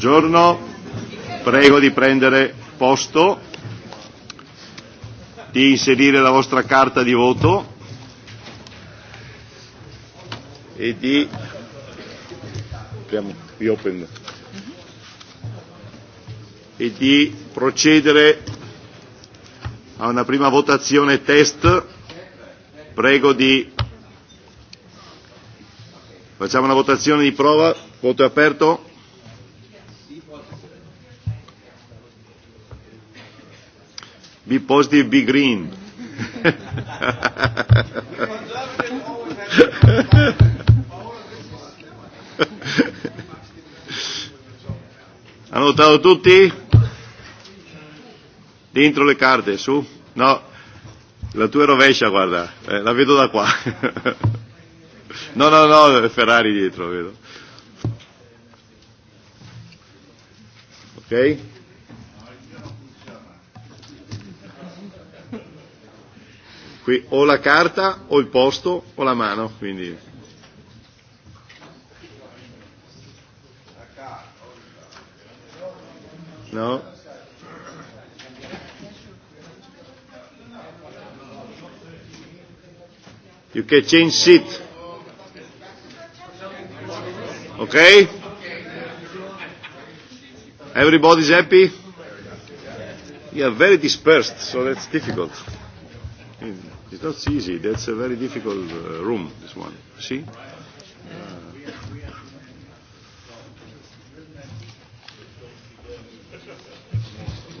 Buongiorno, prego di prendere posto, di inserire la vostra carta di voto e di e di procedere a una prima votazione test. Prego di facciamo una votazione di prova, voto aperto. pozitiv, be green. Hanno votato tutti? Dentro le carte, su? No, la tua è rovescia, guarda, eh, la vedo da qua. no, no, no, Ferrari dietro, vedo. Ok? qui o la carta o il posto o la mano, quindi No? You can change seat. Okay? Everybody's happy? You are very dispersed, so that's difficult. Mm. It's not easy. That's a very difficult uh, room, this one. See? Uh,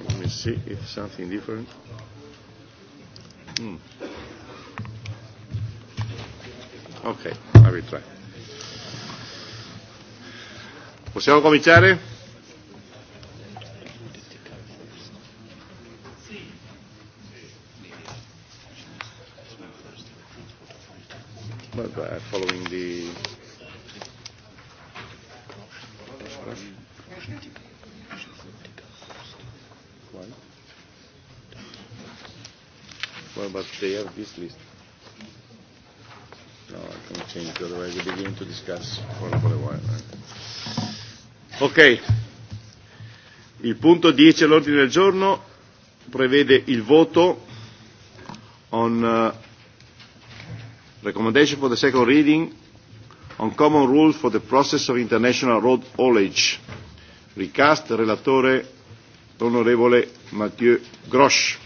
let me see if something different. Hmm. Ok, I will try. Possiamo cominciare? discuss for a while. Ok, il punto 10 all'ordine del giorno prevede il voto on uh, recommendation for the second reading on common rules for the process of international road haulage. Ricast, relatore l'onorevole Mathieu Grosch.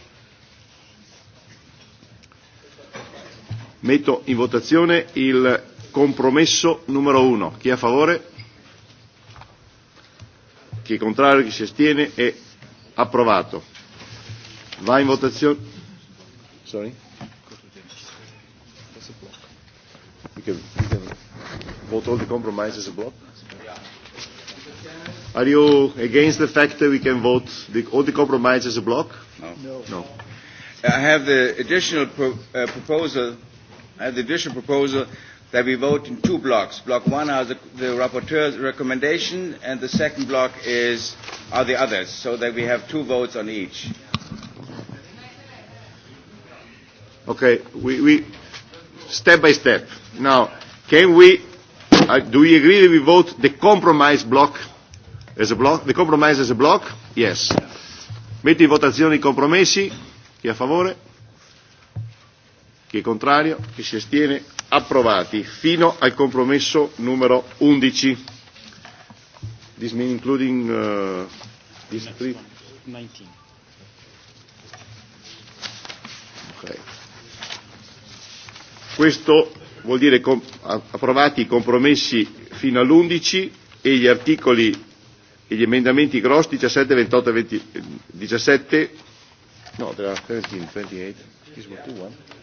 Metto in votazione il compromesso numero uno. Chi è a favore? Chi è contrario? Chi si astiene? È approvato. Va in votazione. Sorry. You can, you can vote all the compromises a block. Are you against the fact that we can vote the, all the compromises a block? No. no. no. I have the additional pro, uh, proposal. I have the additional proposal that we vote in two blocks. Block one are the, the rapporteur's recommendation, and the second block is, are the others, so that we have two votes on each. Okay, we, we step by step. Now, can we, uh, do we agree that we vote the compromise block as a block? The compromise as a block? Yes. Metti in votazione i compromessi. Chi a favore? Chi è contrario? Chi si astiene? approvati fino al compromesso numero 11. This means including uh, this three? 19. Okay. Questo vuol dire com- approvati i compromessi fino all'11 e gli articoli e gli emendamenti grossi 17, 28 e 17 eh, no, 17, 28 this one.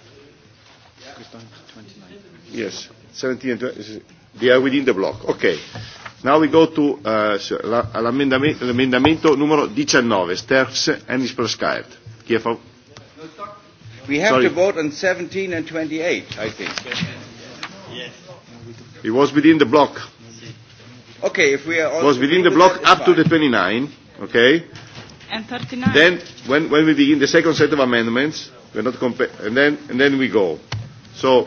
Yes, 17 and 20, they are within the block. Okay. Now we go to uh, l'emendamento numero 19, Sterks and Isplaskaert. We have Sorry. to vote on 17 and 28, I think. Yes. It was within the block. Okay, if we are all. It was within the block up to the 29, okay? And 39. Then, when, when we begin the second set of amendments, we're not compa- and, then, and then we go. So,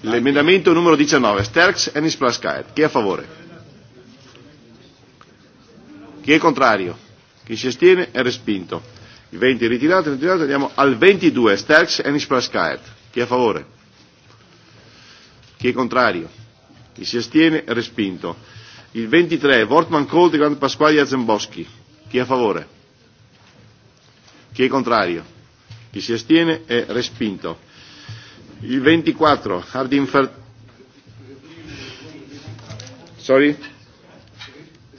l'emendamento numero 19, Sterks e Nisplaskait. Chi è a favore? Chi è contrario? Chi si astiene è respinto. Il 20 è ritirato, ritirato, andiamo al 22, Sterks e Nisplaskait. Chi è a favore? Chi è contrario? Chi si astiene è respinto. Il 23, Wortman Colt e Grand Pasquale Azemboschi. Chi è a favore? Chi è contrario? Chi si astiene è respinto. Il 24, Hardinfer... Sorry?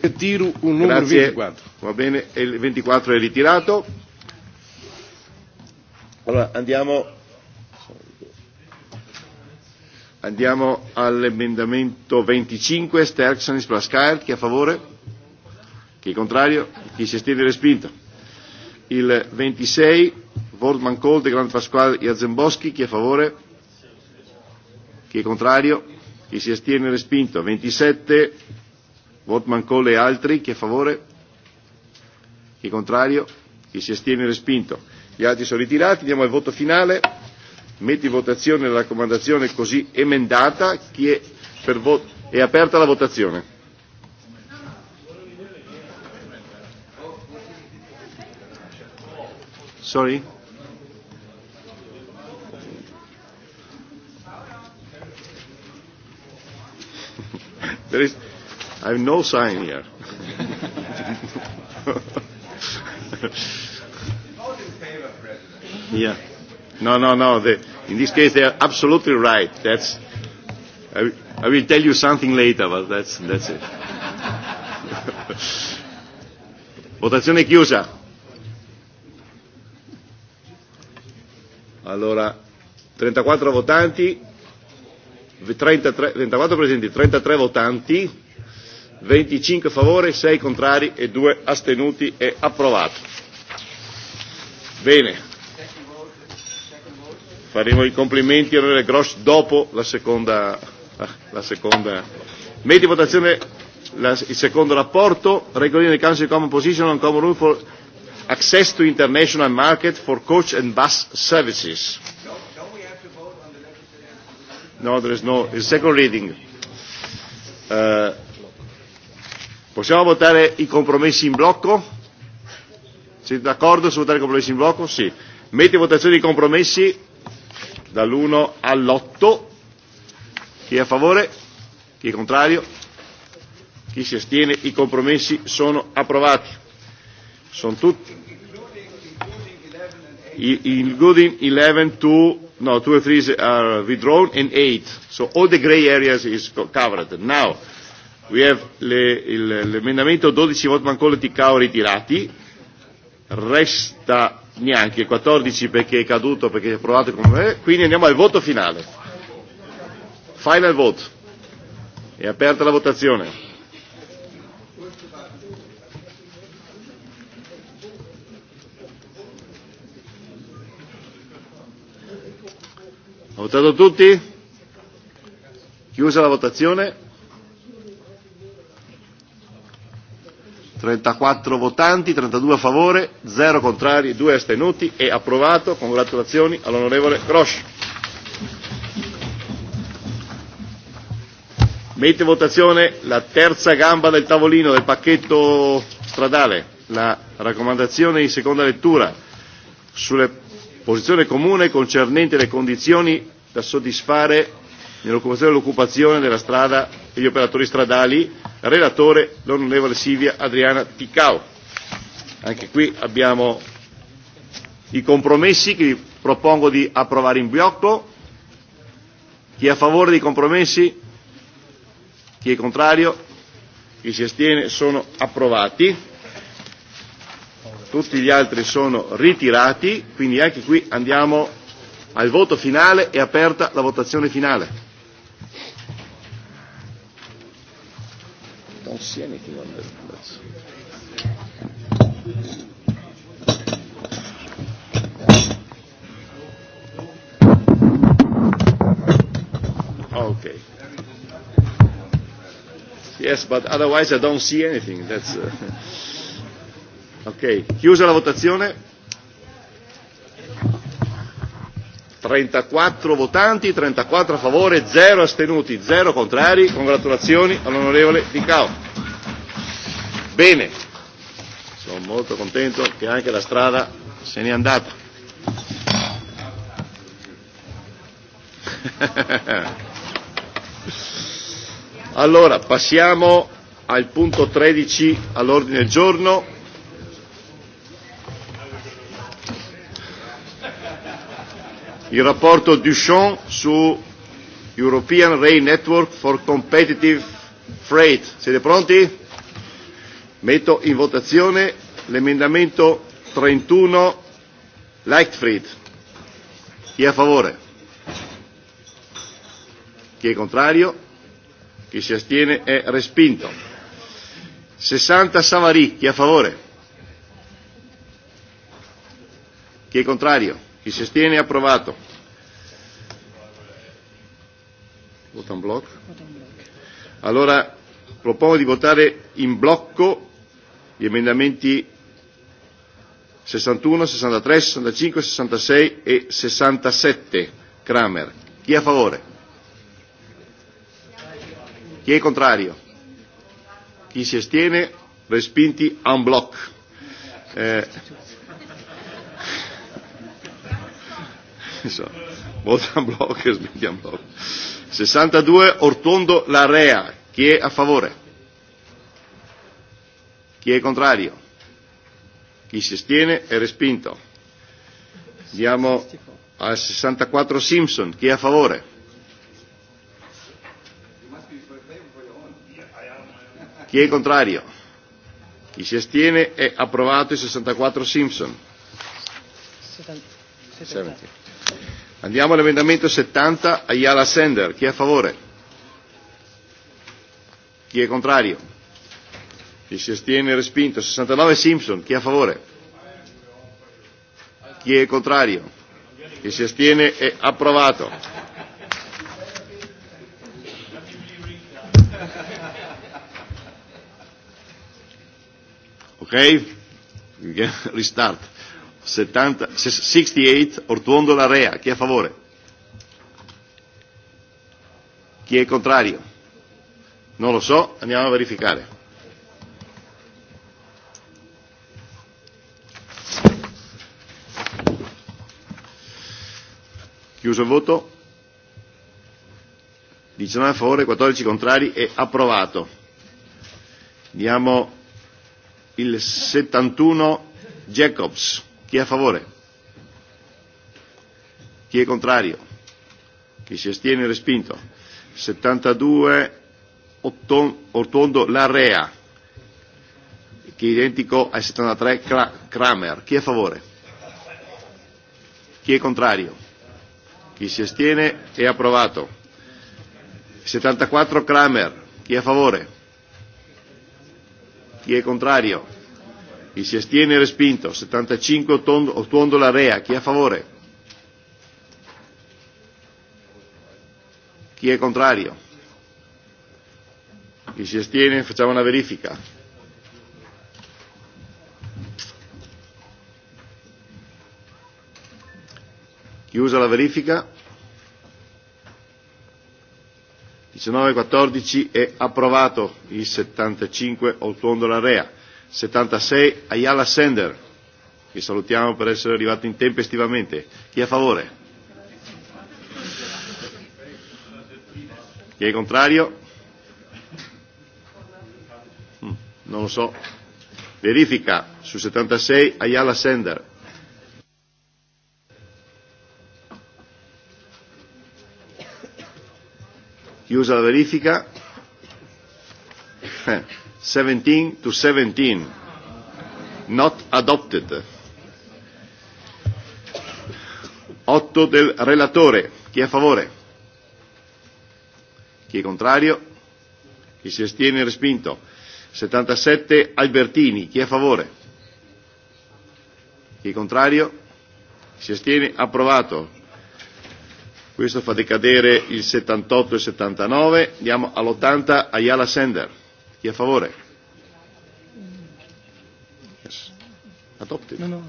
Ritiro un numero Grazie. 24. Va bene, il 24 è ritirato. Allora andiamo, andiamo all'emendamento 25, Sterksanis Plaskaert, chi è a favore? Chi è contrario? Chi si estende respinto? Il 26, Wortmann Kohl, De Grand Pasquale Jazemboschi, chi è a favore? Chi è contrario? Chi si astiene respinto. 27, Votman Cole e altri. Chi è a favore? Chi è contrario? Chi si astiene respinto. Gli altri sono ritirati. Andiamo al voto finale. Metti in votazione la raccomandazione così emendata. Chi è per voto? È aperta la votazione. Sorry? There is, I have no sign here. yeah. No, no, no. The, in this case, they are absolutely right. That's. I, I will tell you something later, but that's that's it. Votazione chiusa. Allora, 34 votanti, 33, 34 presenti, 33 votanti, 25 favore, 6 contrari e 2 astenuti. E approvato. Bene. Faremo i complimenti all'onorevole Gross dopo la seconda, la seconda. Metti in votazione la, il secondo rapporto, Regolino del Council Common Position on Common Room for Access to International Market for Coach and Bus Services. No, there is no. It's second reading. Uh, possiamo votare i compromessi in blocco? Siete d'accordo su votare i compromessi in blocco? Sì. Metti in votazione i compromessi dall'1 all'8. Chi è a favore? Chi è contrario? Chi si astiene? I compromessi sono approvati. Sono tutti. gooding 11 to no, two or three are withdrawn, and eight. So all the grey areas is covered. Now, we have l'emendamento 12 Votman Collo cao ritirati, resta neanche 14 perché è caduto, perché è approvato come me, quindi andiamo al voto finale. Final vote. È aperta la votazione. Ha votato tutti? Chiusa la votazione. 34 votanti, 32 a favore, 0 contrari, 2 astenuti e approvato. Congratulazioni all'onorevole Grosch. Mette in votazione la terza gamba del tavolino del pacchetto stradale, la raccomandazione in seconda lettura sulle posizione comune concernente le condizioni da soddisfare nell'occupazione e dell'occupazione della strada e gli operatori stradali, relatore l'onorevole Silvia Adriana Ticao. Anche qui abbiamo i compromessi che vi propongo di approvare in blocco. Chi è a favore dei compromessi? Chi è contrario? Chi si astiene? Sono approvati tutti gli altri sono ritirati, quindi anche qui andiamo al voto finale e aperta la votazione finale. Don't Yes, but otherwise I don't see anything. That's. Uh... Ok, chiusa la votazione. 34 votanti, 34 a favore, 0 astenuti, 0 contrari. Congratulazioni all'onorevole Di Cao. Bene, sono molto contento che anche la strada se n'è andata. allora, passiamo al punto 13 all'ordine del giorno il rapporto Duchamp su European Rail Network for Competitive Freight. Siete pronti? Metto in votazione l'emendamento 31 Lightfried. Chi è a favore? Chi è contrario? Chi si astiene è respinto. 60 Savary, chi è a favore? Chi è contrario? Chi si astiene approvato. Voto in blocco. Allora propongo di votare in blocco gli emendamenti 61, 63, 65, 66 e 67. Kramer. Chi è a favore? Chi è contrario? Chi si astiene? Respinti en bloc. Eh, so, vota in blocco e blocco. 62 Ortondo Larea, chi è a favore? Chi è contrario? Chi si astiene è respinto. Andiamo al 64 Simpson, chi è a favore? Chi è contrario? Chi si astiene è approvato il 64 Simpson. 70. 70. Andiamo all'emendamento 70, Ayala Sender. Chi è a favore? Chi è contrario? Chi si astiene respinto. 69 Simpson. Chi è a favore? Chi è contrario? Chi si astiene è approvato. Ok? Restart. 70, 68 Ortuondo Larrea. Chi è a favore? Chi è contrario? Non lo so, andiamo a verificare. Chiuso il voto. 19 a favore, 14 contrari e approvato. Diamo il 71 Jacobs. Chi è a favore? Chi è contrario? Chi si astiene respinto. 72 Ortondo Larrea, che è identico al 73 Kramer. Chi è a favore? Chi è contrario? Chi si astiene è approvato. 74 Kramer. Chi è a favore? Chi è contrario? Chi si astiene respinto. 75 la Rea. Chi è a favore? Chi è contrario? Chi si astiene? Facciamo una verifica. Chiusa la verifica. 19-14 è approvato il 75 la Rea. 76 Ayala Sender, che salutiamo per essere arrivato in tempo estivamente. Chi è a favore? Chi è contrario? Mm, non lo so. Verifica su 76 Ayala Sender. Chiusa la verifica. Eh 17 to 17 not adopted 8 del relatore chi è a favore chi è contrario chi si astiene respinto 77 Albertini chi è a favore chi è contrario chi si astiene approvato questo fa decadere il 78 e 79 andiamo all'80 Ayala Sender Chi a favore? Yes. Adopted. No, no.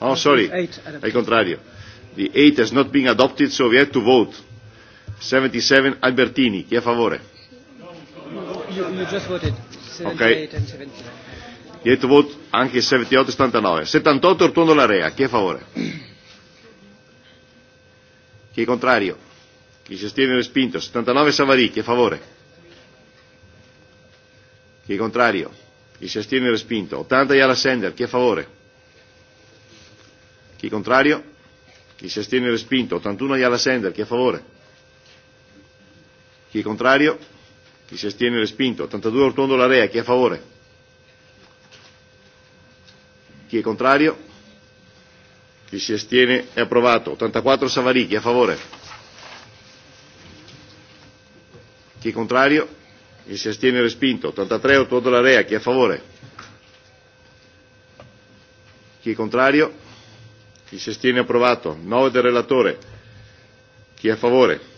Oh, sorry. Al contrario. The 8 has not been adopted, so we have to vote. 77 Albertini. Chi è a favore? You, you just voted 78 okay. and 79. to vote anche 78 e 79. 78 Ortuondo Larea. Chi è a favore? Chi è contrario? Chi si astiene respinto? 79 Savarì. Chi è a favore? Chi è contrario? Chi si astiene respinto. 80 Yala Sender. Chi è a favore? Chi è contrario? Chi si astiene respinto. 81 Yala Sender. Chi è a favore? Chi è contrario? Chi si astiene respinto. 82 Ortondo Larea. Chi è a favore? Chi è contrario? Chi si astiene è approvato. 84 Savarì. Chi è a favore? Chi è contrario? chi si astiene respinto, 83 8 della Rea, chi è a favore? Chi è contrario? Chi si astiene approvato, 9 del relatore, chi è a favore?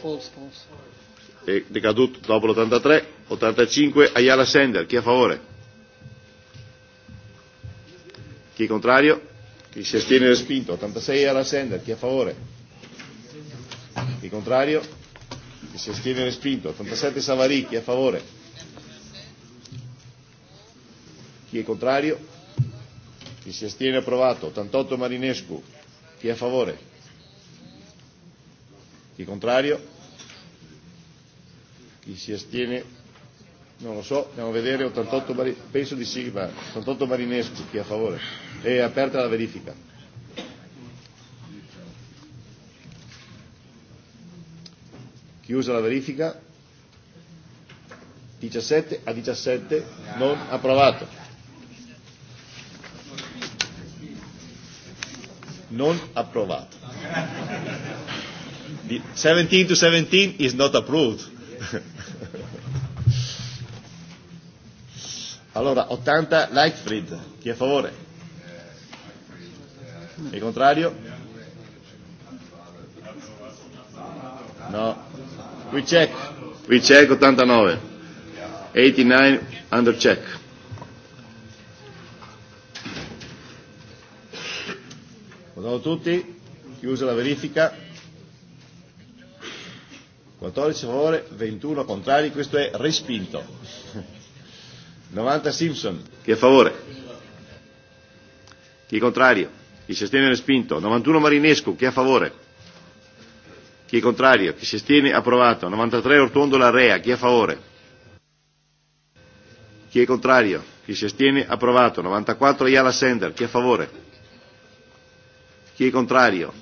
False, È eh, decaduto dopo l'83, 85 Ayala Sender, chi è a favore? Chi è contrario? Chi si astiene respinto, 86 Ayala Sender, chi è a favore? Chi è contrario? si astiene respinto. 87 è a favore. Chi è contrario? Chi si astiene approvato. 88 Marinescu. Chi è a favore? Chi è contrario? Chi si astiene? Non lo so, andiamo a vedere. 88 Marinescu, Penso di sì, ma 88 Marinescu. Chi è a favore? È aperta la verifica. Chiusa la verifica. 17 a 17 non approvato. Non approvato. 17 to 17 is not approved. allora, 80 Lightfried, chi è a favore? Il contrario? No. We check. We check 89. 89 under check. Votato tutti? Chiusa la verifica. 14 favore, 21 contrari, questo è respinto. 90 Simpson. Chi è favore? Chi è contrario? Chi si astiene respinto. 91 Marinescu, chi è a favore? Chi è contrario? Chi si astiene? Approvato. 93 Ortuondo Rea. Chi è a favore? Chi è contrario? Chi si astiene? Approvato. 94 Iala Sender. Chi è a favore? Chi è contrario?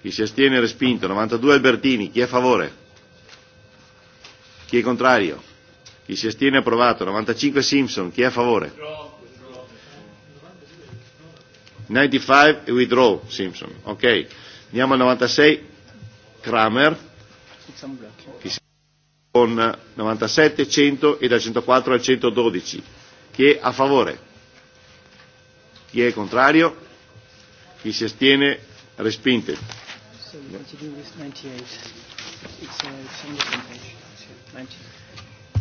Chi si astiene? Respinto. 92 Albertini. Chi è a favore? Chi è contrario? Chi si astiene? Approvato. 95 Simpson. Chi è a favore? 95 withdraw Simpson. Ok. Andiamo al 96 Kramer, con 97, 100 e da 104 al 112. Chi è a favore? Chi è contrario? Chi si astiene? Respinte.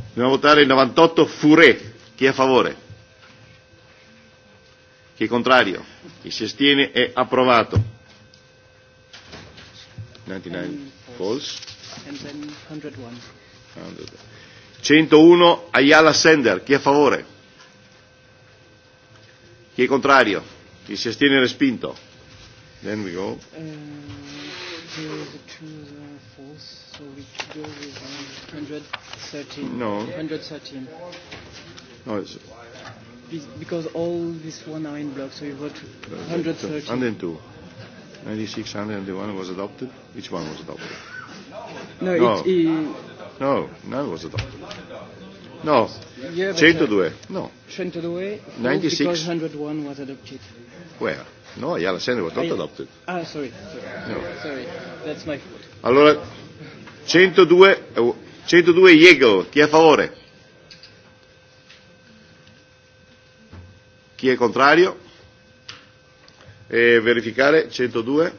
Dobbiamo votare il 98 Furé. Chi è a favore? Chi è contrario? Chi si astiene è approvato. 99 false. And then 101. 101 Ayala Sender, chi è a favore? Chi è contrario? Chi si astiene respinto? Then we go. Uh, the uh, so we go with 113. Um, no. 113. No, because all these one are in block, so you vote 113. 102. 96, was adopted. Which one was adopted? No, no. It, no none was adopted. No, yeah, 102. No. 102. 96. Because 101 was adopted. Where? No, Ayala Sender was not adopted. Ah, sorry. Sorry. No. sorry. That's my fault. Allora, 102, 102 eh, Iego, chi è a favore? Chi è contrario? e verificare 102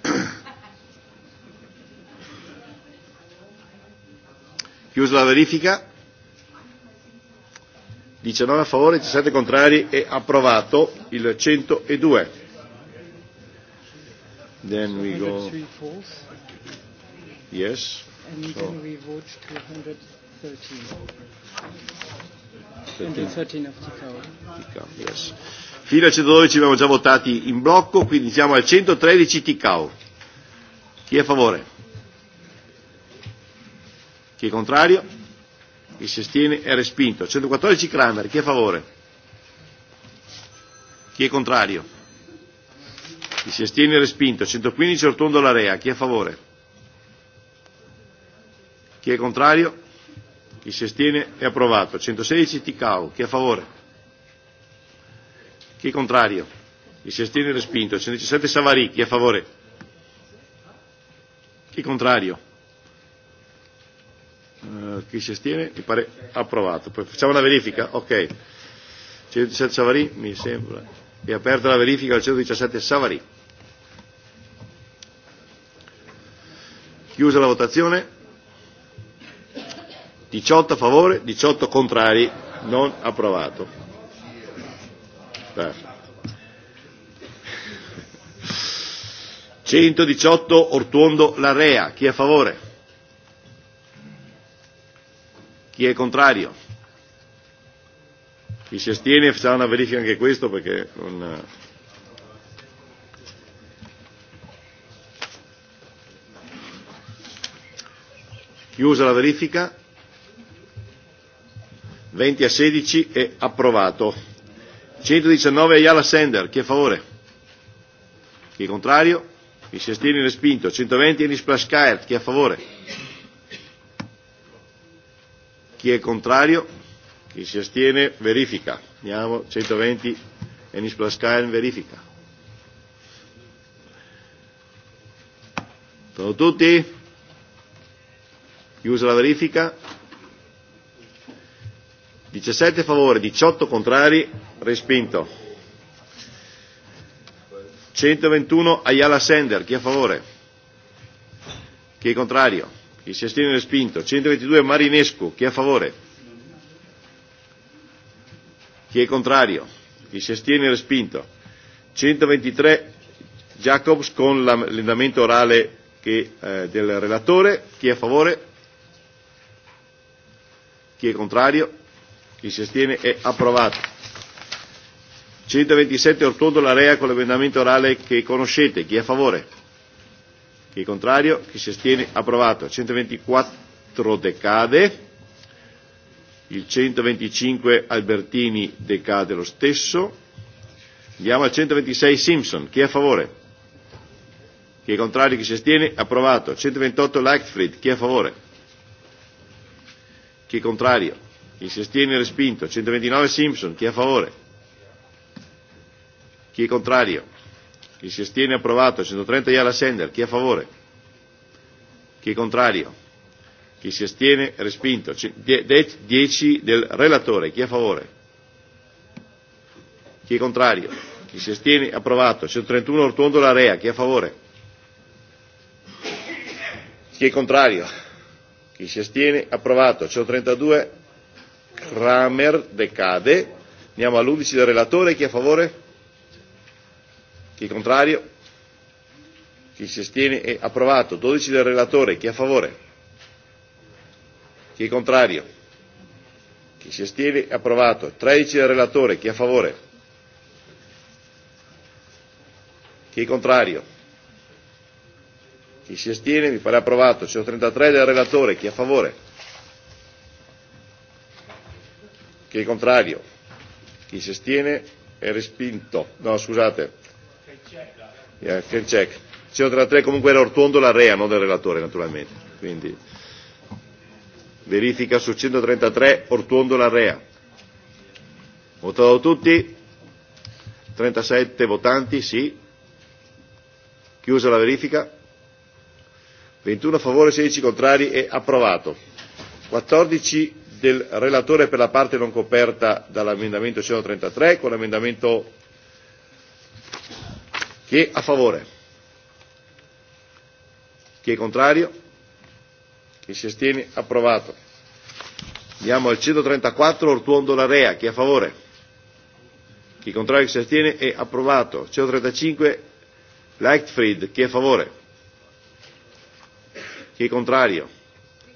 chiusa la verifica 19 a favore 17 contrari e approvato il 102 then we go yes 213 Ticao. Yes. Fino al 112 abbiamo già votati in blocco, quindi siamo al 113 Ticao. Chi è a favore? Chi è contrario? Chi si astiene è respinto. 114 Kramer, chi è a favore? Chi è contrario? Chi si astiene è respinto. 115 Ortondo Larea, chi è a favore? Chi è contrario? Chi si astiene è approvato. 116 Ticao. Chi è a favore? Chi è contrario? Chi si astiene è respinto. 117 Savari. Chi è a favore? Chi è contrario? Uh, chi si astiene mi pare approvato. Poi facciamo una verifica? Ok. 117 Savari. mi sembra. È aperta la verifica al 117 Savari. Chiusa la votazione 18 a favore, 18 contrari, non approvato. Perfetto. 118 Ortuondo Larrea, chi è a favore? Chi è contrario? Chi si astiene sarà una verifica anche questo perché non... Eh. Chiusa la verifica. 20 a 16 è approvato. 119 Ayala Sender, chi è a favore? Chi è contrario? Chi si astiene respinto. 120 Enis Plaskaert, chi è a favore? Chi è contrario? Chi si astiene verifica. Andiamo, 120 Enis Plaskaert verifica. Sono tutti? Chiusa la verifica. 17 favore, 18 contrari, respinto. 121 Ayala Sender, chi è a favore? Chi è contrario? Chi si astiene respinto? 122 Marinescu, chi è a favore? Chi è contrario? Chi si astiene respinto? 123 Jacobs con l'emendamento orale che, eh, del relatore, chi è a favore? Chi è contrario? Chi si astiene è approvato. 127 Ortodo rea con l'emendamento orale che conoscete. Chi è a favore? Chi è contrario? Chi si astiene? Approvato. 124 decade. Il 125 Albertini decade lo stesso. Andiamo al 126 Simpson. Chi è a favore? Chi è contrario? Chi si astiene? Approvato. 128 Lightfried. Chi è a favore? Chi è contrario? Chi si astiene respinto. 129 Simpson. Chi è a favore? Chi è contrario? Chi si astiene approvato. 130 Yala Sender. Chi è a favore? Chi è contrario? Chi si astiene respinto. 10 del relatore. Chi è a favore? Chi è contrario? Chi si astiene approvato. 131 Ortuondo Larea. Chi è a favore? Chi è contrario? Chi si astiene approvato. 132 Kramer decade. Andiamo all'11 del relatore. Chi è a favore? Chi è contrario? Chi si astiene? È approvato. 12 del relatore. Chi è a favore? Chi è contrario? Chi si astiene? È approvato. 13 del relatore. Chi è a favore? Chi è contrario? Chi si astiene? Mi pare approvato. 133 del relatore. Chi è a favore? Chi è contrario? Chi si astiene? È respinto. No, scusate. Yeah, can check. 133 comunque era Ortuondo la rea, non del relatore naturalmente. Quindi verifica su 133 Ortuondo la rea. Votato tutti? 37 votanti, sì. Chiusa la verifica. 21 a favore, 16 contrari e approvato. 14 del relatore per la parte non coperta dall'emendamento 133 con l'emendamento chi è a favore? Chi è contrario? Chi si astiene? Approvato. Andiamo al 134 Ortuondo Larea. Chi è a favore? Chi è contrario chi si astiene è approvato. 135 Leichtfried. Chi è a favore? Chi è contrario?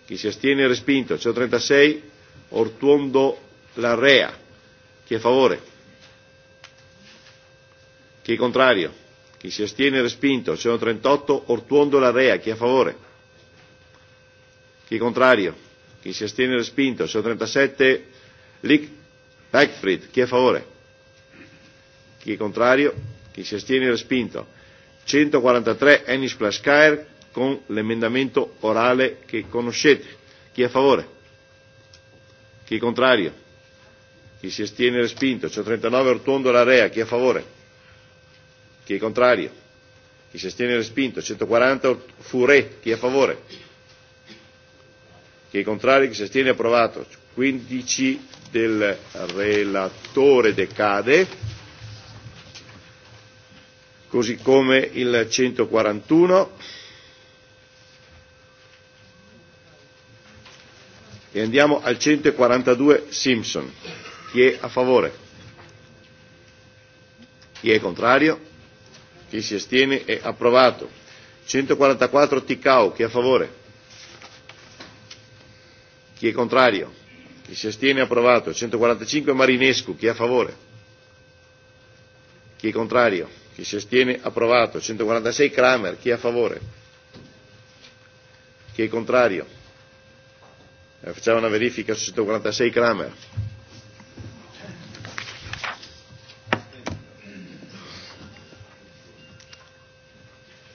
Chi si astiene è respinto. 136 Ortuondo Larrea. Chi è a favore? Chi è contrario? Chi si astiene respinto. 138 Ortuondo Larrea. Chi è a favore? Chi è contrario? Chi si astiene respinto. 137 Lick Backfried. Chi è a favore? Chi è contrario? Chi si astiene respinto. 143 Ennis Plaskaer con l'emendamento orale che conoscete. Chi è a favore? Chi è contrario? Chi si astiene respinto? 139 Ortuondo Larea, chi è a favore? Chi è contrario? Chi si astiene respinto? 140 furé. chi è a favore? Chi è contrario? Chi si astiene approvato? 15 del relatore decade, così come il 141 E andiamo al 142 Simpson. Chi è a favore? Chi è contrario? Chi si astiene è approvato. 144 Ticao. Chi è a favore? Chi è contrario? Chi si astiene è approvato. 145 Marinescu. Chi è a favore? Chi è contrario? Chi si astiene approvato. 146 Kramer. Chi è a favore? Chi è contrario? facciamo una er verifica su 146 Kramer.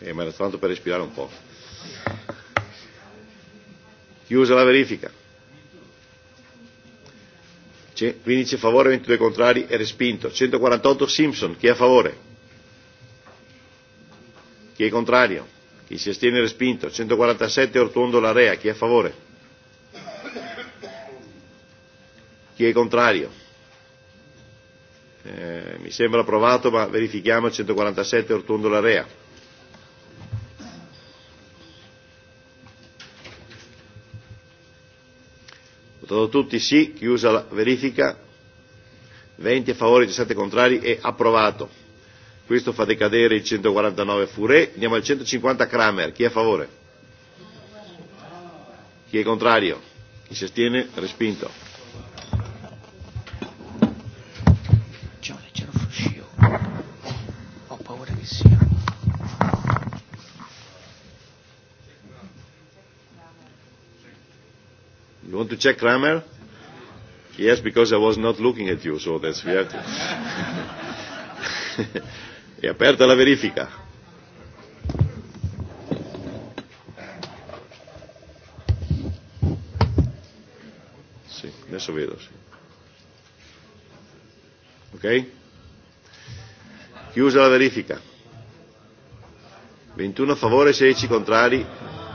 E me era tanto per respirare un po'. Chiusa la verifica. 15 a favore, 22 contrari e respinto. 148 Simpson, chi è a favore? Chi è contrario? Chi si astiene respinto? Er 147 Ortuondo Larea, chi è a favore? Chi è contrario? Eh, mi sembra approvato, ma verifichiamo il 147 Ortundo Larea. Votato tutti sì, chiusa la verifica. 20 a favore, 17 contrari e approvato. Questo fa decadere il 149 Furé. Andiamo al 150 Kramer. Chi è a favore? Chi è contrario? Chi si astiene? Respinto. Check Kramer? Yes, because I was not looking at you, so that's weird. E aperta la verifica. Sì, adesso vedo, sì. Ok? Chiusa la verifica. 21 a favore, 16 contrari,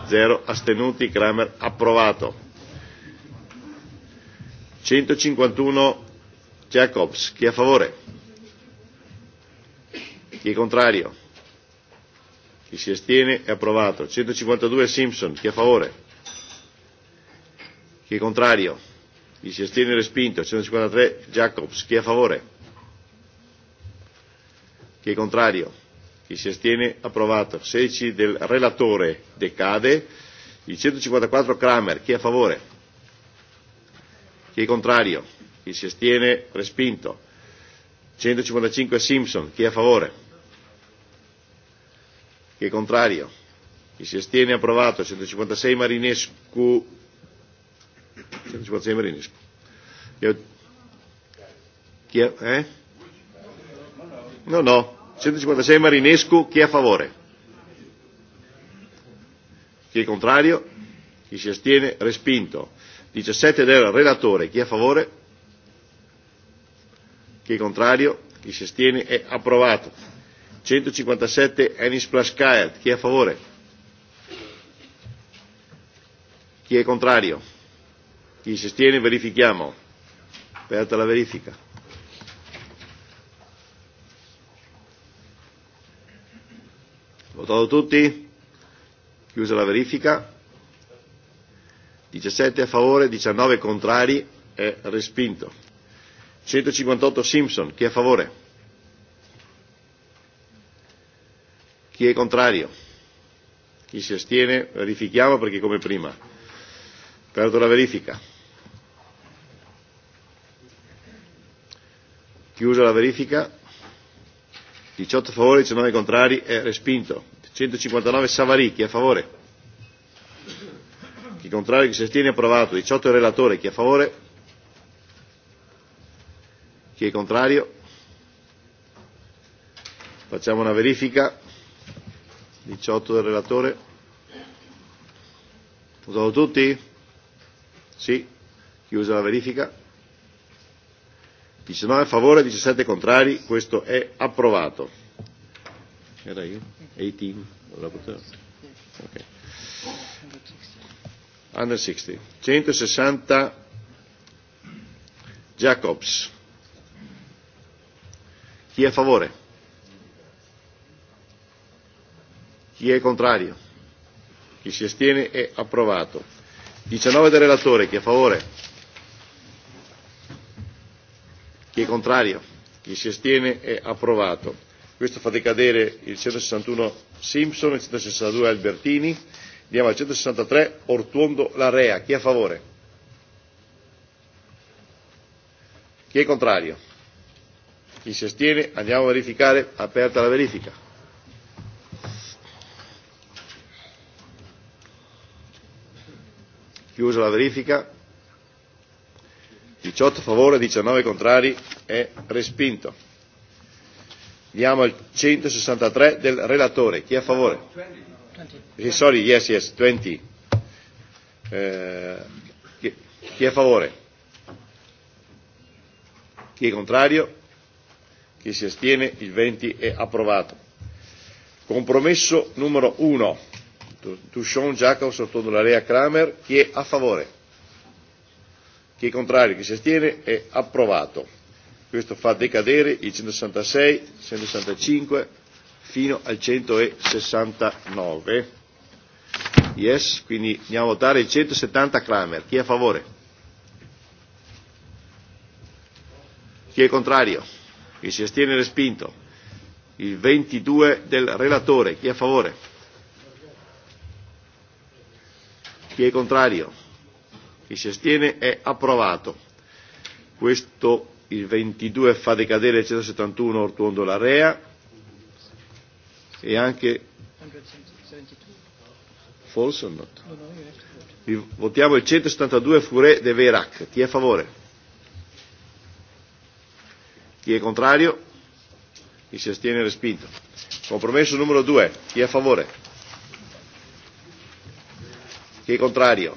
0 astenuti, Kramer approvato. 151 Jacobs, chi è a favore? Chi è contrario? Chi si astiene è approvato. 152 Simpson, chi è a favore? Chi è contrario? Chi si astiene è respinto. 153 Jacobs, chi è a favore? Chi è contrario? Chi si astiene approvato. 16 del relatore decade. Il 154 Kramer, chi è a favore? Chi è contrario? Chi si astiene? Respinto. 155 Simpson. Chi è a favore? Chi è contrario? Chi si astiene? Approvato. 156 Marinescu. 156 Marinescu. Chi è? Chi è? Eh? No, no. 156 Marinescu. Chi è a favore? Chi è contrario? Chi si astiene? Respinto. 17 del relatore. Chi è a favore? Chi è contrario? Chi si astiene? È approvato. 157 Enis Plaskaert. Chi è a favore? Chi è contrario? Chi si astiene? Verifichiamo. Aperta la verifica. Votato tutti? Chiusa la verifica. 17 a favore, 19 contrari, è respinto. 158 Simpson, chi è a favore? Chi è contrario? Chi si astiene? Verifichiamo perché come prima. Perdo la verifica. Chiusa la verifica. 18 a favore, 19 contrari, è respinto. 159 Savarì, chi è a favore? Chi contrario, chi si astiene, approvato. 18 il relatore, chi è a favore? Chi è contrario? Facciamo una verifica. 18 del relatore. Votato tutti? Sì. Chiusa la verifica. 19 a favore, 17 contrari. Questo è approvato. Era io? 18. Ok. 160. 160 Jacobs. Chi è a favore? Chi è contrario? Chi si astiene è approvato. 19 del relatore, chi è a favore? Chi è contrario? Chi si astiene è approvato. Questo fa decadere il 161 Simpson, il 162 Albertini Andiamo al 163, Ortuondo Larea. Chi è a favore? Chi è contrario? Chi si astiene? Andiamo a verificare. Aperta la verifica. Chiusa la verifica. 18 a favore, 19 contrari, è respinto. Andiamo al 163 del relatore. Chi è a favore? 20. Eh, sorry, yes, yes, 20. Eh, chi, chi è a favore? Chi è contrario? Chi si astiene? Il 20 è approvato. Compromesso numero 1. Tuchon, Jacobs, Ottondolarea, Kramer. Chi è a favore? Chi è contrario? Chi si astiene? È approvato. Questo fa decadere i 166, 165, fino al 169. Yes, quindi andiamo a votare il 170 Kramer. Chi è a favore? Chi è contrario? Chi si astiene respinto? Il 22 del relatore. Chi è a favore? Chi è contrario? Chi si astiene è approvato. Questo il 22 fa decadere il 171 Ortuondo Larea e anche false or not? Votiamo il 172 Fure de Verac. Chi è a favore? Chi è contrario? Chi si astiene respinto. Compromesso numero 2. Chi è a favore? Chi è contrario?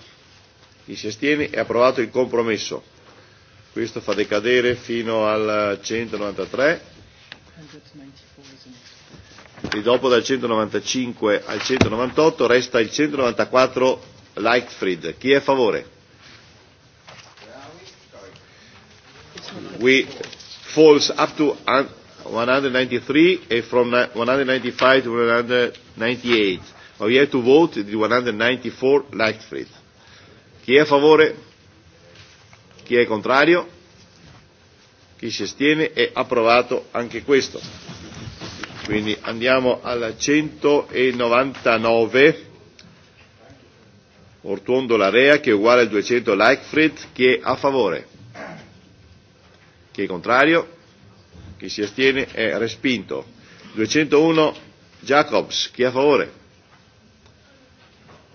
Chi si astiene è approvato il compromesso. Questo fa decadere fino al 193. 194 e dopo dal 195 al 198 resta il 194 Leichtfried. Chi è a favore? We falls up to 193 and from 195 to 198. But we have to vote the 194 Leichtfried. Chi è a favore? Chi è contrario? Chi si astiene? È approvato anche questo. Quindi andiamo alla 199 Ortuondo Larea che è uguale al 200 Leichfried chi è a favore? Chi è contrario? Chi si astiene è respinto. 201 Jacobs chi è a favore?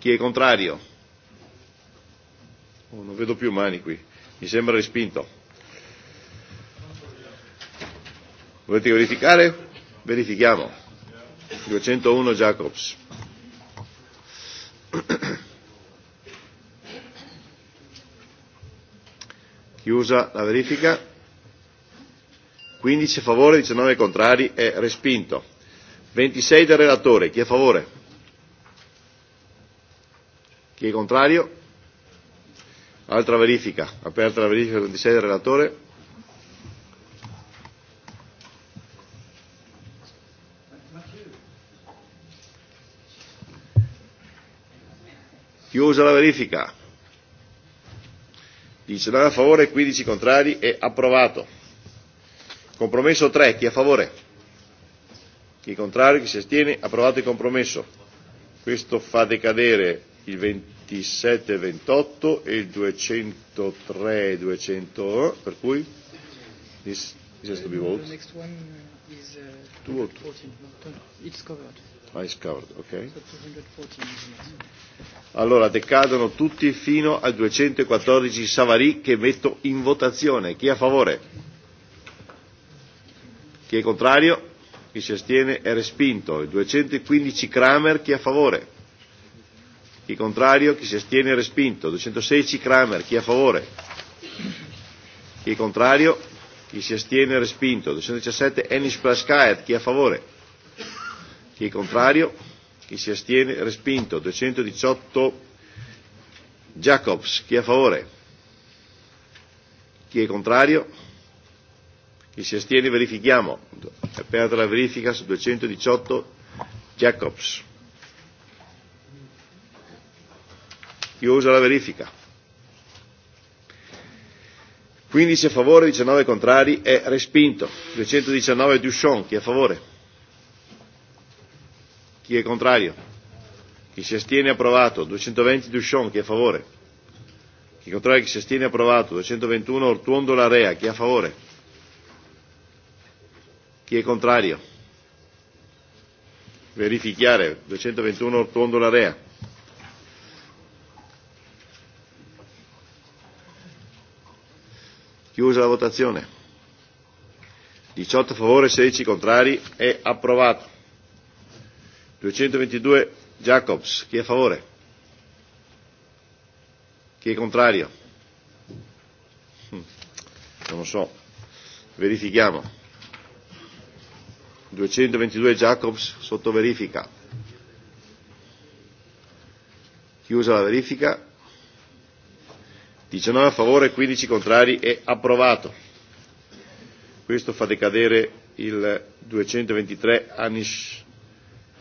Chi è contrario? Oh, non vedo più mani qui, mi sembra respinto. Volete verificare? Verifichiamo. 201 Jacobs. Chiusa la verifica. 15 a favore, 19 contrari, è respinto. 26 del relatore, chi è a favore? Chi è contrario? Altra verifica, aperta la verifica 26 del relatore. chiusa la verifica. 19 a favore, 15 contrari e approvato. Compromesso 3, chi è a favore? Chi è contrario, chi si astiene, approvato il compromesso. Questo fa decadere il 27 28 e il 203 200, per cui this, this has to be voted. The next one is uh, 214. It's covered. Ah, is covered, ok. Allora decadono tutti fino al 214 Savary che metto in votazione. Chi è a favore? Chi è contrario? Chi si astiene è respinto. Il 215 Kramer, chi è a favore? Chi è contrario? Chi si astiene è respinto. 216 Kramer, chi è a favore? Chi è contrario? Chi si astiene è respinto. 217 Ennis Plaskaet, chi è a favore? Chi è contrario? Chi si astiene? Respinto. 218 Jacobs. Chi è a favore? Chi è contrario? Chi si astiene? Verifichiamo. È aperta la verifica su 218 Jacobs. usa la verifica. 15 a favore, 19 contrari, è respinto. 219 Duchon, chi è a favore? Chi è contrario? Chi si astiene approvato. 220 Duchon, chi è a favore? Chi è contrario, chi si astiene approvato. 221 Ortuondo Larea, chi è a favore? Chi è contrario? Verificare. 221 Ortuondo Larea. Chiusa la votazione. 18 a favore, 16 contrari, è approvato. 222 Jacobs, chi è a favore? Chi è contrario? Hm, non lo so. Verifichiamo. 222 Jacobs sotto verifica. Chiusa la verifica. 19 a favore, 15 contrari e approvato. Questo fa decadere il 223 Anish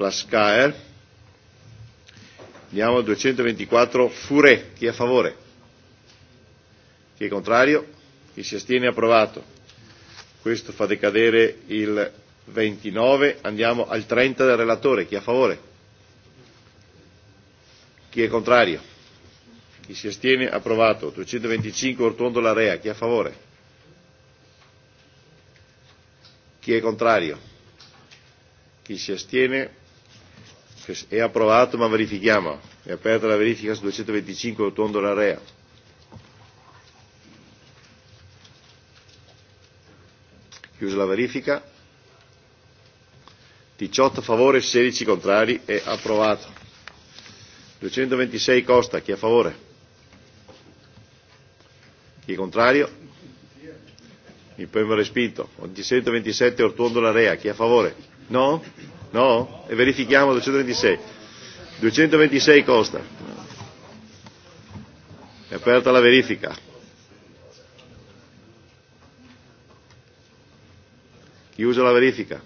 la SCAER. Andiamo al 224 Fure. Chi è a favore? Chi è contrario? Chi si astiene? Approvato. Questo fa decadere il 29. Andiamo al 30 del relatore. Chi è a favore? Chi è contrario? Chi si astiene? Approvato. 225 Ortondo Larea. Chi è a favore? Chi è contrario? Chi si astiene? è approvato ma verifichiamo. È aperta la verifica su 225 Otondo Larea. Chiusa la verifica. 18 a favore, 16 contrari, è approvato. 226 Costa, chi è a favore? Chi è contrario? Mi premo respinto. 227 Ortuondo Larea, chi è a favore? No? No? E verifichiamo 226. 226 Costa. È aperta la verifica. Chiusa la verifica.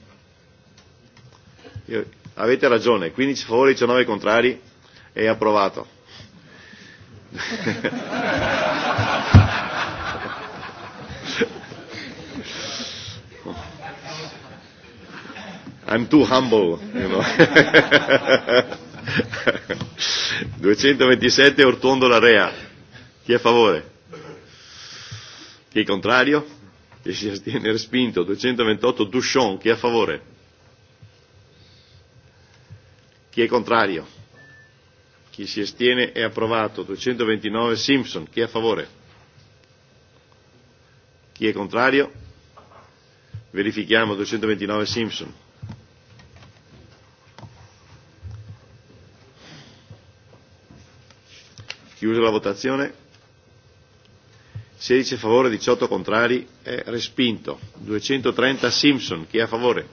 Io, avete ragione, 15 favori, 19 contrari, è approvato. I'm too humble, you know. 227 la Rea. Chi è a favore? Chi è contrario? Chi si astiene respinto? 228 Duchon. Chi è a favore? Chi è contrario? Chi si astiene è approvato. 229 Simpson. Chi è a favore? Chi è contrario? Verifichiamo 229 Simpson. Chiusa la votazione. 16 a favore, 18 contrari, è respinto. 230 Simpson, chi è a favore?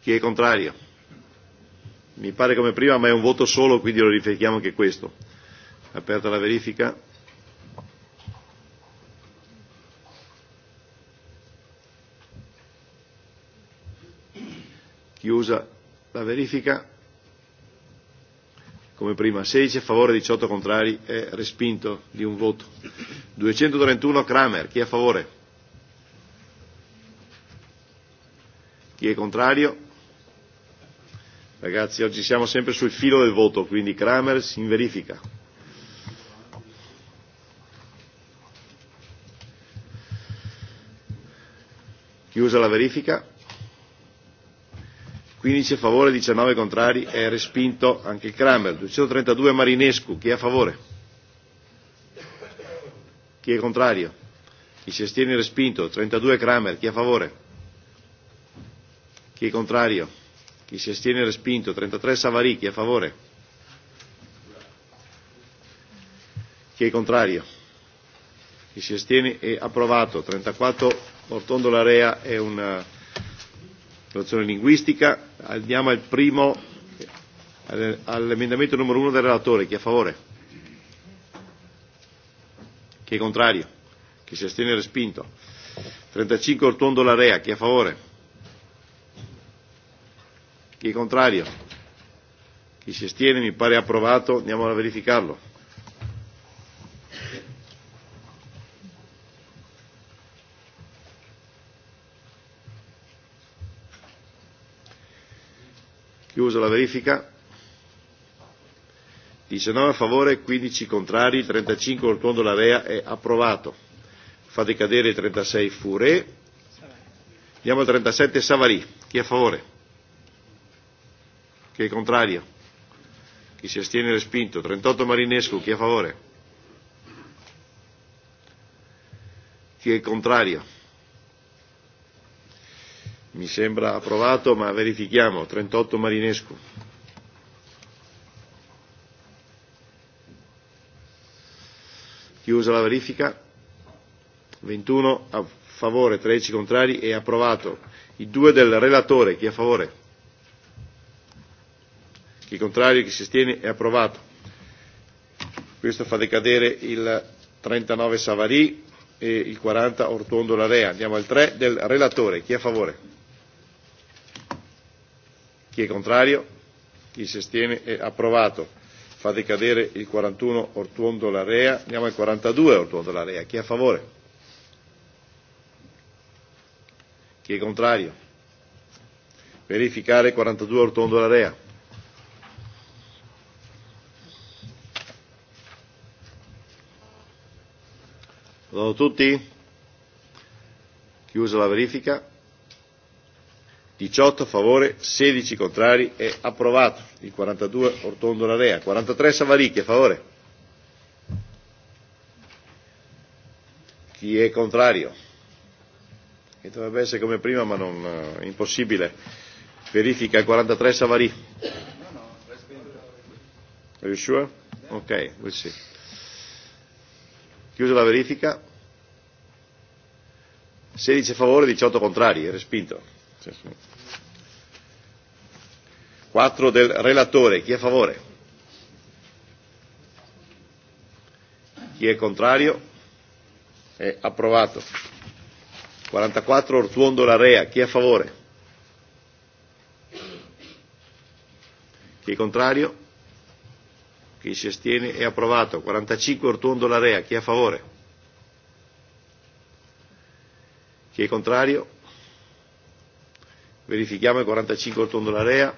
Chi è contrario? Mi pare come prima, ma è un voto solo, quindi lo riflettiamo anche questo. Aperta la verifica. Chiusa la verifica come prima 16 a favore, 18 contrari, è respinto di un voto. 231 Kramer, chi è a favore? Chi è contrario? Ragazzi, oggi siamo sempre sul filo del voto, quindi Kramer in verifica. Chiusa la verifica. 15 a favore, 19 contrari, è respinto anche il Kramer. 232 Marinescu, chi è a favore? Chi è contrario? Chi si astiene è respinto. 32 Kramer, chi è a favore? Chi è contrario? Chi si astiene è respinto. 33 Savary, chi è a favore? Chi è contrario? Chi si astiene è approvato. 34 Mortondo Larea è un eh, relazione linguistica. Andiamo al primo, all'emendamento numero uno del relatore. Chi è a favore? Chi è contrario? Chi si astiene respinto. 35 Ortondo Larea. Chi è a favore? Chi è contrario? Chi si astiene mi pare approvato. Andiamo a verificarlo. chiuso la verifica. 19 a favore, 15 contrari, 35 contro la Rea è approvato. Fa decadere 36 Fure. Andiamo al 37 Savary. Chi è a favore? Chi è contrario? Chi si astiene respinto? 38 Marinescu. Chi è a favore? Chi è contrario? mi sembra approvato ma verifichiamo 38 Marinescu chiusa la verifica 21 a favore 13 contrari e approvato i due del relatore chi è a favore chi è contrario chi si astiene è approvato questo fa decadere il 39 Savary e il 40 Ortondo Larea andiamo al 3 del relatore chi è a favore Chi è contrario? Chi si astiene è approvato. Fate cadere il 41 Ortuondo Larea. Andiamo al 42 Ortuondo Larea. Chi è a favore? Chi è contrario? Verificare 42 Ortondo Larea. Sono tutti? Chiusa la verifica. 18 a favore, 16 contrari, è approvato. Il 42 Ortondo Larea. 43 Savaricchi a favore. Chi è contrario? Che dovrebbe essere come prima ma non è eh, impossibile. Verifica il 43 Savarì. Are you sure? Ok, we'll see. Chiusa la verifica. 16 a favore, 18 contrari, è respinto. 4 del relatore. Chi è a favore? Chi è contrario? È approvato. 44 Ortuondo Larea. Chi è a favore? Chi è contrario? Chi si astiene è approvato. 45 Ortuondo Larea. Chi è a favore? Chi è contrario? verifichiamo i 45 tondo l'area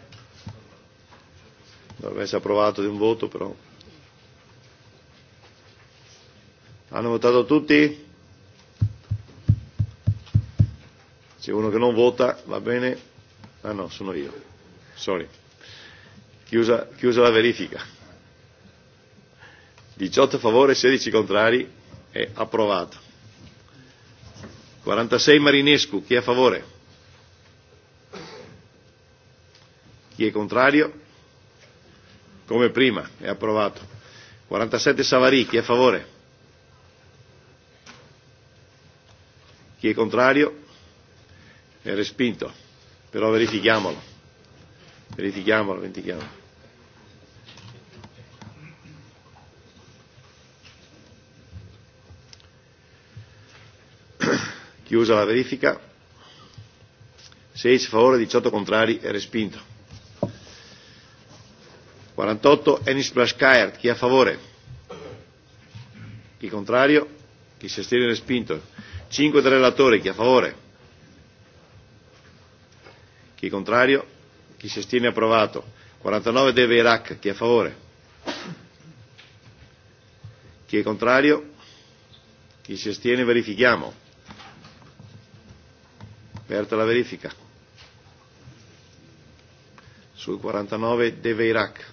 dovrebbe essere approvato di un voto però hanno votato tutti? c'è uno che non vota va bene ah no sono io sorry chiusa, chiusa la verifica 18 a favore 16 contrari è approvato 46 Marinescu chi è a favore? Chi è contrario? Come prima, è approvato. 47 Savarì, chi è a favore? Chi è contrario? È respinto. Però verifichiamolo. Verifichiamolo, verifichiamolo. Chiusa la verifica. 16 favore, 18 contrari, è respinto. 48 Enis Blascaert, chi è a favore? Chi contrario? Chi si astiene respinto? 5 del relatore, chi è a favore? Chi contrario? Chi si astiene approvato? 49 deve Iraq, chi è a favore? Chi è contrario? Chi si astiene verifichiamo. Aperta la verifica. Sul 49 deve Iraq.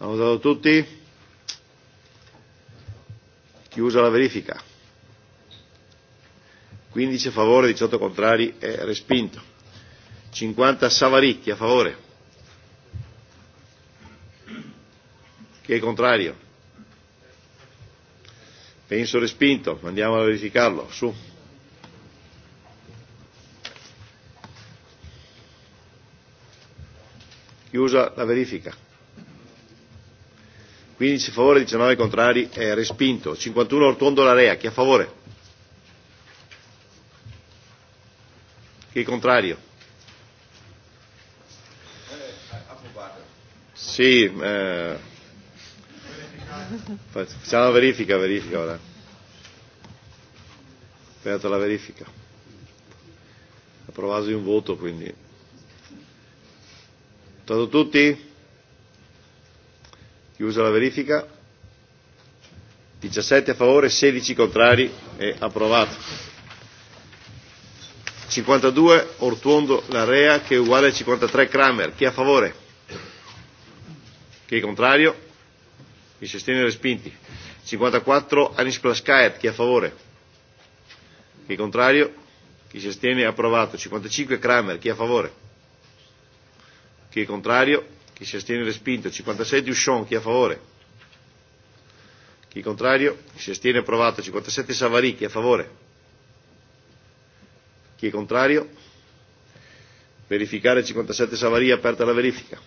Hanno votato tutti? Chiusa la verifica. 15 a favore, 18 contrari, è respinto. 50 Savaricchi a favore. Chi è contrario? Penso respinto, andiamo a verificarlo, su. Chiusa la verifica. 15 favore, 19 contrari, è respinto. 51 Ortondo Larea, chi è a favore? Chi è contrario? Sì, eh, facciamo la verifica, verifica ora. Aperta la verifica. Approvato di un voto, quindi. Tutto tutti? Chiusa la verifica. 17 a favore, 16 contrari, è approvato. 52 Ortuondo Larea che è uguale a 53 Kramer. Chi è a favore? Chi è contrario? Chi si respinti. 54 Anis Plaskaet. Chi è a favore? Chi è contrario? Chi si astiene approvato. 55 Kramer. Chi è a favore? Chi è contrario? Chi si astiene respinto. 56 di Uscion. Chi è a favore? Chi è contrario? Chi si astiene approvato. 57 Savari, Chi è a favore? Chi è contrario? Verificare 57 Savari, Aperta la verifica.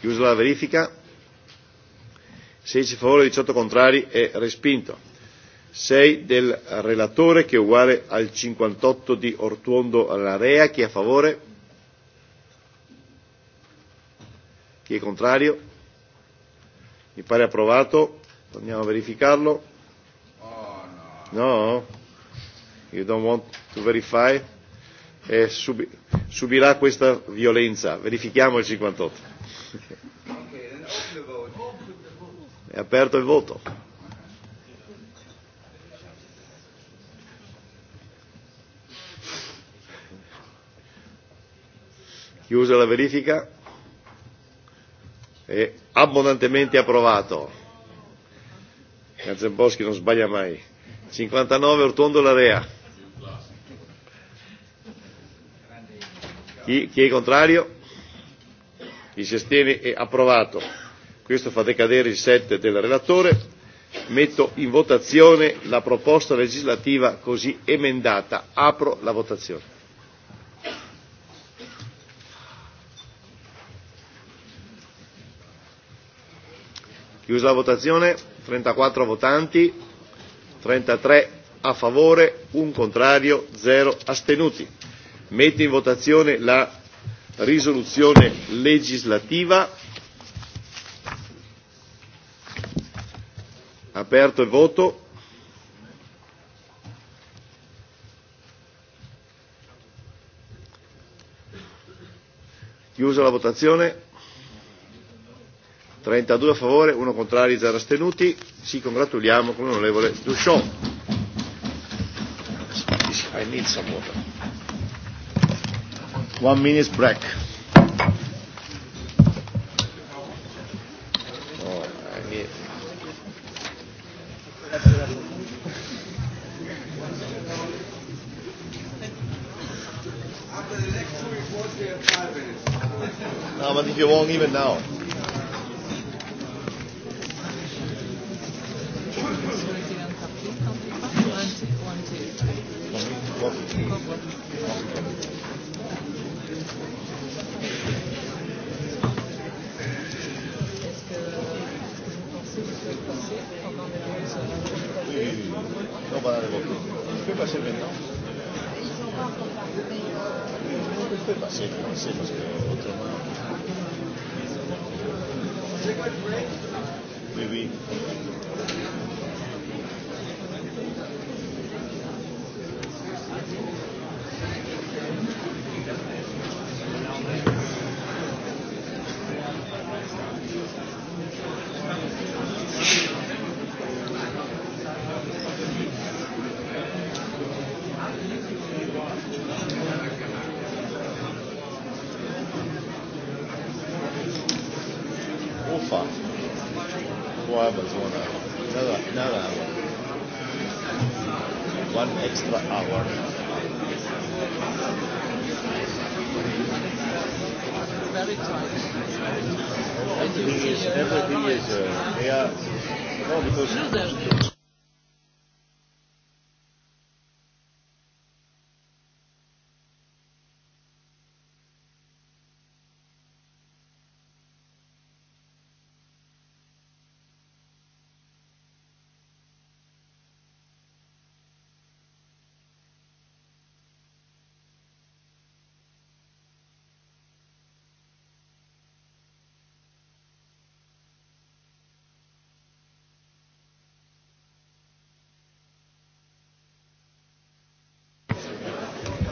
Chiusa la verifica. 16 favore, 18 contrari e respinto. 6 del relatore che è uguale al 58 di Ortuondo Larea. Chi è a favore? Chi è contrario? Mi pare approvato. Andiamo a verificarlo. Oh, no? You don't want to verify? Eh, subi- subirà questa violenza. Verifichiamo il 58. È aperto il voto. Chiusa la verifica. È abbondantemente approvato. Boschi, non sbaglia mai. 59 Ortondo Larea. Chi, chi è contrario? Chi si astiene è approvato. Questo fa decadere il 7 del relatore. Metto in votazione la proposta legislativa così emendata. Apro la votazione. Chiusa la votazione, 34 votanti, 33 a favore, 1 contrario, 0 astenuti. Metto in votazione la risoluzione legislativa. Aperto il voto. Chiusa la votazione. 32 a favore, 1 contrari, 0 astenuti. Ci congratuliamo con l'onorevole Duchon. I need some water. One minute break. Oh, I need... No, but if you won't even now.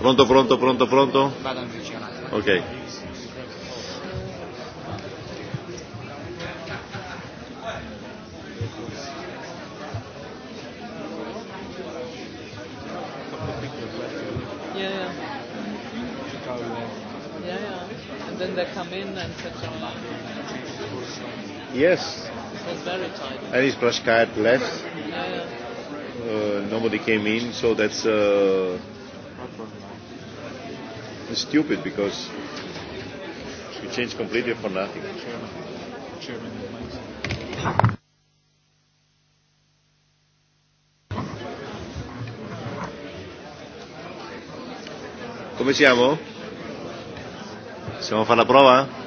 Pronto, pronto, pronto, pronto? Ok. in and such Yes. very tight. And his brush card left. Yeah, yeah. Uh, nobody came in, so that's. Uh, It's stupid because we change completely for nothing. Chairman, Chairman, Come siamo? Possiamo fare la prova?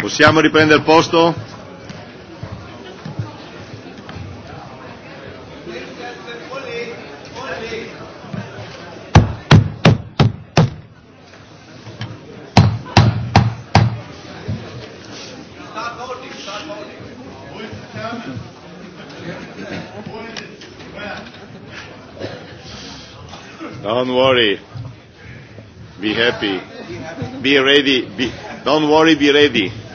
Possiamo riprendere posto? Don't worry. Be happy. Be ready. Be, don't worry, be ready.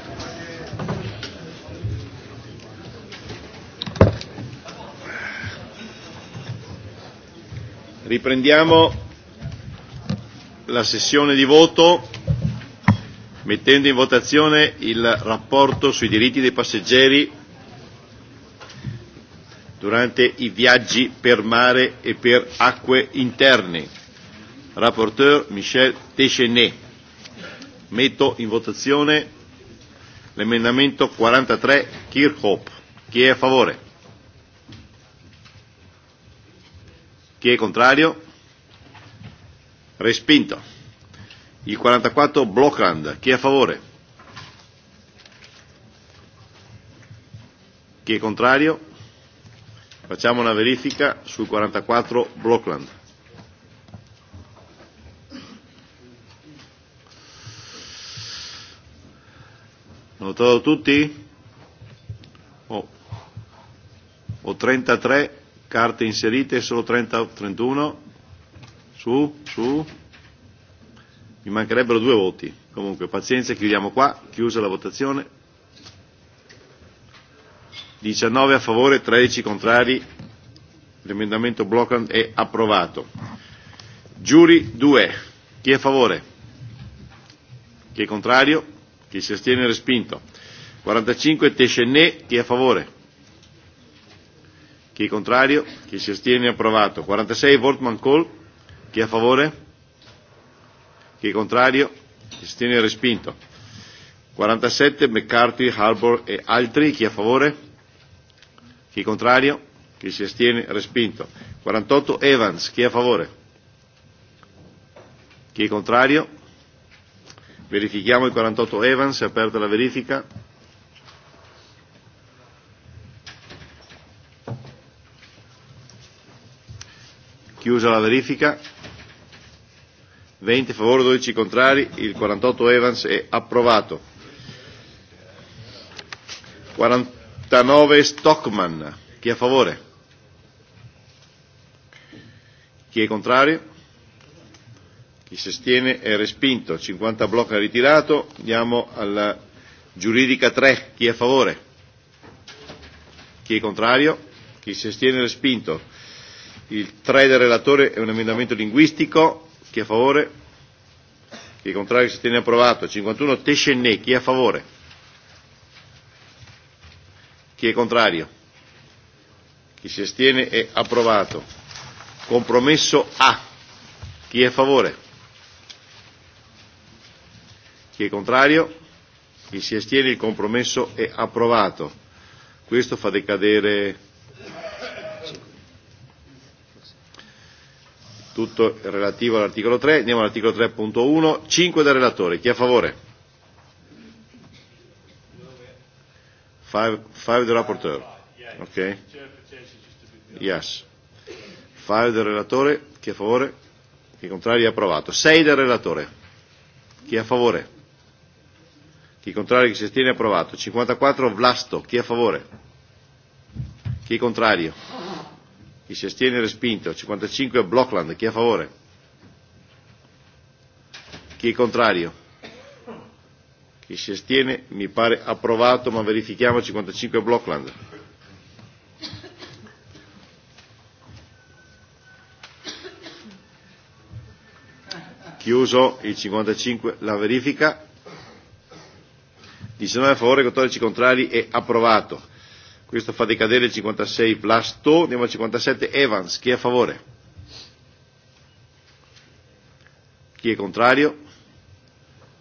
Riprendiamo la sessione di voto mettendo in votazione il rapporto sui diritti dei passeggeri durante i viaggi per mare e per acque interne. Rapporteur Michel Techenet. Metto in votazione l'emendamento 43 Kirchhoff. Chi è a favore? Chi è contrario? Respinto. Il 44 Blockland. Chi è a favore? Chi è contrario? Facciamo una verifica sul 44 Blockland. Notato tutti? Oh. Ho 33 carte inserite, solo 30, 31. Su, su. Mi mancherebbero due voti. Comunque, pazienza, chiudiamo qua. Chiusa la votazione. 19 a favore, 13 contrari. L'emendamento Blockland è approvato. Giuri 2. Chi è a favore? Chi è contrario? Chi si astiene respinto. 45 Tescenè. Chi è a favore? Chi è contrario? Chi si astiene? Approvato. 46 Voltman Call. Chi è a favore? Chi è contrario? Chi si astiene? Respinto. 47 McCarthy, Harbour e altri. Chi è a favore? Chi è contrario? Chi si astiene? Respinto. 48 Evans. Chi è a favore? Chi è contrario? Verifichiamo il 48 Evans. È aperta la verifica. Chiusa la verifica. 20 favore, 12 contrari, il 48 Evans è approvato. 49 Stockman, chi è a favore? Chi è contrario? Chi si astiene è respinto. 50 blocca ritirato. Andiamo alla giuridica 3. Chi è a favore? Chi è contrario? Chi si astiene è respinto. Il 3 del relatore è un emendamento linguistico. Chi è a favore? Chi è contrario? si tiene approvato? 51 Tescenne. Chi è a favore? Chi è contrario? Chi si astiene è approvato. Compromesso A. Chi è a favore? Chi è contrario? Chi si astiene? Il compromesso è approvato. Questo fa decadere tutto relativo all'articolo 3. Andiamo all'articolo 3.1, 5 del relatore. Chi è a favore? 5 del rapporteur. Ok? Yes. 5 del relatore. Chi è a favore? Chi è contrario? È approvato. 6 del relatore. Chi è a favore? Chi è contrario? Chi si astiene? Approvato. 54 Vlasto. Chi è a favore? Chi è contrario? Chi si astiene respinto. 55 Blockland. Chi è a favore? Chi è contrario? Chi si astiene mi pare approvato, ma verifichiamo 55 Blockland. Chiuso il 55 la verifica. 19 a favore, 14 contrari e approvato. Questo fa decadere il 56 Vlasto, andiamo al 57 Evans, chi è a favore? Chi è contrario?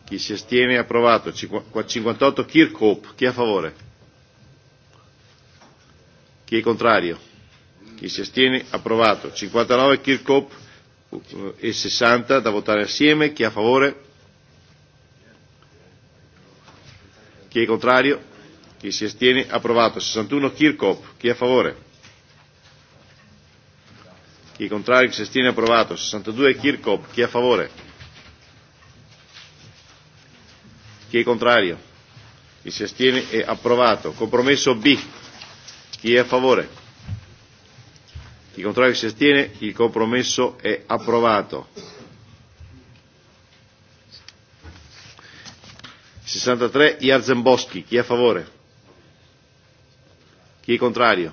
Chi si astiene approvato. 58 Kirkhope, chi è a favore? Chi è contrario? Chi si astiene approvato. 59 Kirkhope eh, e 60 da votare assieme, chi è a favore? Chi è contrario? Chi si astiene? Approvato. 61 Kirchhoff. Chi è a favore? Chi è contrario? Chi si astiene? Approvato. 62 Kirchhoff. Chi è a favore? Chi è contrario? Chi si astiene? È approvato. Compromesso B. Chi è a favore? Chi è contrario? Chi si astiene? Il compromesso è approvato. 63 Jarzembowski. Chi è a favore? Chi è contrario?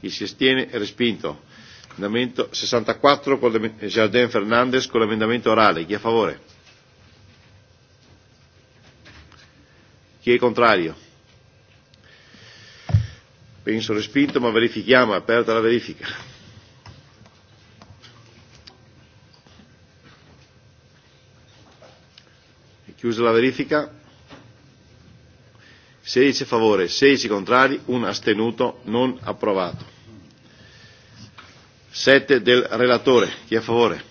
Chi si astiene è respinto. Emendamento 64 con eh, Jardin Fernandez con l'emendamento orale. Chi è a favore? Chi è contrario? Penso respinto, ma verifichiamo, è aperta la verifica. È chiusa la verifica 16 favore, 16 contrari, un astenuto, non approvato. 7 del relatore, chi è a favore?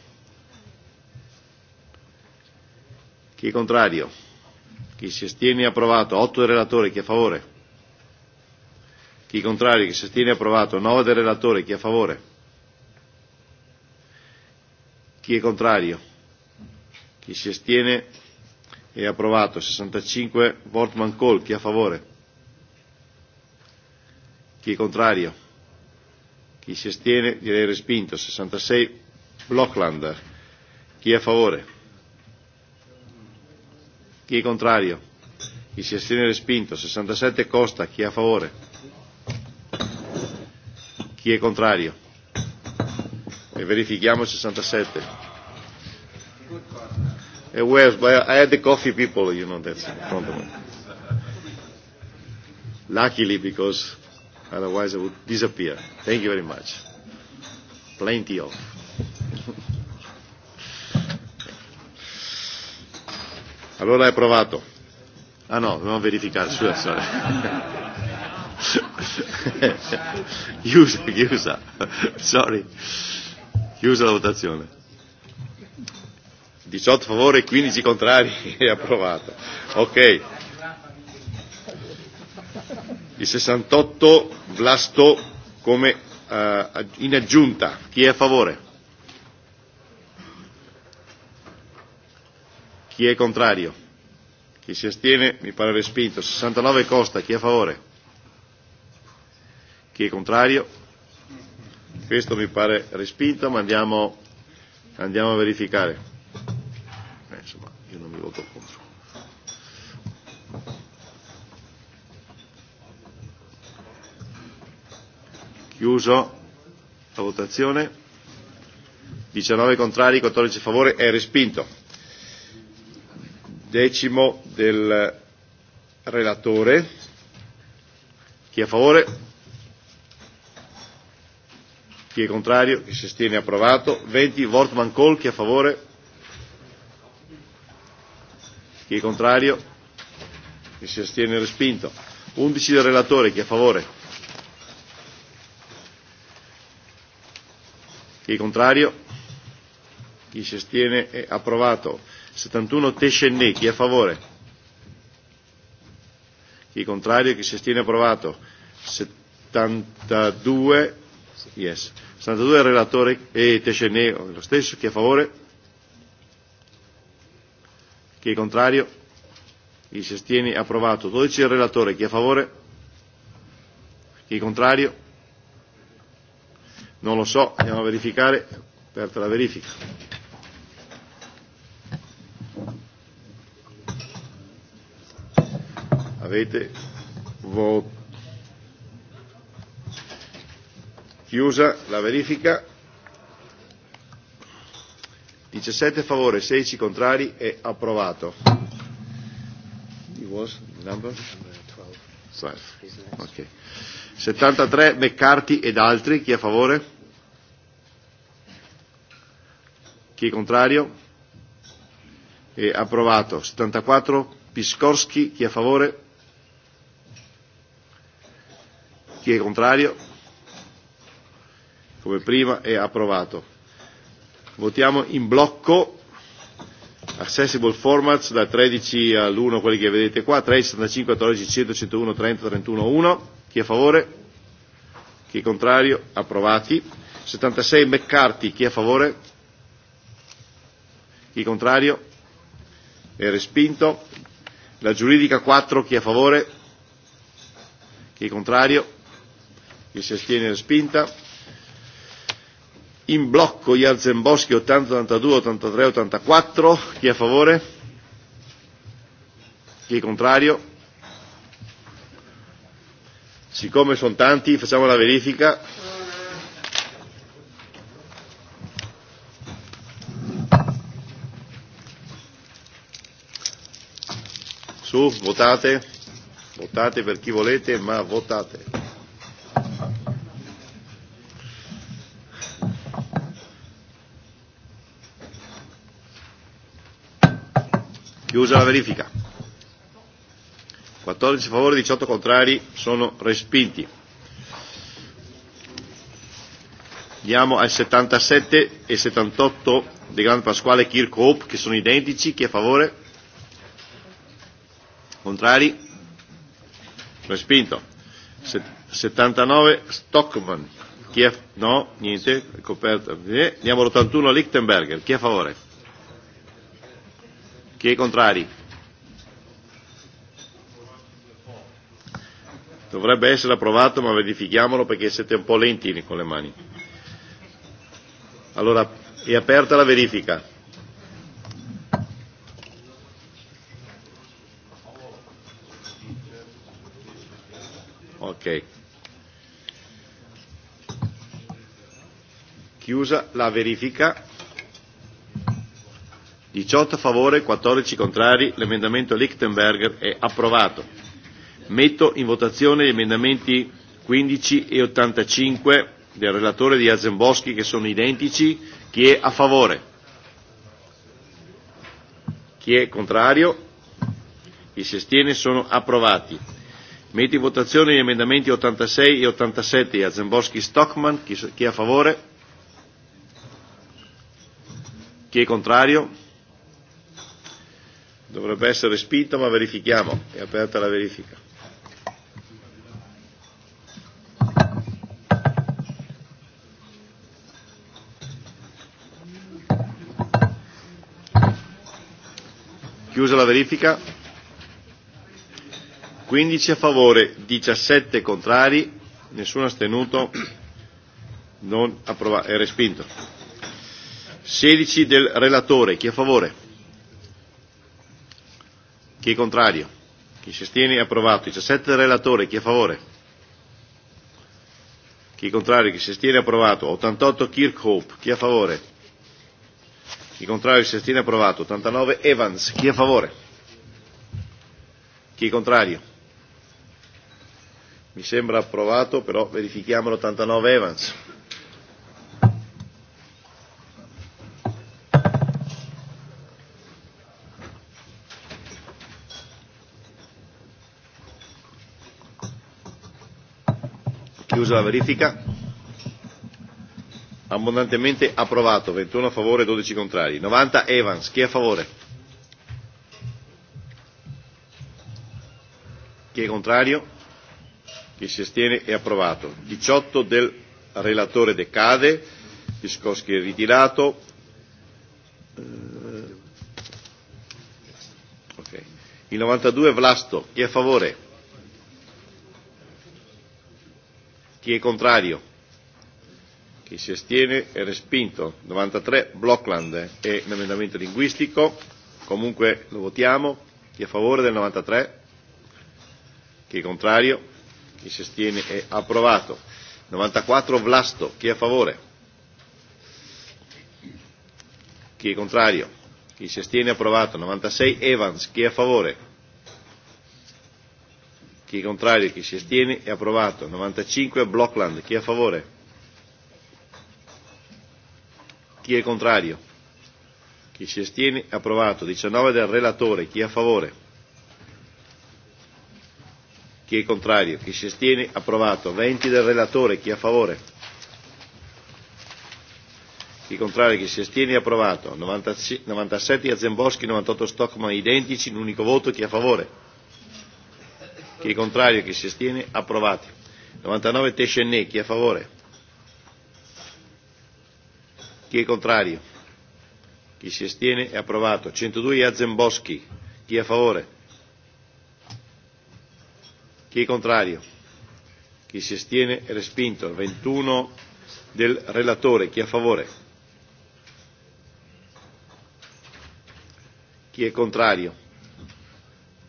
Chi è contrario? Chi si astiene approvato? 8 del relatore, chi è a favore? Chi è contrario? Chi si astiene approvato? 9 del relatore, chi è a favore? Chi è contrario? Chi si astiene e approvato 65 Wortman Call chi è a favore chi è contrario chi si astiene direi respinto 66 Blockland chi è a favore chi è contrario chi si astiene respinto 67 Costa chi è a favore chi è contrario e verifichiamo 67 aware, but I had the coffee people, you know, that's in front of me. Luckily, because otherwise I would disappear. Thank you very much. Plenty of. Allora è provato? Ah no, dobbiamo verificare, scusa, sorry. chiusa, chiusa. Sorry. Chiusa la votazione. 18 favore e 15 contrari è approvato. Ok. Il 68 Vlasto come uh, in aggiunta. Chi è a favore? Chi è contrario? Chi si astiene mi pare respinto. 69 Costa, chi è a favore? Chi è contrario? Questo mi pare respinto, ma andiamo, andiamo a verificare. Chiuso la votazione. 19 contrari, 14 a favore, è respinto. Decimo del relatore. Chi è a favore? Chi è contrario? Chi si astiene? Approvato. 20. Wortman Kohl. Chi è a favore? Chi è contrario? Chi si astiene? Respinto. 11 del relatore. Chi è a favore? Chi è contrario? Chi si astiene è approvato. 71 Tescenne, chi è a favore? Chi è contrario? Chi si astiene è approvato. 72, yes. 72 il relatore e Tescenne, lo stesso, chi è a favore? Chi è contrario? Chi si astiene è approvato. 12 il relatore, chi è a favore? Chi è contrario? Non lo so, andiamo a verificare. Aperta la verifica. Avete votato. Chiusa la verifica. 17 favore, 16 contrari e approvato. was number? 12. Okay. 73 McCarthy ed altri, chi è a favore? Chi è contrario? È approvato. 74 Piskorski, chi è a favore? Chi è contrario? Come prima è approvato. Votiamo in blocco accessible formats da 13 all'1 quelli che vedete qua, 3, 75, 14, 100, 101, 30, 31, 1. Chi è a favore? Chi è contrario? Approvati. 76 McCarthy, chi è a favore? Chi è contrario? È respinto. La giuridica 4, chi è a favore? Chi è contrario? Chi si astiene è respinta. In blocco Ialzenboschi 80, 82, 83, 84. Chi è a favore? Chi è contrario? Siccome sono tanti, facciamo la verifica. Su, votate, votate per chi volete, ma votate. Chiusa la verifica. 14 favori, 18 contrari, sono respinti. Andiamo al 77 e 78 di Gran Pasquale Kirchhoff, che sono identici. Chi è a favore? Contrari? Respinto. 79 Stockman. Chi è? No, niente, è coperto. andiamo all'81 Lichtenberger. Chi è a favore? Chi è contrari? Dovrebbe essere approvato, ma verifichiamolo perché siete un po' lenti con le mani. Allora, è aperta la verifica. Ok. Chiusa la verifica. 18 a favore, 14 contrari, l'emendamento Lichtenberger è approvato. Metto in votazione gli emendamenti 15 e 85 del relatore di Azenboschi che sono identici. Chi è a favore? Chi è contrario? Chi si astiene sono approvati. Metti in votazione gli emendamenti 86 e 87 Jazemboschi Stockman. Chi, chi è a favore? Chi è contrario? Dovrebbe essere spinto, ma verifichiamo. È aperta la verifica. Chiusa la verifica. 15 a favore, 17 contrari, nessuno astenuto, non approvato, è respinto. 16 del relatore, chi è a favore? Chi è contrario? Chi si astiene approvato. 17 del relatore, chi è a favore? Chi è contrario? Chi si astiene approvato. 88 Kirkhope, chi è a favore? Chi è contrario? Chi si astiene approvato. 89 Evans, chi è a favore? Chi è contrario? Mi sembra approvato, però verifichiamo l'89 Evans. Chiusa la verifica. Abbondantemente approvato, 21 a favore, 12 contrari. 90 Evans, chi è a favore? Chi è contrario? Chi si astiene è approvato. 18 del relatore decade. Piscoschi è ritirato. Eh, okay. Il 92 Vlasto. Chi è a favore? Chi è contrario? Chi si astiene è respinto. 93 Blockland è un emendamento linguistico. Comunque lo votiamo. Chi è a favore del 93? Chi è contrario? Chi si astiene è eh, approvato. 94 Vlasto. Chi è a favore? Chi è contrario? Chi si astiene è approvato. 96 Evans. Chi è a favore? Chi è contrario? Chi si astiene è approvato. 95 Blockland. Chi è a favore? Chi è contrario? Chi si astiene è approvato. 19 del relatore. Chi è a favore? Chi è contrario? Chi si astiene? Approvato. 20 del relatore. Chi è a favore? Chi è contrario? Chi si astiene? Approvato. 97 Azenboschi, 98 Stockman identici. Un unico voto. Chi è a favore? Chi è contrario? Chi si astiene? Approvati. 99 Tescenne. Chi è a favore? Chi è contrario? Chi si astiene? È approvato. 102 Azenboschi. Chi è a favore? Chi è contrario? Chi si astiene? È respinto. 21 del relatore. Chi è a favore? Chi è contrario?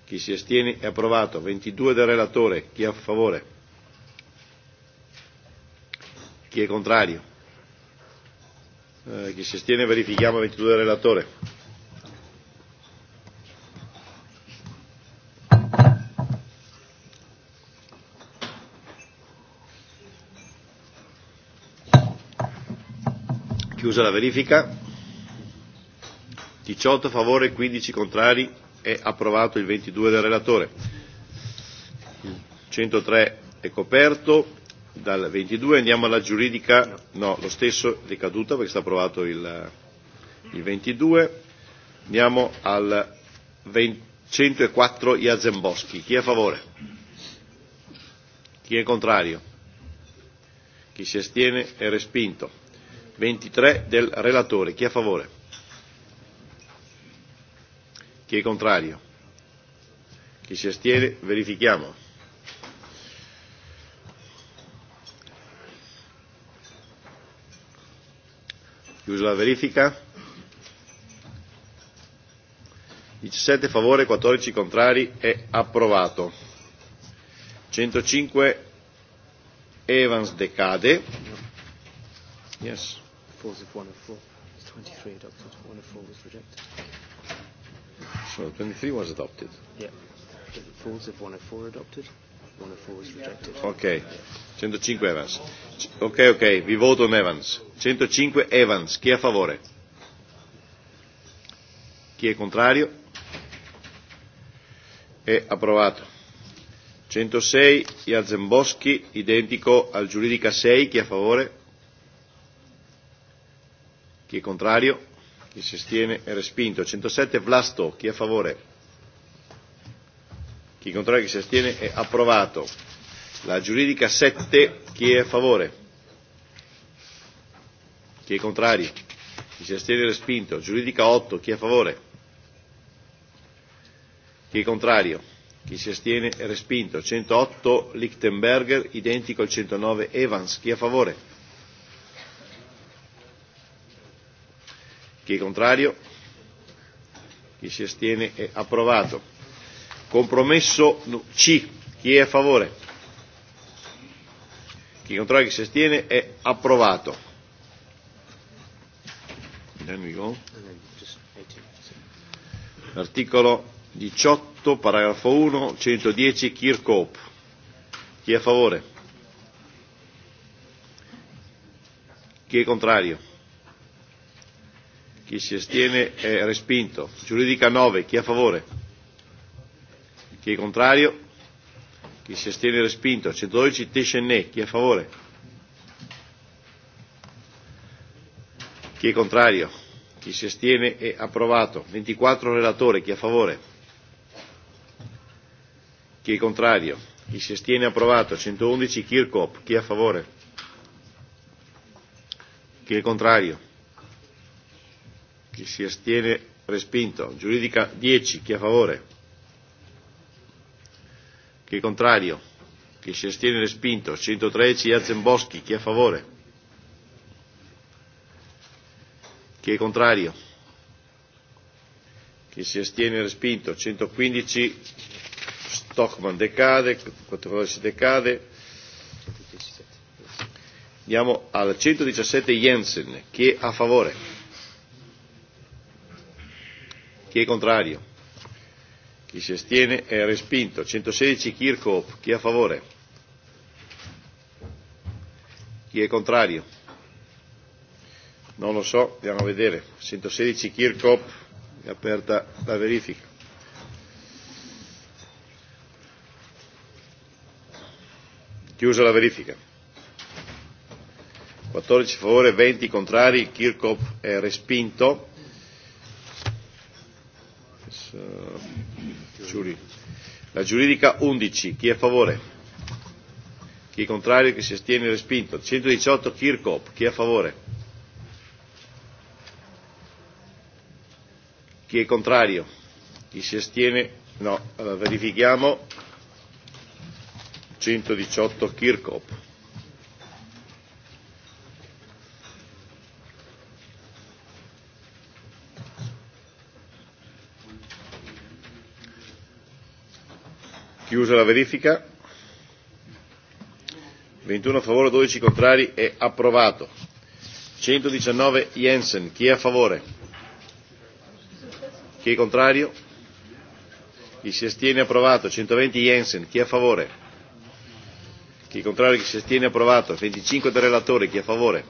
Chi si astiene? È approvato. 22 del relatore. Chi è a favore? Chi è contrario? Eh, chi si astiene? Verifichiamo 22 del relatore. Chiusa la verifica. 18 a favore, 15 contrari. È approvato il 22 del relatore. Il 103 è coperto dal 22. Andiamo alla giuridica. No, lo stesso è decaduta perché sta approvato il, il 22. Andiamo al 20, 104 Iazemboschi. Chi è a favore? Chi è contrario? Chi si astiene è respinto. 23 del relatore. Chi è a favore? Chi è contrario? Chi si astiene? Verifichiamo. Chiusa la verifica. 17 favore, 14 contrari, è approvato. 105 Evans decade. Yes falls if 104. It's 23 adopted. 104 was rejected. So 23 was adopted. Yeah. It falls if 104 adopted. 104 was rejected. Ok. 105 Evans. Ok, ok. Vi voto un Evans. 105 Evans. Chi è a favore? Chi è contrario? È approvato. 106 Iazemboschi, identico al giuridica 6. Chi è a favore? Chi è contrario? Chi si astiene? È respinto. 107 Vlasto. Chi è a favore? Chi è contrario? Chi si astiene? È approvato. La giuridica 7. Chi è a favore? Chi è contrario? Chi si astiene? È respinto. Giuridica 8. Chi è a favore? Chi è contrario? Chi si astiene è respinto. 108 Lichtenberger, identico al 109 Evans. Chi è a favore? Chi è contrario? Chi si astiene è approvato. Compromesso C. Chi è a favore? Chi contrario chi si astiene è approvato. Articolo 18, paragrafo 1, 110 Kirchhoff. Chi è a favore? Chi è contrario? Chi si astiene è respinto. Giuridica 9. Chi è a favore? Chi è contrario? Chi si astiene è respinto. 112 Tescenne. Chi è a favore? Chi è contrario? Chi si astiene è approvato. 24 relatore. Chi è a favore? Chi è contrario? Chi si astiene è approvato. 111 Kirkop. Chi è a favore? Chi è contrario? Chi si astiene respinto. Giuridica 10. Chi è a favore? Chi è contrario? Chi si astiene respinto. 113 Iazenboschi. Chi è a favore? Chi è contrario? Chi si astiene respinto. 115 Stockman decade, 14 decade. Andiamo al 117 Jensen. Chi è a favore? Chi è contrario? Chi si astiene è respinto. 116 Kirchhoff. Chi è a favore? Chi è contrario? Non lo so, andiamo a vedere. 116 Kirchhoff. È aperta la verifica. Chiusa la verifica. 14 favore, 20 contrari, Kirchhoff è respinto eh, la giuridica 11, chi è a favore? Chi è contrario? Chi si astiene? Respinto. 118 Kirchhoff, chi è a favore? Chi è contrario? Chi si astiene? No, allora, verifichiamo. 118 Kirchhoff. Chiusa la verifica. 21 a favore, 12 contrari e approvato. 119 Jensen, chi è a favore? Chi è contrario? Chi si astiene approvato. 120 Jensen, chi è a favore? Chi è contrario, chi si astiene approvato. 25 del relatore, chi è a favore?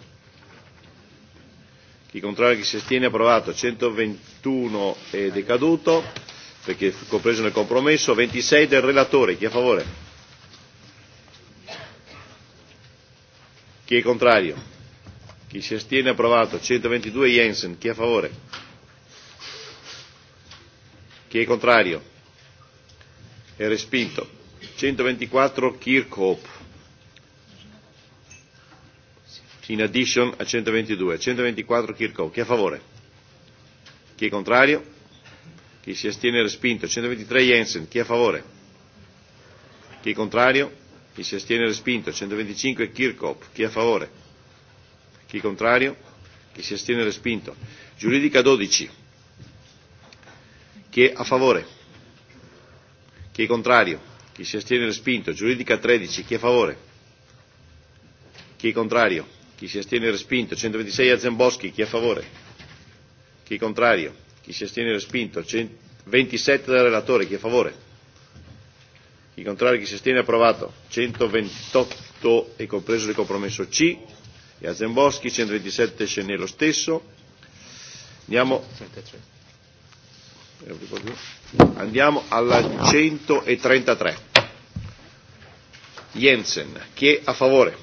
Chi è contrario, chi si astiene approvato. 121 è decaduto perché è compreso nel compromesso, 26 del relatore, chi è a favore? Chi è contrario? Chi si astiene approvato? 122 Jensen, chi è a favore? Chi è contrario? È respinto. 124 Kirchhoff. In addition a 122. 124 Kirchhoff. chi è a favore? Chi è contrario? Chi si astiene respinto. 123 Jensen. Chi è a favore? Chi è contrario? Chi si astiene respinto. 125 Kirchhoff. Chi è a favore? Chi è contrario? Chi si astiene respinto. Giuridica 12. Chi è a favore? Chi è contrario? Chi si astiene respinto. Giuridica 13. Chi è a favore? Chi è contrario? Chi si astiene respinto. 126 Azenboschi. Chi è a favore? Chi è contrario? Chi si astiene respinto. 27 del relatore. Chi è a favore? Chi contrario? Chi si astiene? Approvato. 128 e compreso il compromesso C. Zemboschi, 127 Scenè lo stesso. Andiamo. Andiamo alla 133. Jensen, chi è a favore?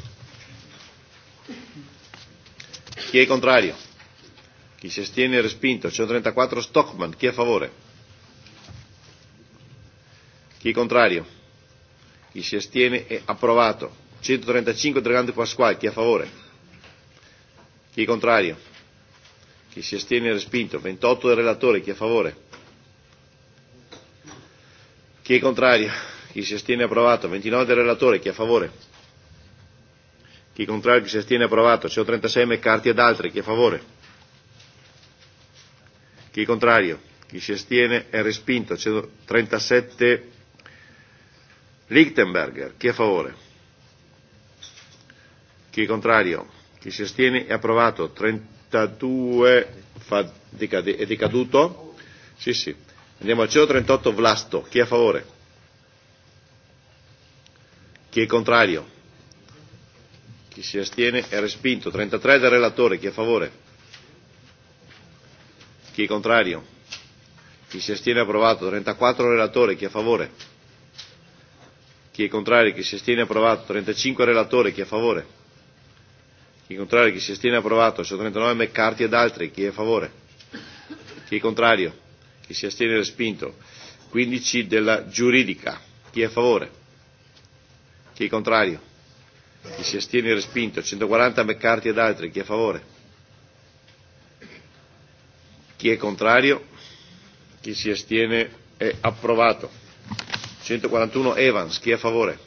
Chi è contrario? Chi si astiene è respinto. 134 Stockman. Chi è a favore? Chi è contrario? Chi si astiene è approvato. 135 Dragante Pasquale. Chi è a favore? Chi è contrario? Chi si astiene è respinto. 28 del relatore. Chi è a favore? Chi è contrario? Chi si astiene è approvato. 29 del relatore. Chi è a favore? Chi è contrario? Chi si astiene è approvato. 136 McCarthy ed altri. Chi è a favore? Chi è contrario? Chi si astiene è respinto. 137 Lichtenberger. Chi è a favore? Chi è contrario? Chi si astiene è approvato. 32 fa, decade, è decaduto? Sì, sì. Andiamo al 138 Vlasto. Chi è a favore? Chi è contrario? Chi si astiene è respinto. 33 del relatore. Chi è a favore? Chi è contrario? Chi si astiene approvato. 34 relatore, chi è a favore? Chi è contrario? Chi si astiene approvato. 35 relatore, chi è a favore? Chi è contrario? Chi si astiene approvato. 139 McCarthy ed altri, chi è a favore? Chi è contrario? Chi si astiene respinto. 15 della giuridica, chi è a favore? Chi è contrario? Chi si astiene respinto. 140 McCarthy ed altri, chi è a favore? Chi è contrario? Chi si astiene è approvato. 141 Evans, chi è a favore?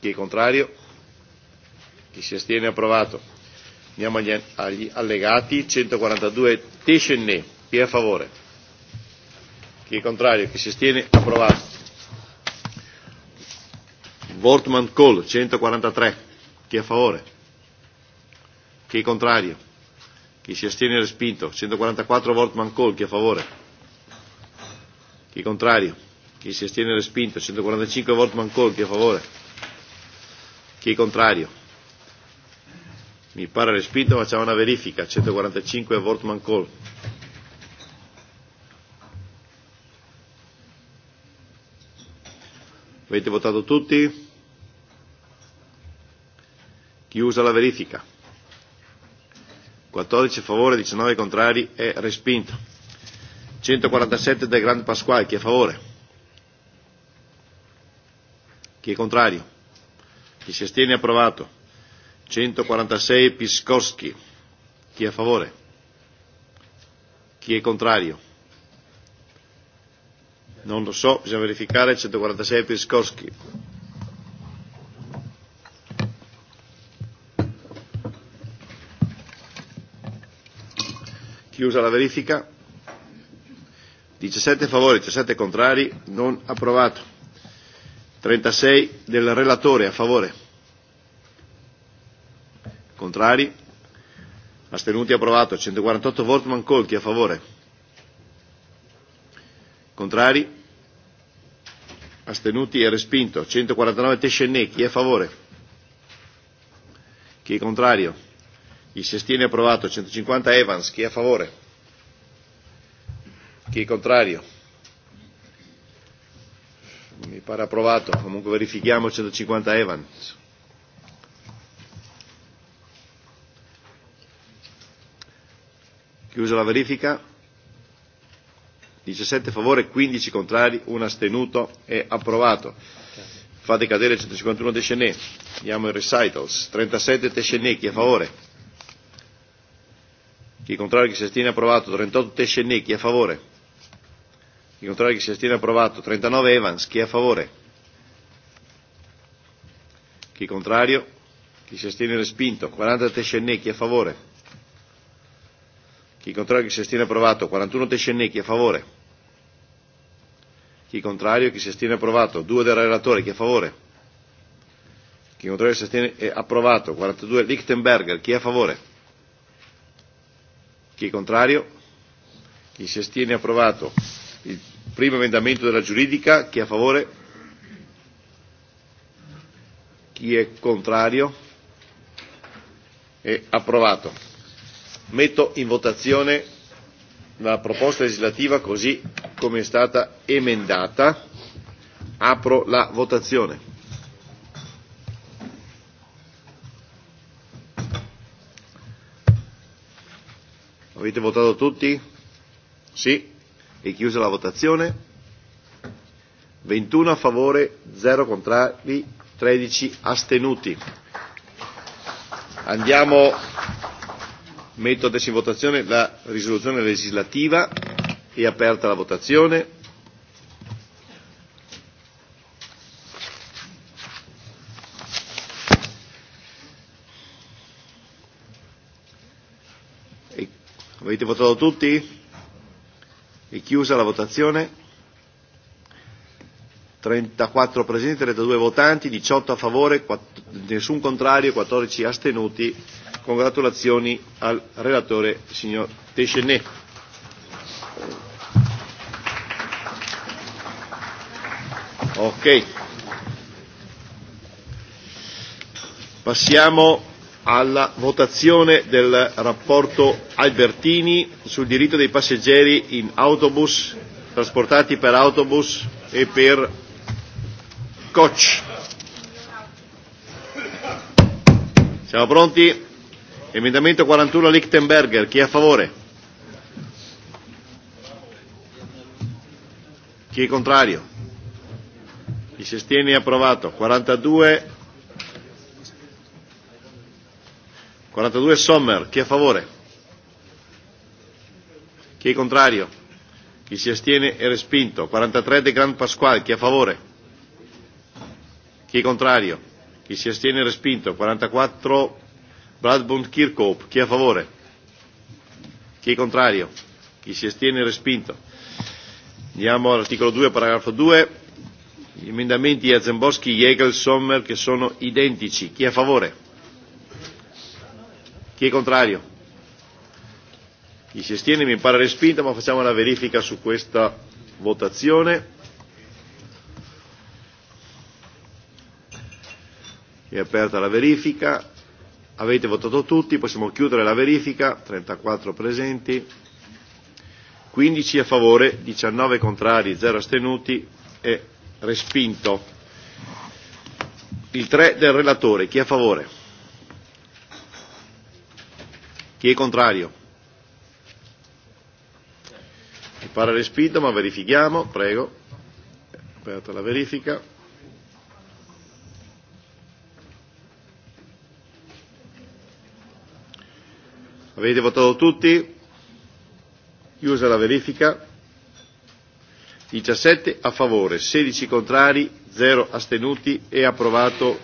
Chi è contrario? Chi si astiene è approvato. Andiamo agli, agli allegati. 142 Tescenne, chi è a favore? Chi è contrario? Chi si astiene? Approvato. Wortmann Kohl, 143. Chi è a favore? Chi è contrario? Chi si astiene è respinto. 144 Wortman Call, chi è a favore? Chi è contrario? Chi si astiene è respinto. 145 Wortman Call, chi è a favore? Chi è contrario? Mi pare respinto, facciamo una verifica. 145 Wortman Call. Avete votato tutti? Chiusa la verifica. 14 a favore, 19 contrari, e respinto. 147 del Grande Pasquale, chi è a favore? Chi è contrario? Chi si astiene approvato. 146 Piscoski, chi è a favore? Chi è contrario? Non lo so, bisogna verificare 146 Piscoski. Chiusa la verifica. 17 favori, 17 contrari, non approvato. 36 del relatore a favore. Contrari? Astenuti approvato. 148 Wortman Colchi a favore. Contrari? Astenuti e respinto. 149 Tescennecchi a favore. Chi è contrario? Il si astiene approvato. 150 Evans. Chi è a favore? Chi è contrario? Mi pare approvato. Comunque verifichiamo 150 Evans. Chiusa la verifica. 17 favore, 15 contrari, 1 astenuto e approvato. Fate cadere il 151 Deschenè. Andiamo ai recitals. 37 Deschenè, chi è a favore? Chi è contrario chi si astiene approvato. 38 Tescenni. Chi è a favore? Chi è contrario chi si astiene approvato. 39 Evans. Chi è a favore? Chi è contrario? Chi si astiene respinto. 40 Tescenni. Chi è a favore? Chi è contrario chi si astiene approvato. 41 Tescenni. Chi è a favore? Chi è contrario chi si astiene approvato. 2 del relatore. Chi è a favore? Chi è contrario si astiene approvato. 42 Lichtenberger. Chi è a favore? Chi è contrario? Chi si astiene? Approvato. Il primo emendamento della giuridica. Chi è a favore? Chi è contrario? È approvato. Metto in votazione la proposta legislativa così come è stata emendata. Apro la votazione. Avete votato tutti? Sì. È chiusa la votazione. 21 a favore, 0 contrari, 13 astenuti. Andiamo, metto adesso in votazione la risoluzione legislativa. È aperta la votazione. Avete votato tutti? È chiusa la votazione. 34 presenti, 32 votanti, 18 a favore, 4, nessun contrario, 14 astenuti. Congratulazioni al relatore signor Teschenet. Ok. Passiamo alla votazione del rapporto Albertini sul diritto dei passeggeri in autobus, trasportati per autobus e per coach. Siamo pronti? Emendamento 41 Lichtenberger, chi è a favore? Chi è contrario? Chi si astiene è approvato. 42 42 Sommer, chi è a favore? Chi è contrario? Chi si astiene è respinto. 43 De Gran Pasquale, chi è a favore? Chi è contrario? Chi si astiene è respinto. 44 Bradbund Kirkhope, chi è a favore? Chi è contrario? Chi si astiene è respinto. Andiamo all'articolo 2, paragrafo 2. Gli emendamenti a Zemboschi, Jägel, Sommer che sono identici. Chi è a favore? Chi è contrario? Chi si astiene mi pare respinta, ma facciamo una verifica su questa votazione. È aperta la verifica. Avete votato tutti, possiamo chiudere la verifica. 34 presenti, 15 a favore, 19 contrari, 0 astenuti e respinto. Il 3 del relatore, chi è a favore? Chi è contrario? Mi pare respinto, ma verifichiamo, prego. Aperta la verifica. Avete votato tutti? Chiusa la verifica. 17 a favore, 16 contrari, 0 astenuti e approvato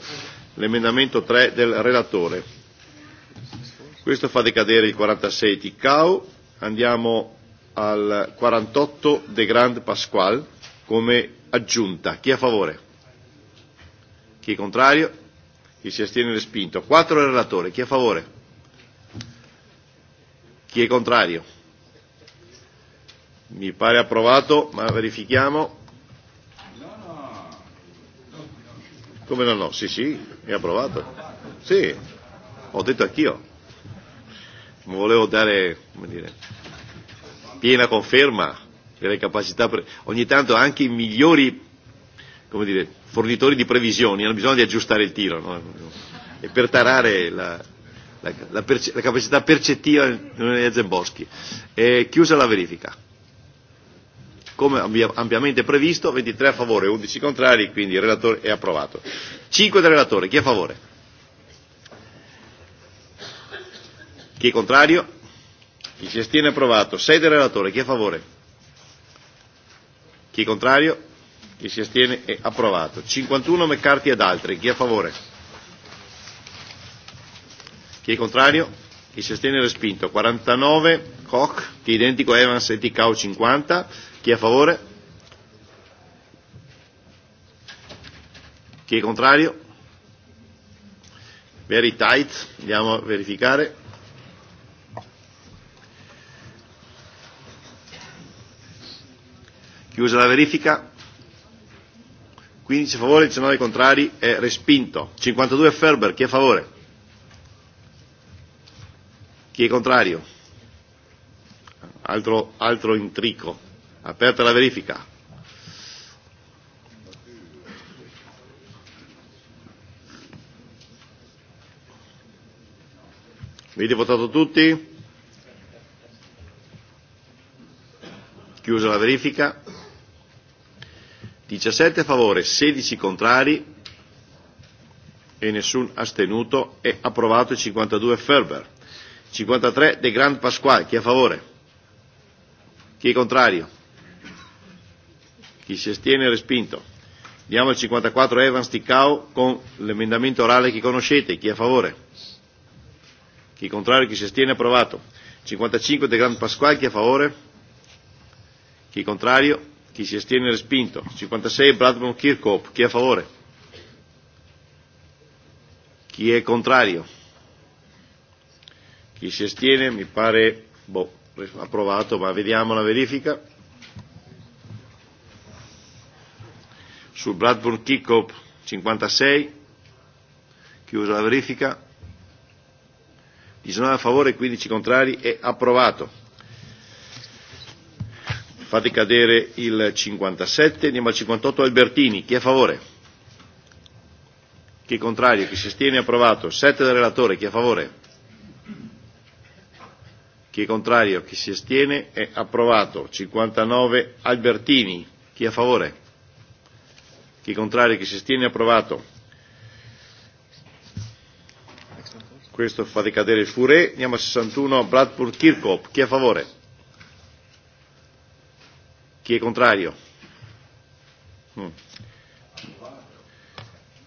l'emendamento 3 del relatore. Questo fa decadere il 46 Ticcao. Andiamo al 48 De Grand Pasquale come aggiunta. Chi è a favore? Chi è contrario? Chi si astiene respinto. 4 il relatore. Chi è a favore? Chi è contrario? Mi pare approvato, ma verifichiamo. Come no, no, sì, sì, è approvato. Sì, ho detto anch'io volevo dare come dire, piena conferma delle capacità, pre- ogni tanto anche i migliori come dire, fornitori di previsioni hanno bisogno di aggiustare il tiro no? e per tarare la, la, la, perce- la capacità percettiva di Zemboschi. E chiusa la verifica. Come ampiamente previsto, 23 a favore, 11 contrari, quindi il relatore è approvato. 5 del relatore, chi è a favore? Chi è contrario? Chi si astiene approvato. 6 del relatore. Chi è a favore? Chi è contrario? Chi si astiene è approvato. 51 McCarthy ed altri. Chi è a favore? Chi è contrario? Chi si astiene è respinto. 49 Koch, che è identico a Evans e TKO 50. Chi è a favore? Chi è contrario? Very tight. Andiamo a verificare. Chiusa la verifica. 15 favore, 19 contrari, è respinto. 52 Ferber, chi è a favore? Chi è contrario? Altro, altro intrico. Aperta la verifica. Avete votato tutti? Chiusa la verifica. 17 a favore, 16 contrari e nessun astenuto. È approvato il 52 Ferber. 53 De Grand Pasquale. Chi è a favore? Chi è contrario? Chi si astiene è respinto. Diamo il 54 Evans Ticao con l'emendamento orale che conoscete. Chi è a favore? Chi è contrario? Chi si astiene? Approvato. 55 De Grand Pasquale. Chi è a favore? Chi è contrario? Chi si astiene respinto. 56 Bradburn Kirchhoff. Chi è a favore? Chi è contrario? Chi si astiene mi pare boh, approvato, ma vediamo la verifica. Su Bradburn Kirchhoff 56. Chiusa la verifica. 19 a favore, 15 contrari. È approvato. Fate cadere il 57, andiamo al 58 Albertini, chi è a favore? Chi è contrario? Chi si astiene? Approvato. 7 del relatore, chi è a favore? Chi è contrario? Chi si astiene? È approvato. 59 Albertini, chi è a favore? Chi è contrario? Chi si astiene? Approvato. Questo fa decadere il Furé. Andiamo al 61 Bradford Kirchhoff, chi è a favore? Chi è contrario? Mm.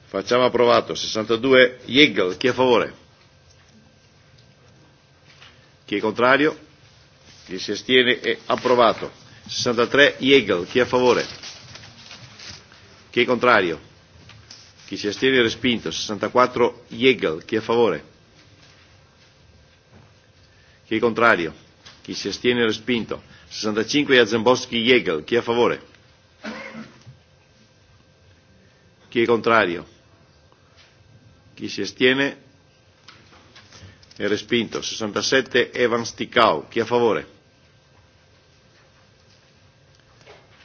Facciamo approvato. 62 Yegel. Chi è a favore? Chi è contrario? Chi si astiene è approvato. 63 Yegel. Chi è a favore? Chi è contrario? Chi si astiene è respinto. 64 Yegel. Chi è a favore? Chi è contrario? Chi si astiene è respinto. 65 Jarzembowski Jegel. Chi è a favore? Chi è contrario? Chi si astiene? È respinto. 67 Evan Stikau, Chi è a favore?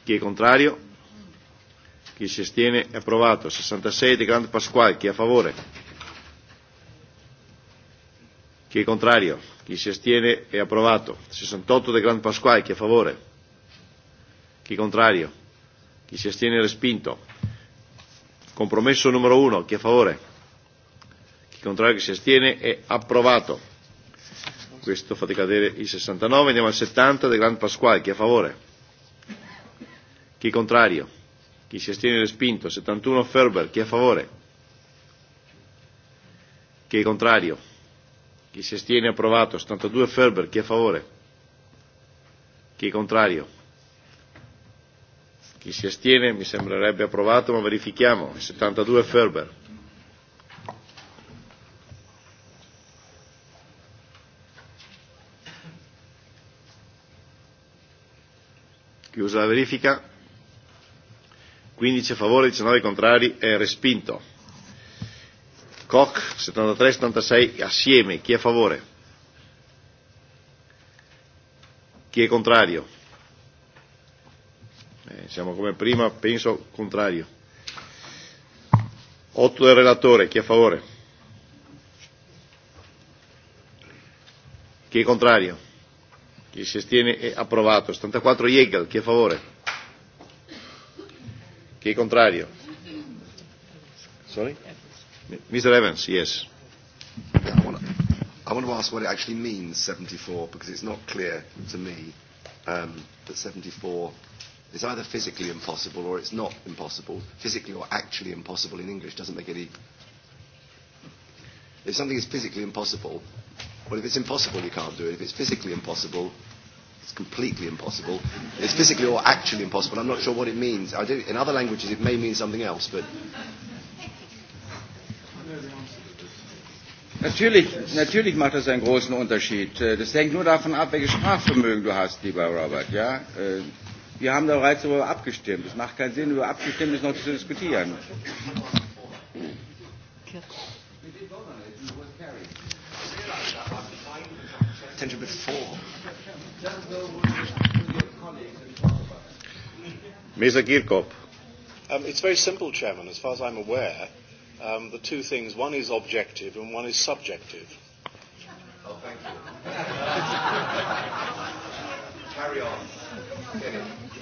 Chi è contrario? Chi si astiene? È approvato. 66 De Grande Pasquale. Chi è a favore? Chi è contrario? Chi si astiene è approvato. 68 De Gran Pasquale, chi è a favore? Chi è contrario? Chi si astiene è respinto. Compromesso numero 1, chi è a favore? Chi è contrario, chi si astiene è approvato. Questo fate cadere il 69, andiamo al 70 De Gran Pasquale, chi è a favore? Chi è contrario? Chi si astiene è respinto. 71 Ferber, chi è a favore? Chi è contrario? Chi si astiene approvato. 72 Ferber. Chi è a favore? Chi è contrario? Chi si astiene mi sembrerebbe approvato, ma verifichiamo. 72 Ferber. Chiusa la verifica. 15 a favore, 19 contrari, è respinto. Koch 73-76 assieme. Chi è a favore? Chi è contrario? Eh, siamo come prima, penso contrario. 8 del relatore, chi è a favore? Chi è contrario? Chi si astiene è approvato. 74 Jägel, chi è a favore? Chi è contrario? Sorry? Mr. Evans, yes. Yeah, I want to, I want to ask what it actually means, 74, because it's not clear to me um, that 74 is either physically impossible or it's not impossible. Physically or actually impossible in English doesn't make any. If something is physically impossible, well, if it's impossible, you can't do it. If it's physically impossible, it's completely impossible. It's physically or actually impossible. I'm not sure what it means. I do, in other languages, it may mean something else, but Natürlich, natürlich macht das einen großen Unterschied. Äh, das hängt nur davon ab, welches Sprachvermögen du hast, lieber Robert. Ja? Äh, wir haben da bereits darüber abgestimmt. Es macht keinen Sinn, über Abgestimmtes noch zu diskutieren. Mr. Um, it's very simple, Chairman. As far as I'm aware, um, the two things. One is objective and one is subjective. Oh, thank you. Carry on.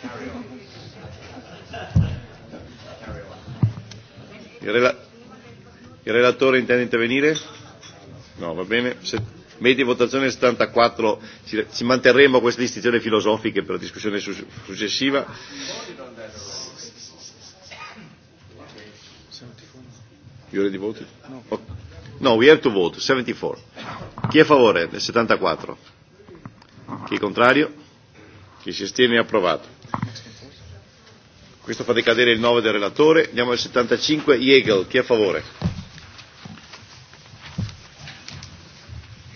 Carry on. Il, relatore intende intervenire? No, va bene. Se- Media votazione 74, ci, ci manterremo queste distinzioni filosofiche per la discussione su- successiva. You already voted? No. Okay. No, we have to vote. 74. Chi è a favore 74? Chi è contrario? Chi si astiene è approvato. Questo fa decadere il 9 del relatore. Andiamo al 75. Jägel, chi è a favore?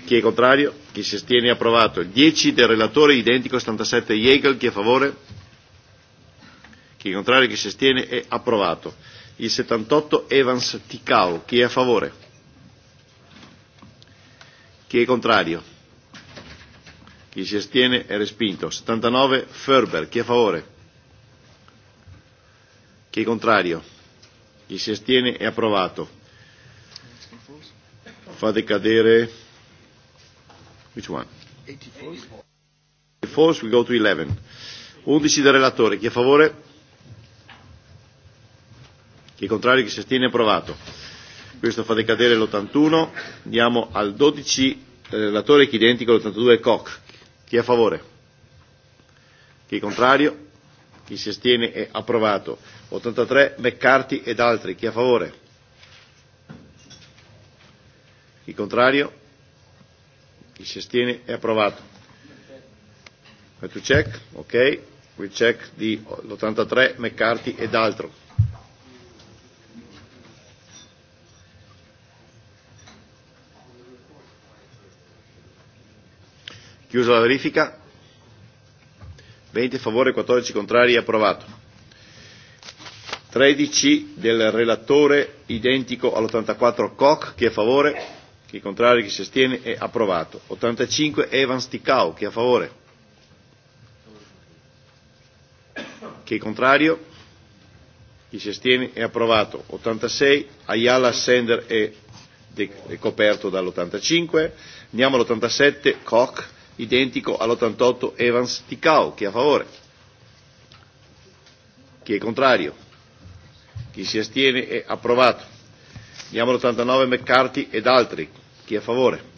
Chi è contrario? Chi si astiene è approvato. Il 10 del relatore, identico 77 Jägel, chi è a favore? Chi è contrario? Chi si astiene è approvato. Il 78 Evans Ticao. Chi è a favore? Chi è contrario? Chi si astiene è respinto. 79 Ferber. Chi è a favore? Chi è contrario? Chi si astiene è approvato. Fate cadere. Which one? 84. False, we go to 11. 11 del relatore. Chi è a favore? Chi è contrario, chi si astiene, approvato. Questo fa decadere l'81. Andiamo al 12 relatore eh, che è identico all'82 Koch. Chi è a favore? Chi è contrario? Chi si astiene è approvato. 83 McCarthy ed altri. Chi è a favore? Chi è contrario? Chi si astiene è approvato. Metto check? Ok. Qui check di 83 McCarthy ed altro. Chiusa la verifica. 20 a favore, 14 contrari, approvato. 13 del relatore identico all'84 Koch, chi è a favore, chi è contrario, chi si astiene, è approvato. 85 Evans Ticao, chi è a favore, chi è contrario, chi si astiene, è approvato. 86 Ayala Sender è coperto dall'85. Andiamo all'87 Koch, identico all'88 Evans Ticao. Chi è a favore? Chi è contrario? Chi si astiene è approvato. Andiamo all'89 McCarthy ed altri. Chi è a favore?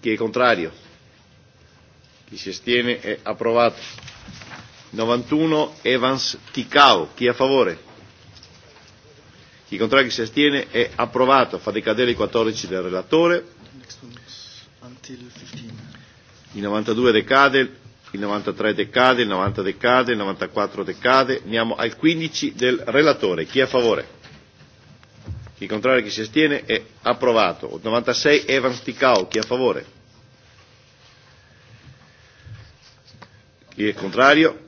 Chi è contrario? Chi si astiene è approvato. 91 Evans Ticao. Chi è a favore? Chi contrario chi si astiene è approvato. Fa decadere i 14 del relatore. Until 15. Il 92 decade, il 93 decade, il 90 decade, il 94 decade. Andiamo al 15 del relatore. Chi è a favore? Chi è contrario, chi si astiene è approvato. 96 Evans Ticao. Chi è a favore? Chi è contrario?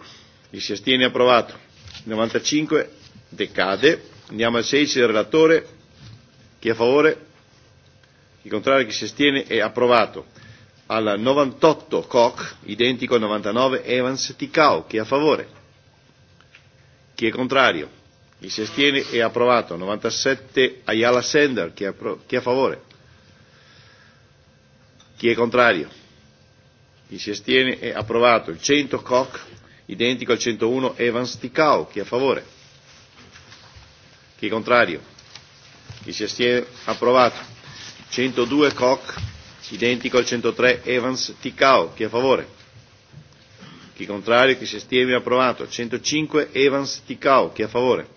Chi si astiene è approvato. 95 decade. Andiamo al 16 del relatore. Chi è a favore? chi contrario, chi si astiene è approvato. Al 98 Koch, identico al 99 Evans Ticao, chi è a favore? Chi è contrario? Chi si astiene è approvato. 97 Ayala Sender, chi è, chi è a favore? Chi è contrario? Chi si astiene è approvato. Il 100 Koch, identico al 101 Evans Ticao, chi è a favore? Chi è contrario? Chi si astiene? Approvato. 102 Koch, identico al 103 Evans Ticao. Chi è a favore? Chi è contrario? Chi si astiene? Approvato. 105 Evans Ticao. Chi è a favore?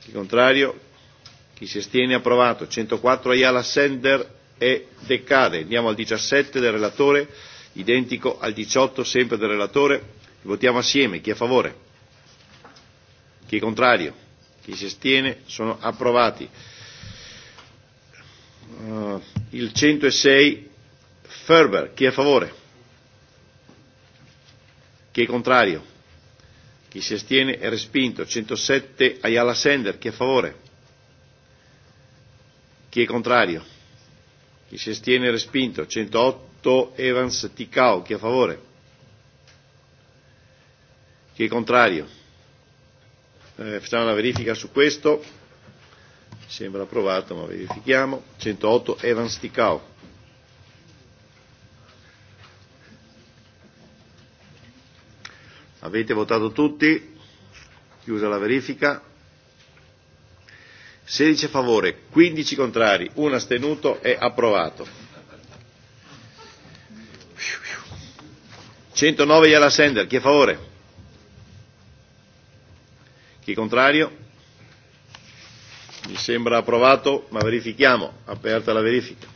Chi è contrario? Chi si astiene? Approvato. 104 Ayala Sender e decade. Andiamo al 17 del relatore, identico al 18 sempre del relatore. Votiamo assieme. Chi è a favore? Chi è contrario? Chi si astiene? Sono approvati. Eh, il 106 Ferber, chi è a favore? Chi è contrario? Chi si astiene è respinto. 107 Ayala Sender, chi è a favore? Chi è contrario? Chi si astiene è respinto. 108 Evans Ticao, chi è a favore? Chi è contrario? Eh, facciamo una verifica su questo sembra approvato ma verifichiamo 108 Evan Sticao. avete votato tutti chiusa la verifica 16 a favore 15 contrari 1 astenuto è approvato 109 Yala Sender chi è a favore chi è contrario mi sembra approvato, ma verifichiamo. Aperta la verifica.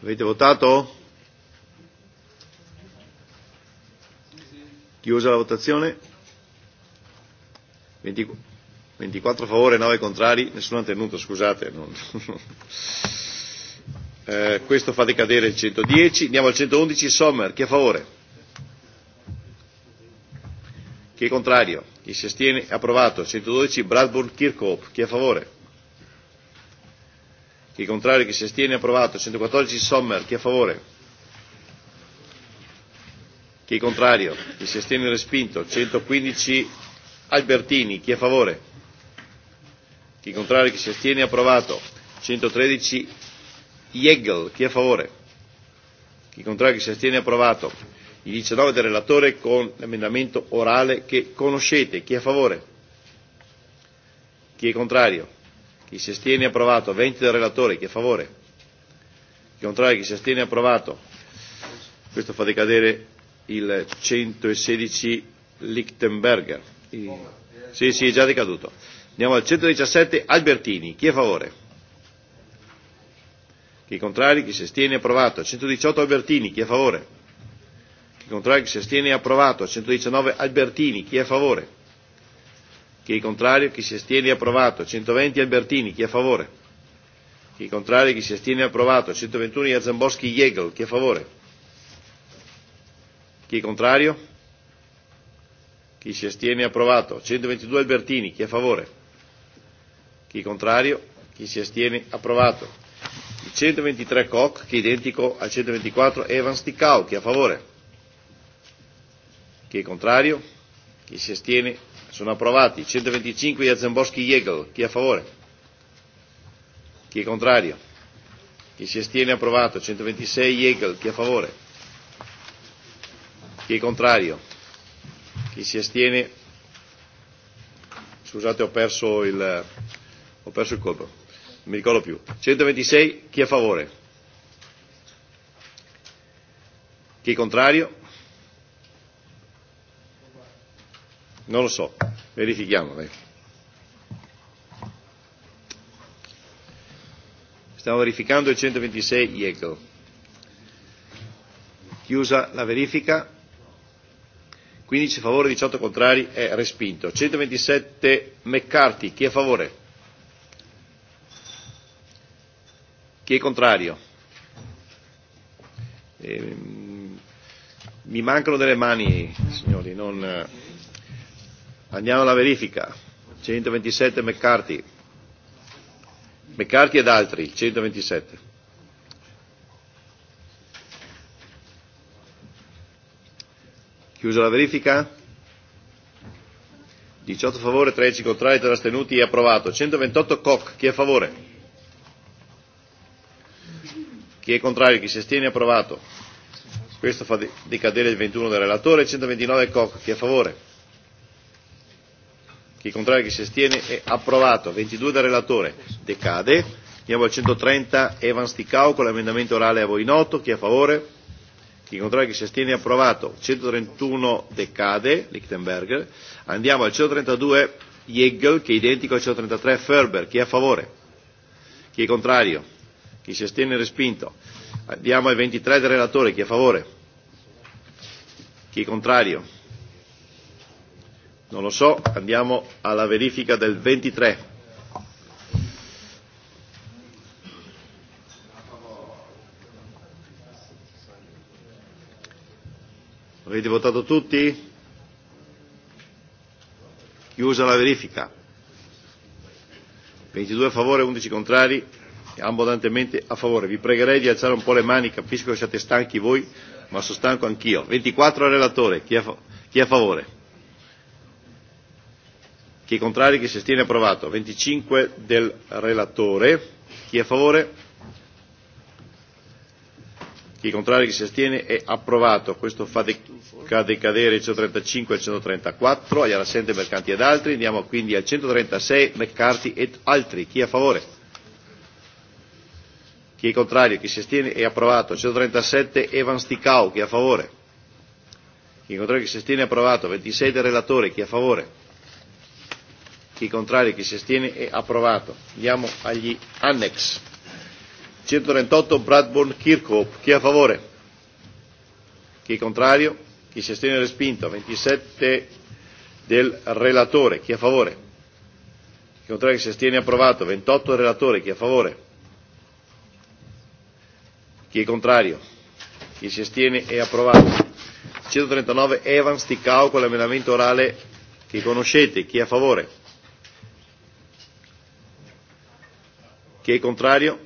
Avete votato? Chiusa la votazione. 20, 24 a favore, 9 contrari, nessuno ha tenuto, scusate. Non... Eh, questo fa decadere il 110. Andiamo al 111. Sommer, chi è a favore? Chi è contrario? Chi si astiene? Approvato. 112. Bradburn Kirchhoff, chi è a favore? Chi è contrario? Chi si astiene? Approvato. 114. Sommer, chi è a favore? Chi è contrario? Chi si astiene? Respinto. 115. Albertini, chi è a favore? Chi è contrario? Chi si astiene? Approvato. 113 Iegel, chi è a favore? Chi contrario, chi si astiene, approvato. Il 19 del relatore con l'emendamento orale che conoscete. Chi è a favore? Chi è contrario? Chi si astiene, approvato. 20 del relatore, chi è a favore? Chi contrario, chi si astiene, approvato. Questo fa decadere il 116 Lichtenberger. Sì, sì, è già decaduto. Andiamo al 117 Albertini. Chi è a favore? Chi è contrario, chi si astiene, approvato. 118 Albertini, chi è a favore? Chi è contrario, chi si astiene, approvato. 119 Albertini, chi è a favore? Chi è contrario, chi si astiene, approvato. 120 Albertini, chi è a favore? Chi è contrario, chi si astiene, approvato. 121 Jarzemboschi, Jegel, chi è a favore? Chi è contrario? Chi si astiene, approvato. 122 Albertini, chi è a favore? Chi è contrario? Chi si astiene, approvato. 123 Koch, che è identico al 124 Evans di Cao. Chi è a favore? Chi è contrario? Chi si astiene? Sono approvati. 125 Jazenboschi-Jegel. Chi è a favore? Chi è contrario? Chi si astiene? Approvato. 126 Jegel. Chi è a favore? Chi è contrario? Chi si astiene? Scusate, ho perso il, ho perso il colpo mi ricordo più. 126, chi è a favore? Chi è contrario? Non lo so, verifichiamo. Dai. Stiamo verificando il 126 IECO. Chiusa la verifica. 15 favore, 18 contrari, è respinto. 127 McCarthy, chi è a favore? Chi è contrario? Eh, mi mancano delle mani, signori. Non... Eh, andiamo alla verifica. 127 McCarthy. McCarthy ed altri, 127. Chiusa la verifica. 18 a favore, 13 contrari, 3 astenuti, approvato. 128 Koch, chi è a favore? Chi è contrario? Chi si astiene? Approvato. Questo fa decadere il 21 del relatore. 129 CoC Chi è a favore? Chi è contrario? Chi si astiene? È approvato. 22 del relatore. Decade. Andiamo al 130 Evans Sticau con l'emendamento orale a voi noto. Chi è a favore? Chi è contrario? Chi si astiene? È approvato. 131 decade. Lichtenberger. Andiamo al 132 Jägel che è identico al 133 Ferber. Chi è a favore? Chi è contrario? Chi si astiene respinto. Andiamo ai 23 del relatore. Chi è a favore? Chi è contrario? Non lo so. Andiamo alla verifica del 23. Avete votato tutti? Chiusa la verifica. 22 a favore, 11 contrari, abbondantemente a favore. Vi pregherei di alzare un po' le mani, capisco che siate stanchi voi, ma sono stanco anch'io. 24 al relatore, chi è, chi è a favore? Chi è contrario, chi si astiene, approvato. 25 del relatore, chi è a favore? Chi è contrario, chi si astiene, è approvato. Questo fa decadere il 135 e il 134, agli assente mercanti ed altri. Andiamo quindi al 136, McCarthy ed altri. Chi è a favore? Chi è contrario? Chi si astiene? È approvato. 137 Evans Ticao. Chi è a favore? Chi è contrario? Chi si astiene? È approvato. 26 del relatore. Chi è a favore? Chi è contrario? Chi si astiene? È approvato. Andiamo agli annex. 138 Bradburn Kirkhope. Chi è a favore? Chi è contrario? Chi si astiene? Respinto. 27 del relatore. Chi è a favore? Chi è contrario? Chi si astiene? Approvato. 28 del relatore. Chi è a favore? Chi è contrario? Chi si astiene è approvato. 139 Evans Ticao con l'emendamento orale che conoscete. Chi è a favore? Chi è contrario?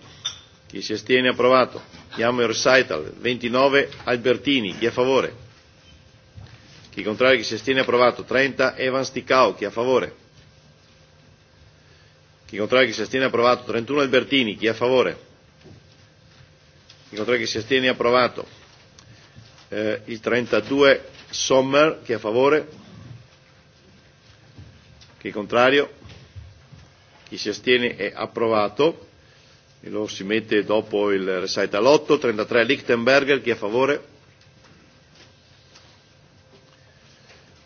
Chi si astiene è approvato. Andiamo al recital. 29 Albertini. Chi è a favore? Chi è contrario? Chi si astiene è approvato. 30 Evans Ticao. Chi è a favore? Chi contrario, chi si astiene, approvato. 31 Albertini, chi è a favore? Contrari che si astiene approvato. Eh, il 32 Sommer, chi è a favore? Chi è contrario? Chi si astiene è approvato. E lo si mette dopo il recital 8. 33 Lichtenberger, chi è a favore?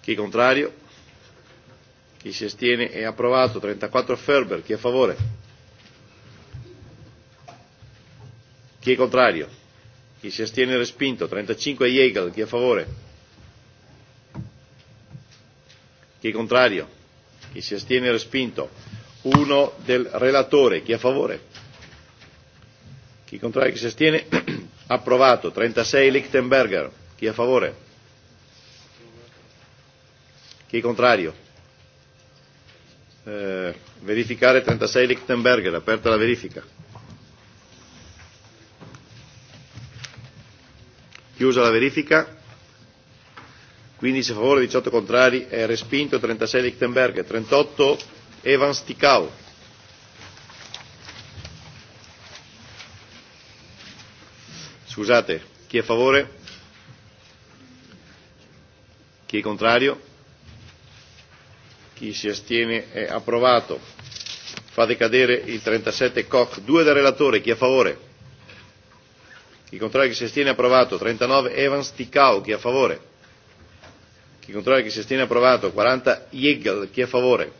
Chi è contrario? Chi si astiene è approvato. 34 Ferber, chi è a favore? Chi è contrario? Chi si astiene respinto? 35 Jägel, chi è a favore? Chi è contrario? Chi si astiene respinto? 1 del relatore, chi è a favore? Chi è contrario? Chi si astiene? Approvato. 36 Lichtenberger, chi è a favore? Chi è contrario? Eh, verificare 36 Lichtenberger, aperta la verifica. Chiusa la verifica. 15 favore, 18 contrari, è respinto, 36 Lichtenberg, 38 Evans Ticao. Scusate, chi è a favore? Chi è contrario? Chi si astiene è approvato. Fa decadere il 37 Koch. Due del relatore, chi è a favore? Chi controlla chi si astiene approvato. 39 Evans Ticao. Chi è a favore? Chi controlla chi si astiene approvato. 40 Yeagle. Chi è a favore?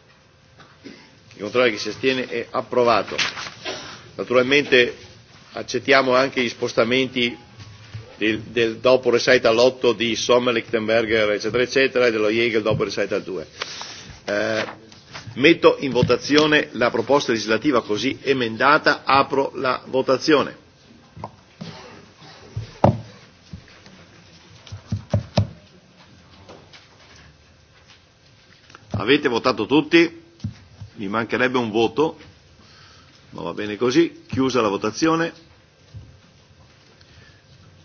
Chi controlla chi si astiene è approvato. Naturalmente accettiamo anche gli spostamenti del, del dopo recital 8 di Sommer, Lichtenberger, eccetera, eccetera, e dello Jägel dopo recital 2. Eh, metto in votazione la proposta legislativa così emendata, apro la votazione. Avete votato tutti? Mi mancherebbe un voto, ma va bene così. Chiusa la votazione.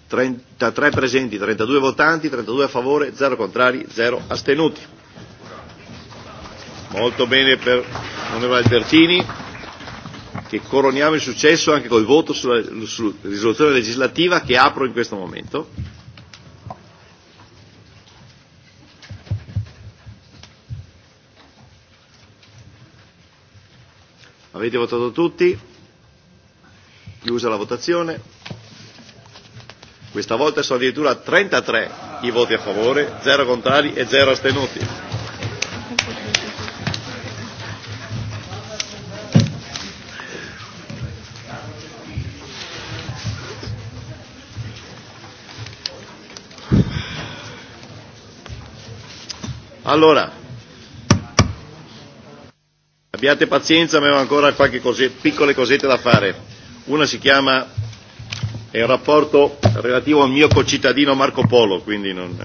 33 presenti, 32 votanti, 32 a favore, 0 contrari, 0 astenuti. Molto bene per l'onorevole Albertini che coroniamo il successo anche col voto sulla, sulla risoluzione legislativa che apro in questo momento. Avete votato tutti? Chiusa la votazione. Questa volta sono addirittura 33 i voti a favore, 0 contrari e 0 astenuti. Allora, Abbiate pazienza, avevo ancora qualche cose, piccole cosette da fare. Una si chiama, è un rapporto relativo al mio concittadino Marco Polo, quindi non...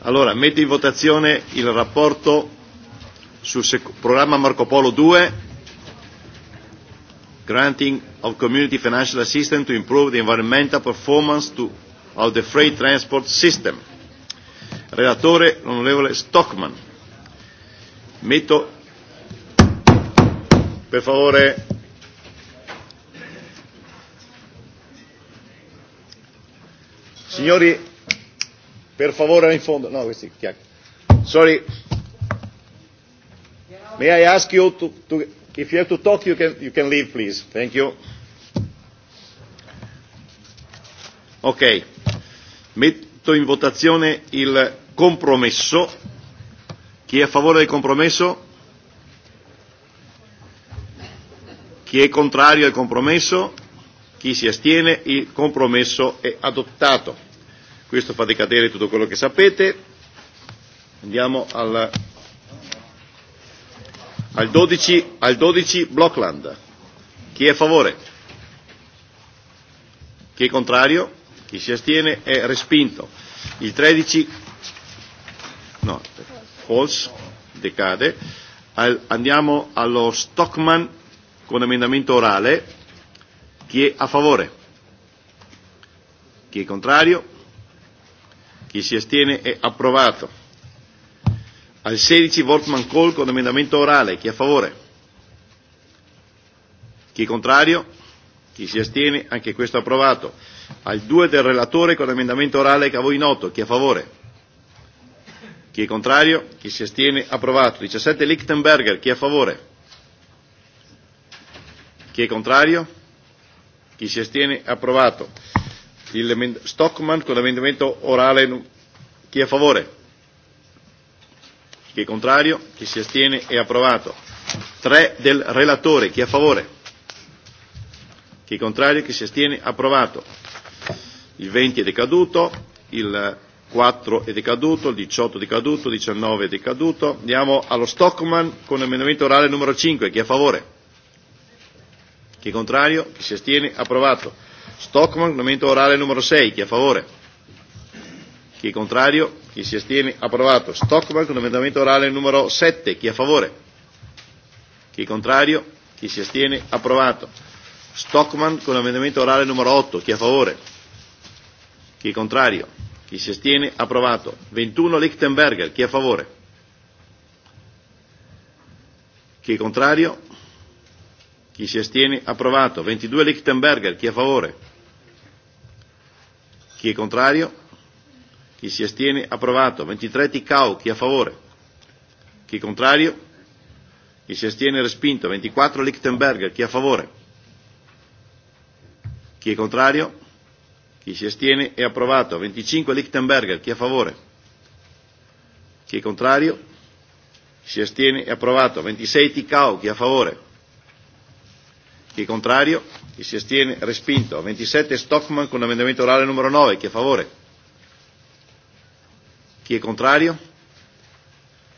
Allora, metto in votazione il rapporto sul programma Marco Polo 2, granting of community financial assistance to improve the environmental performance to, of the freight transport system. Relatore l'onorevole Stockman. Metto per favore signori per favore in fondo no questi sorry may I ask you to, to if you have to talk you can you can leave please thank you ok metto in votazione il compromesso. Chi è a favore del compromesso? Chi è contrario al compromesso? Chi si astiene? Il compromesso è adottato. Questo fa decadere tutto quello che sapete. Andiamo al, al, 12, al 12 Blockland. Chi è a favore? Chi è contrario? Chi si astiene è respinto. Il 13 no, false, decade. Al, andiamo allo Stockman con emendamento orale. Chi è a favore? Chi è contrario? Chi si astiene è approvato. Al 16 Wolfman Call con emendamento orale. Chi è a favore? Chi è contrario? Chi si astiene? Anche questo approvato. Al 2 del relatore con emendamento orale che a voi noto. Chi è a favore? Chi è contrario? Chi si astiene? Approvato. 17 Lichtenberger. Chi è a favore? Chi è contrario? Chi si astiene? Approvato. Il Stockman con l'amendamento orale. Chi è a favore? Chi è contrario? Chi si astiene? È approvato. 3 del relatore. Chi è a favore? Chi è contrario? Chi si astiene? Approvato. Il 20 è decaduto. Il 4 è decaduto, il 18 è decaduto, il 19 è decaduto. Andiamo allo Stockman con l'emendamento orale numero 5. Chi è a favore? Chi è contrario? Chi si astiene? Approvato. Stockman, emendamento orale numero 6. Chi è a favore? Chi è contrario? Chi si astiene? Approvato. Stockman con emendamento orale numero 7. Chi è a favore? Chi è contrario? Chi si astiene? Approvato. Stockman con l'emendamento orale numero 8. Chi è a favore? Chi è contrario? Chi si astiene? Approvato. 21 Lichtenberger. Chi è a favore? Chi è contrario? Chi si astiene? Approvato. 22 Lichtenberger. Chi è a favore? Chi è contrario? Chi si astiene? Approvato. 23 Ticao. Chi è a favore? Chi è contrario? Chi si astiene? Respinto. 24 Lichtenberger. Chi è a favore? Chi è contrario? Chi si astiene è approvato. 25 Lichtenberger. Chi è a favore? Chi è contrario? Chi si astiene è approvato. 26 Ticao. Chi è a favore? Chi è contrario? Chi si astiene respinto. 27 Stockman con l'amendamento orale numero 9. Chi è a favore? Chi è contrario?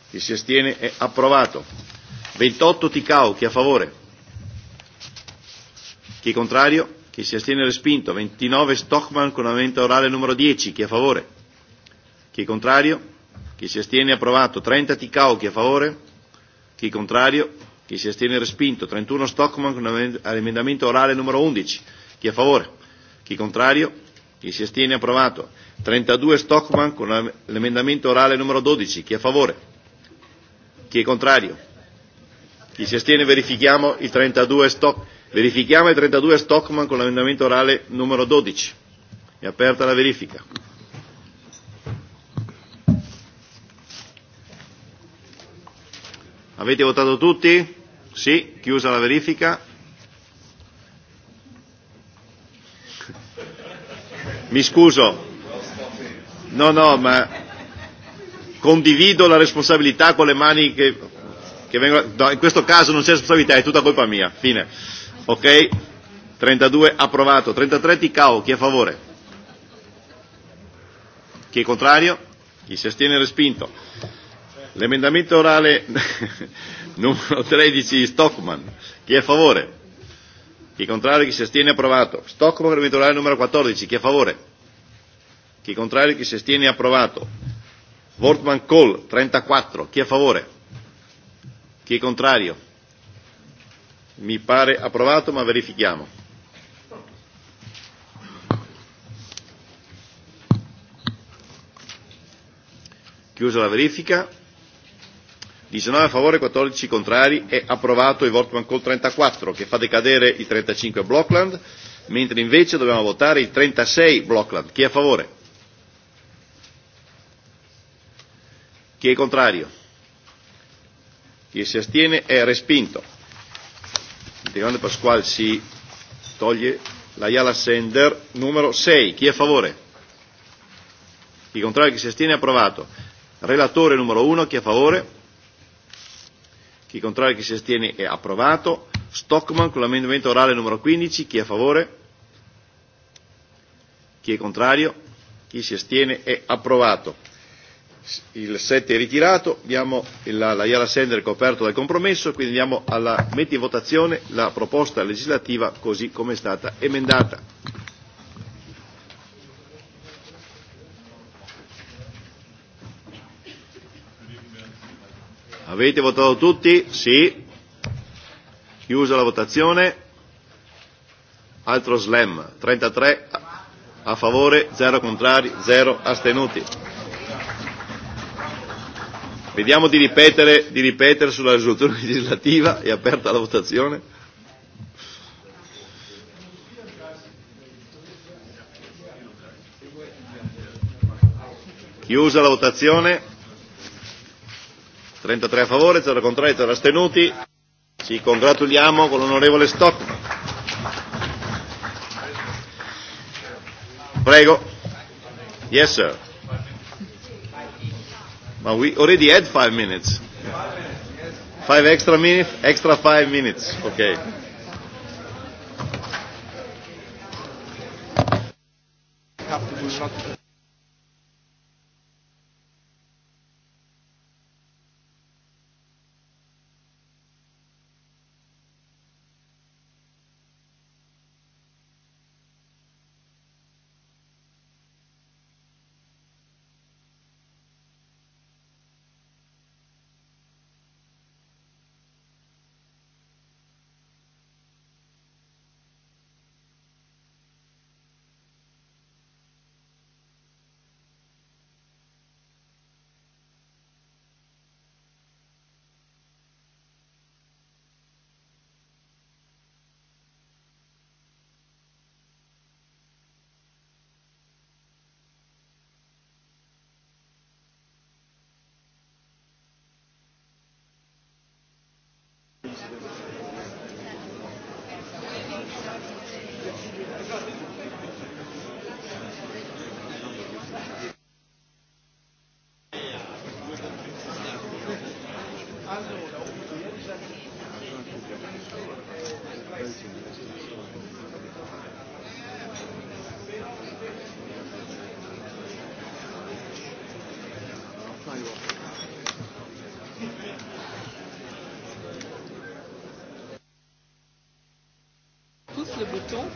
Chi si astiene è approvato. 28 Ticao. Chi è a favore? Chi è contrario? Chi si astiene respinto. 29 Stockman con aumento orale numero 10. Chi è a favore? Chi è contrario? Chi si astiene approvato. 30 Ticao. Chi è a favore? Chi è contrario? Chi si astiene respinto. 31 Stockman con emendamento orale numero 11. Chi è a favore? Chi è contrario? Chi si astiene approvato. 32 Stockman con l'emendamento orale numero 12. Chi è a favore? Chi è contrario? Chi si astiene verifichiamo il 32 Stockman. Verifichiamo il 32 Stockman con l'emendamento orale numero 12. È aperta la verifica. Avete votato tutti? Sì, chiusa la verifica. Mi scuso. No, no, ma condivido la responsabilità con le mani che, che vengono... No, in questo caso non c'è responsabilità, è tutta colpa mia. Fine. Ok? 32 approvato. 33 Ticao, chi è a favore? Chi è contrario? Chi si astiene respinto. L'emendamento orale numero 13 Stockman, chi è a favore? Chi è contrario? Chi si astiene approvato. Stockman, emendamento orale numero 14, chi è a favore? Chi è contrario? Chi si astiene approvato. Wortmann Cole, 34, chi è a favore? Chi è contrario? Mi pare approvato, ma verifichiamo. Chiusa la verifica. 19 a favore, 14 contrari. È approvato il Wortmann Call 34, che fa decadere il 35 Blockland, mentre invece dobbiamo votare il 36 Blockland. Chi è a favore? Chi è contrario? Chi si astiene è respinto. Leone Pasquale si toglie la Yala Sender numero 6. Chi è a favore? Chi contrario chi si astiene approvato. Relatore numero 1, chi è a favore? Chi contrario chi si astiene è approvato. Stockman con l'amendamento orale numero 15, chi è a favore? Chi è contrario? Chi si astiene è approvato il 7 è ritirato, abbiamo la, la Iala Sender coperto dal compromesso, quindi andiamo alla metti in votazione la proposta legislativa così come è stata emendata. Avete votato tutti? Sì. Chiusa la votazione. Altro slam. 33 a favore, 0 contrari, 0 astenuti. Vediamo di ripetere, di ripetere sulla risoluzione legislativa. È aperta la votazione. Chiusa la votazione. 33 a favore, 0 contrari, 0 astenuti. Ci congratuliamo con l'onorevole Stockman. Prego. Yes, sir. But we already had five minutes. Five extra minutes, extra five minutes. Okay. Have to do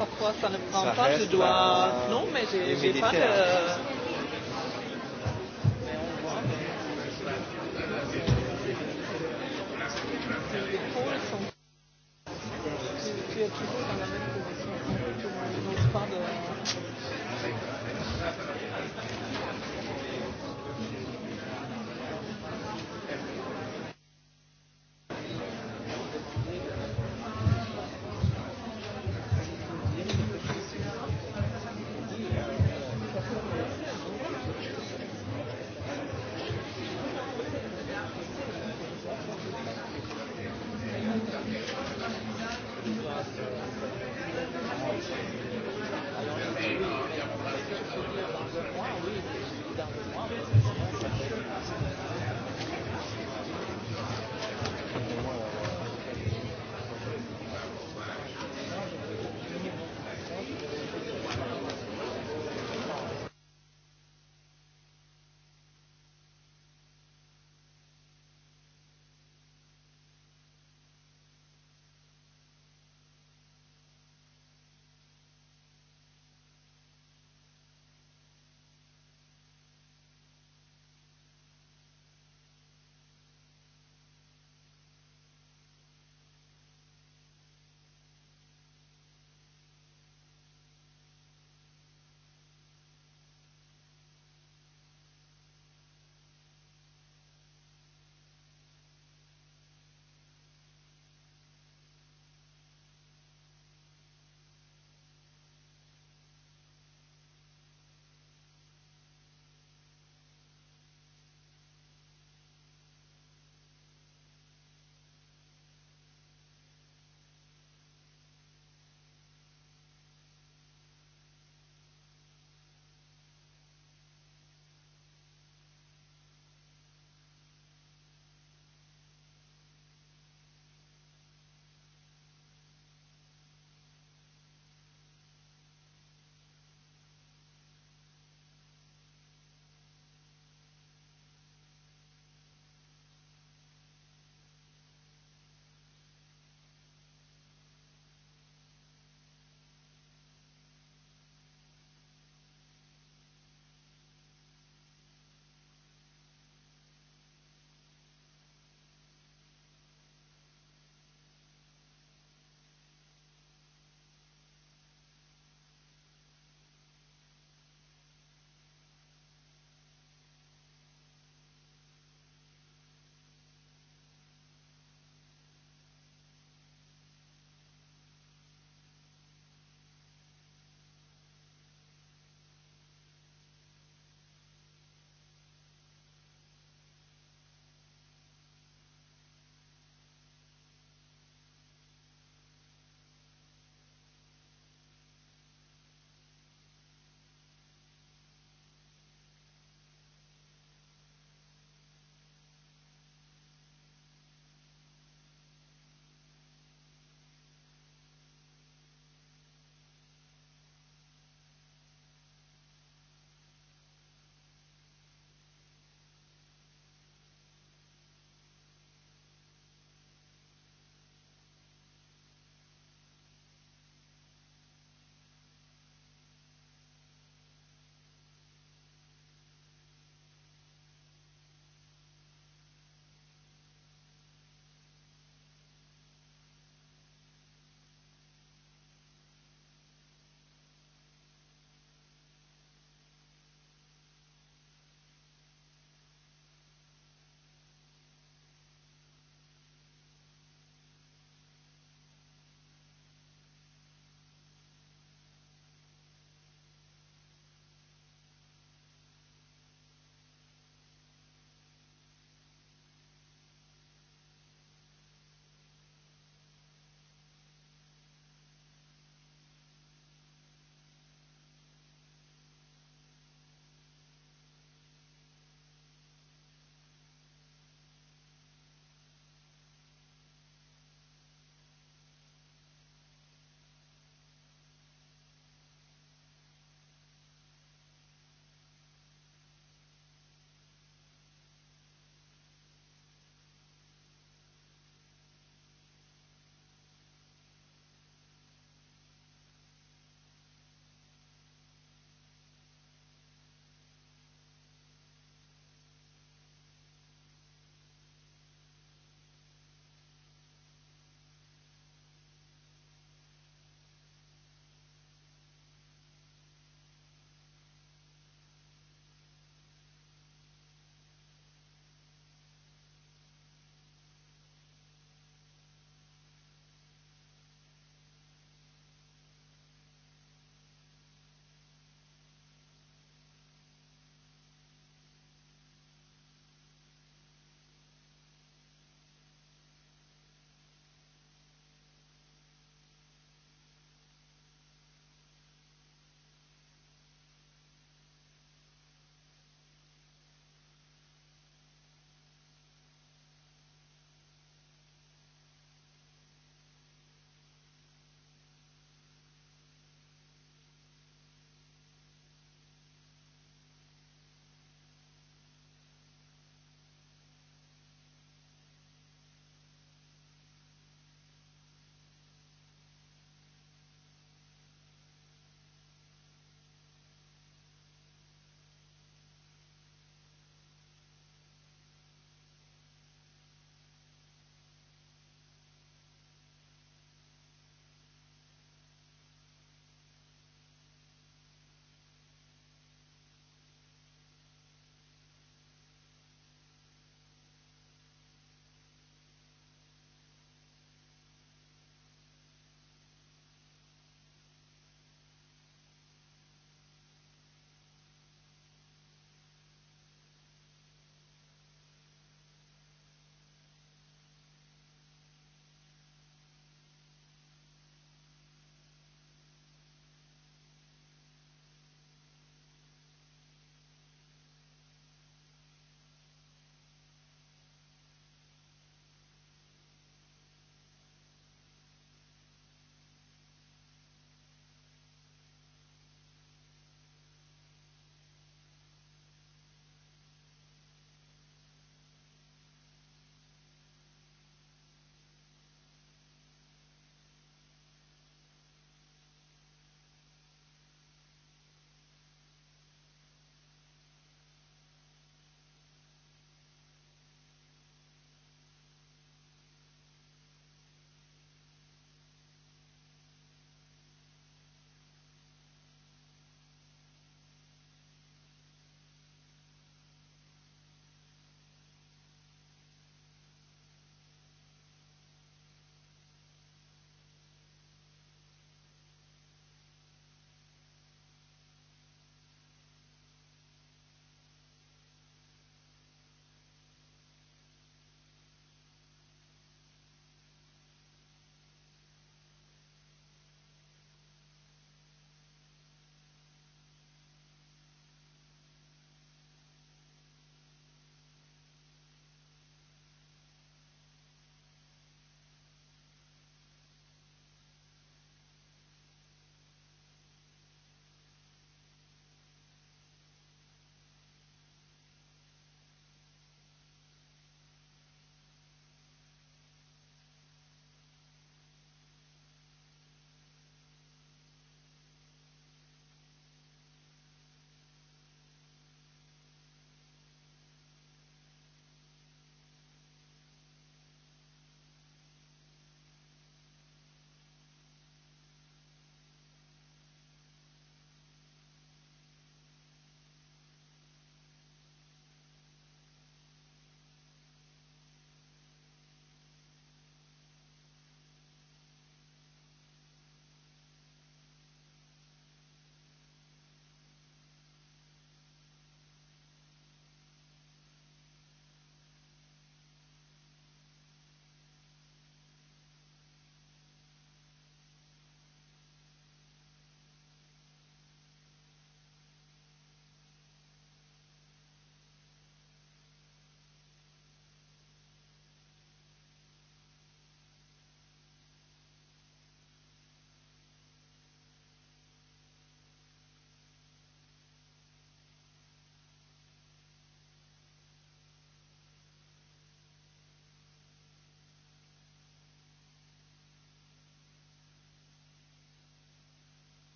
parfois ça ne prend pas, je dois. Non, mais j'ai pas de.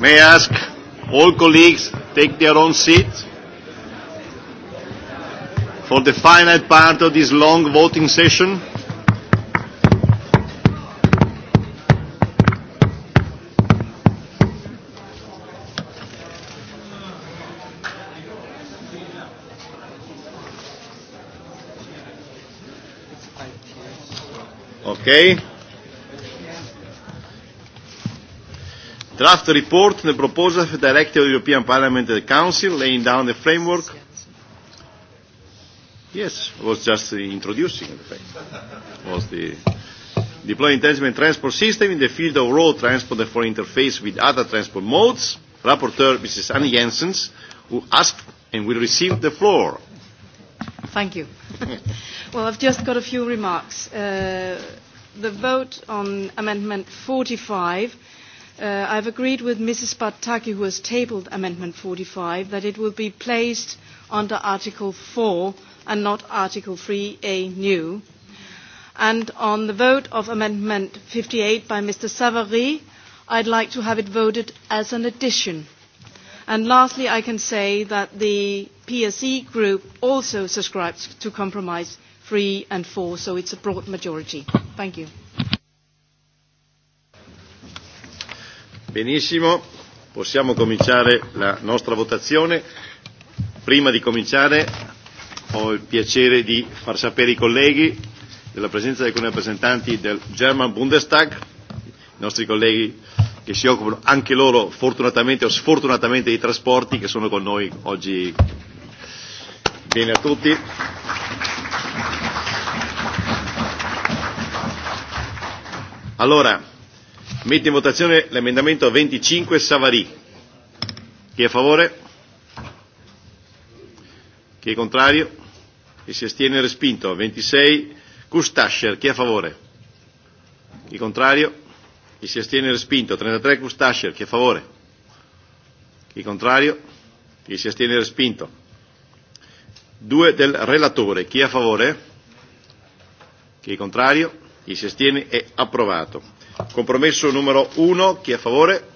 May I ask all colleagues take their own seat for the final part of this long voting session? Okay. Draft report and the proposal of the Director of the European Parliament and the Council laying down the framework. Yes, I was just introducing the fact. Was the deploy intelligent transport system in the field of road transport for interface with other transport modes. Rapporteur Mrs. Annie Jensens, who asked and will receive the floor. Thank you. well, I've just got a few remarks. Uh, the vote on Amendment 45 Uh, I've agreed with Mrs. Bartaki, who has tabled Amendment 45, that it will be placed under Article 4 and not Article 3A new. And on the vote of Amendment 58 by Mr. Savary, I'd like to have it voted as an addition. And lastly, I can say that the PSE group also subscribes to compromise 3 and 4, so it's a broad majority. Thank you. Benissimo, possiamo cominciare la nostra votazione. Prima di cominciare ho il piacere di far sapere i colleghi della presenza di alcuni rappresentanti del German Bundestag, i nostri colleghi che si occupano anche loro fortunatamente o sfortunatamente dei trasporti che sono con noi oggi. Bene a tutti. Allora, Metto in votazione l'emendamento 25 Savary. Chi è a favore? Chi è contrario? Chi si astiene respinto. 26 Kustascher. Chi è a favore? Chi è contrario? Chi si astiene respinto. 33 Kustascher. Chi è a favore? Chi è contrario? Chi si astiene respinto. 2 del relatore. Chi è a favore? Chi è contrario? Chi si astiene è approvato. Compromesso numero 1, chi è a favore?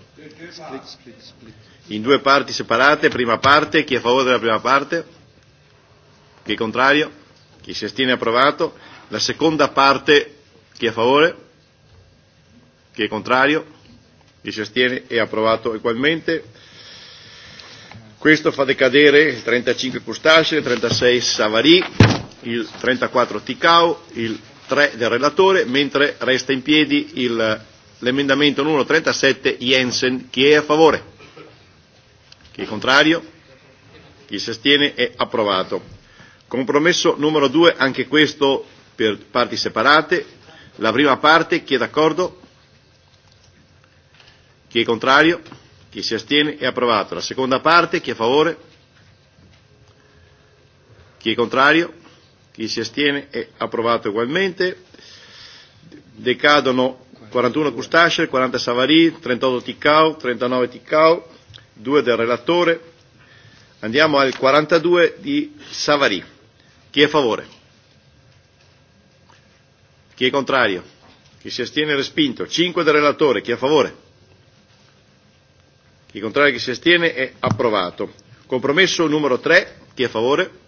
In due parti separate, prima parte, chi è a favore della prima parte? Chi è contrario? Chi si astiene approvato? La seconda parte, chi è a favore? Chi è contrario? Chi si astiene è approvato ugualmente. Questo fa decadere il 35 Custasce, il 36 Savary, il 34 Ticao, il 3 del relatore, mentre resta in piedi il, l'emendamento numero 37 Jensen. Chi è a favore? Chi è contrario? Chi si astiene è approvato. Compromesso numero 2, anche questo per parti separate. La prima parte, chi è d'accordo? Chi è contrario? Chi si astiene è approvato. La seconda parte, chi è a favore? Chi è contrario? Chi si astiene è approvato ugualmente. Decadono 41 Custascia, 40 Savari, 38 Ticcao, 39 Ticcao, 2 del relatore. Andiamo al 42 di Savari. Chi è a favore? Chi è contrario? Chi si astiene respinto. 5 del relatore. Chi è a favore? Chi è contrario? Chi si astiene è approvato. Compromesso numero 3. Chi è a favore?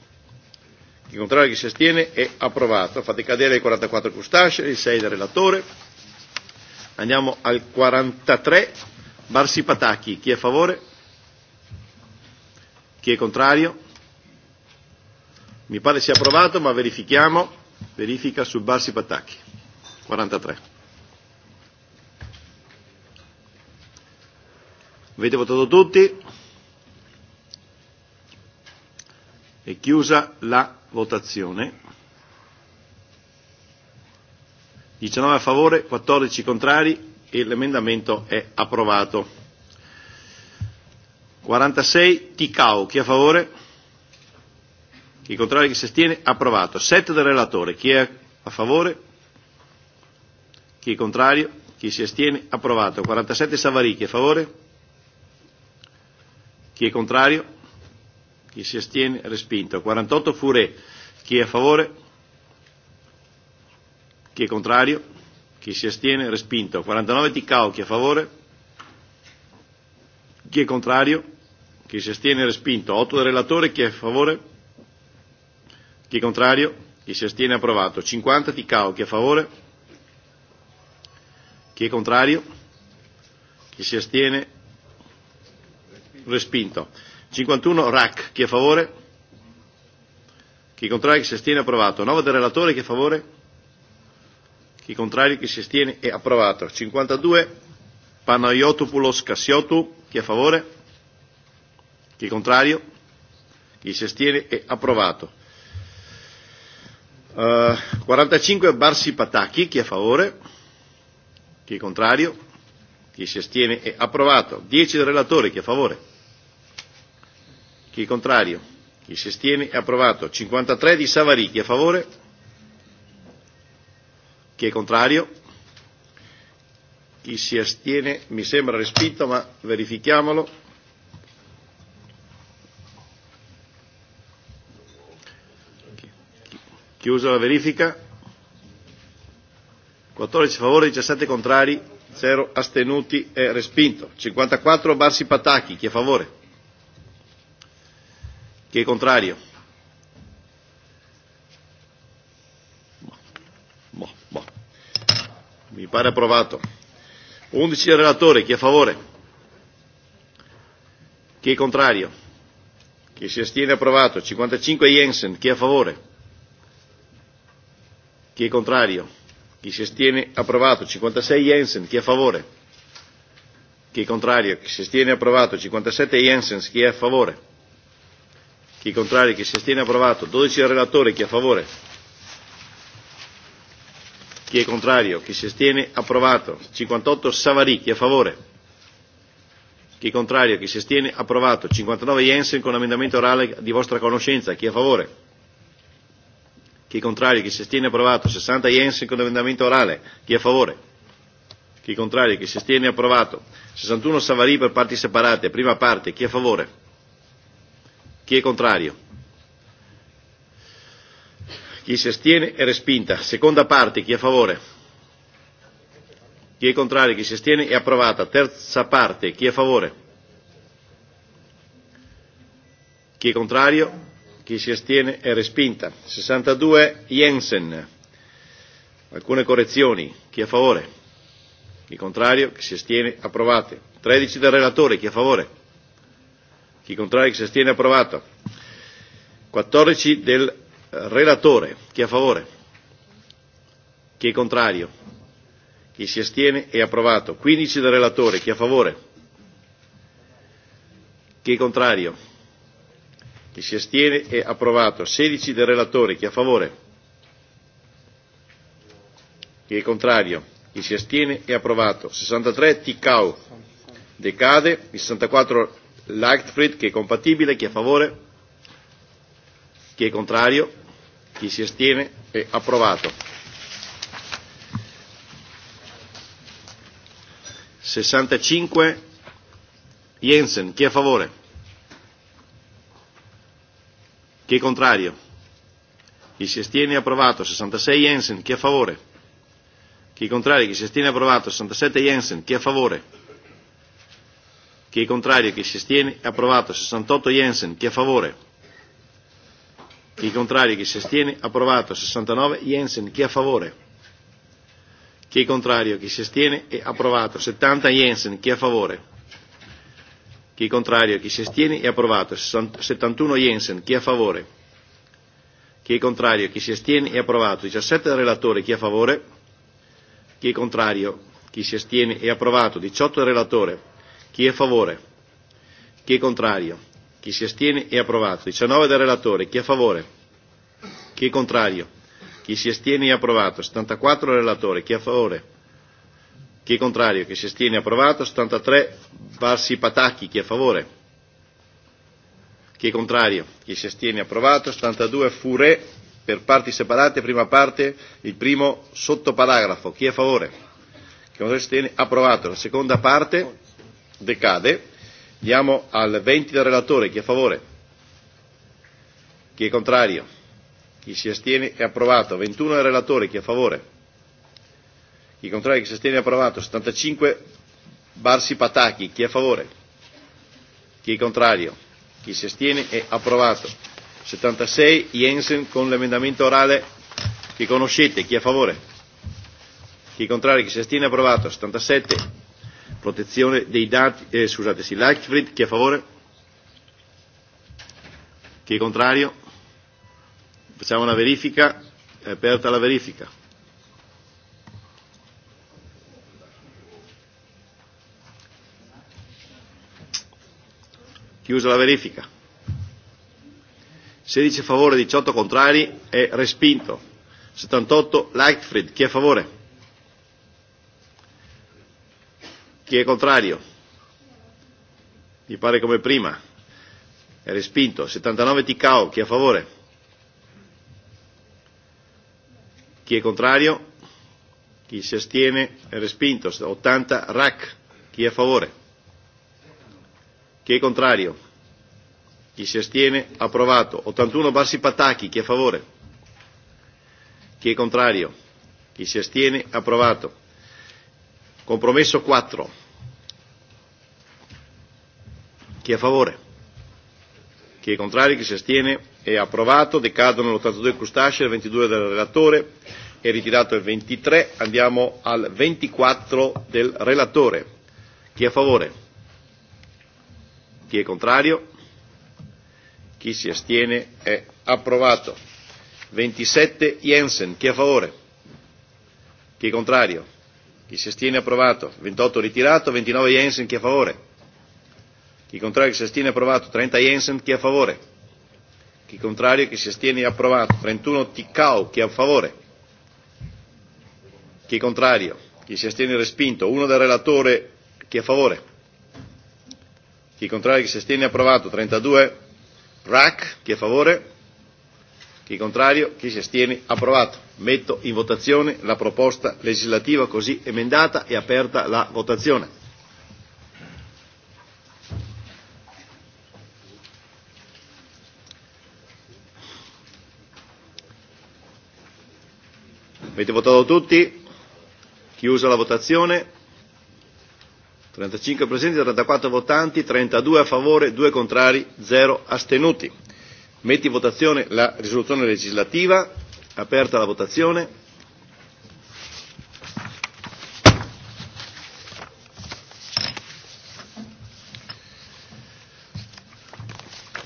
Chi contrario chi si astiene è approvato. Fate cadere il 44 Custasce, il 6 del relatore. Andiamo al 43 Barsi Patacchi. Chi è a favore? Chi è contrario? Mi pare sia approvato, ma verifichiamo. Verifica su Barsi Patacchi. 43. Avete votato tutti? È chiusa la votazione. 19 a favore, 14 contrari e l'emendamento è approvato. 46 Ticao, chi è a favore? Chi è contrario, chi si astiene? Approvato. 7 del relatore, chi è a favore? Chi è contrario? Chi si astiene? Approvato. 47 Savarichi, a favore? Chi è contrario? Chi si astiene? Respinto. 48 Fure. Chi è a favore? Chi è contrario? Chi si astiene? Respinto. 49 Ticao. Chi è a favore? Chi è contrario? Chi si astiene? Respinto. 8 del relatore. Chi è a favore? Chi è contrario? Chi si astiene? Approvato. 50 Ticao. Chi è a favore? Chi è contrario? Chi si astiene? Respinto. 51 RAC, chi è a favore? Chi contrario, chi si astiene, approvato. 9 del relatore, chi è a favore? Chi contrario, chi si astiene, è approvato. 52 Panayotopoulos Cassiotu, chi è a favore? Chi è contrario? Chi si astiene, è approvato. Uh, 45 Barsi Patacchi, chi è a favore? Chi è contrario? Chi si astiene è approvato. 10 del relatore, chi è a favore? Chi è contrario? Chi si astiene? È approvato. 53 di Savary. Chi è a favore? Chi è contrario? Chi si astiene? Mi sembra respinto, ma verifichiamolo. Chiusa la verifica. 14 favore, 17 contrari, 0 astenuti e respinto. 54 Barsi Patacchi. Chi è a favore? Chi è contrario? Boh, boh. Mi pare approvato. 11 del relatore, chi è a favore? Chi è contrario? Chi si astiene approvato. 55 Jensen, chi è a favore? Chi è contrario? Chi si astiene approvato. 56 Jensen, chi è a favore? Chi è contrario? Chi si astiene approvato. 57 Jensen, chi è a favore? Chi è contrario? Chi si astiene? Approvato. 12 il relatore. Chi è a favore? Chi è contrario? Chi si astiene? Approvato. 58 Savari, Chi è a favore? Chi è contrario? Chi si astiene? Approvato. 59 Jensen con amendamento orale di vostra conoscenza. Chi è a favore? Chi è contrario? Chi si astiene? Approvato. 60 Jensen con amendamento orale. Chi è a favore? Chi è contrario? Chi si astiene? Approvato. 61 Savari, per parti separate. Prima parte. Chi è a favore? Chi è contrario? Chi si astiene è respinta. Seconda parte, chi è a favore? Chi è contrario, chi si astiene è approvata. Terza parte, chi è a favore? Chi è contrario? Chi si astiene è respinta. 62 Jensen. Alcune correzioni. Chi è a favore? Chi è contrario? Chi si astiene? Approvate. 13 del relatore. Chi è a favore? Chi contrario, chi si astiene, approvato. 14 del relatore. Chi è a favore? Chi è contrario? Chi si astiene è approvato. 15 del relatore. Chi è a favore? Chi è contrario? Chi si astiene è approvato. 16 del relatore. Chi è a favore? Chi è contrario? Chi si astiene è approvato. 63 Ticau. Decade. Il 64 Lightfried che è compatibile, chi è a favore, chi è contrario, chi si astiene è approvato. 65 Jensen, chi è a favore? Chi è contrario? Chi si astiene è approvato. 66 Jensen, chi è a favore? Chi è contrario? Chi si astiene è approvato. 67 Jensen, chi è a favore? Chi è contrario? Chi si astiene? Approvato. 68 Jensen. Chi è a favore? Chi è contrario? Chi si astiene? Approvato. 69 Jensen. Chi è a favore? Chi è contrario? Chi si astiene? È approvato. 70 Jensen. Chi è a favore? Chi è contrario? Chi si astiene? È approvato. 71 Jensen. Chi è a favore? Chi è contrario? Chi si astiene? È approvato. 17 del relatore. Chi è a favore? Chi è contrario? Chi si astiene? È approvato. 18 del relatore. Chi è a favore? Chi è contrario? Chi si astiene è approvato. 19 del relatore. Chi è a favore? Chi è contrario? Chi si astiene è approvato. 74 del relatore. Chi è a favore? Chi è contrario? Chi si astiene è approvato. 73 Varsi Patacchi. Chi è a favore? Chi è contrario? Chi si astiene è approvato. 72 Fure per parti separate. Prima parte, il primo sottoparagrafo. Chi è a favore? Chi si astiene? Approvato. La seconda parte decade. Diamo al 20 del relatore. Chi è a favore? Chi è contrario? Chi si astiene è approvato. 21 del relatore. Chi è a favore? Chi è contrario? Chi si astiene è approvato. 75 Barsi Patacchi. Chi è a favore? Chi è contrario? Chi si astiene è approvato. 76 Jensen con l'emendamento orale che conoscete. Chi è a favore? Chi è contrario? Chi si astiene è approvato. 77 protezione dei dati, eh, scusate, sì, Lightfried, chi è a favore? Chi è contrario? Facciamo una verifica, è aperta la verifica. Chiusa la verifica. 16 a favore, 18 contrari, è respinto. 78 Lightfried, chi è a favore? Chi è contrario? Mi pare come prima. È respinto. 79 Ticao. Chi è a favore? Chi è contrario? Chi si astiene? È respinto. 80 RAC. Chi è a favore? Chi è contrario? Chi si astiene? Approvato. 81 Bassi Patacchi. Chi è a favore? Chi è contrario? Chi si astiene? Approvato. Compromesso 4. Chi è a favore? Chi è contrario? Chi si astiene? È approvato. Decadono l'82 crustacei, il 22 del relatore. È ritirato il 23. Andiamo al 24 del relatore. Chi è a favore? Chi è contrario? Chi si astiene? È approvato. 27 Jensen. Chi è a favore? Chi è contrario? Chi si astiene? Approvato. 28 ritirato. 29 Jensen. Chi è a favore? Chi contrario che si astiene approvato. 30 Jensen, chi è a favore? Chi contrario che si astiene approvato. 31 Ticcao, chi è a favore? Chi contrario? Chi si astiene respinto. 1 del relatore, chi è a favore? Chi contrario che si astiene approvato. 32 RAC, chi è a favore? Chi contrario? Chi si astiene? Approvato. Metto in votazione la proposta legislativa così emendata e aperta la votazione. Avete votato tutti? Chiusa la votazione. 35 presenti, 34 votanti, 32 a favore, 2 contrari, 0 astenuti. Metti in votazione la risoluzione legislativa. Aperta la votazione.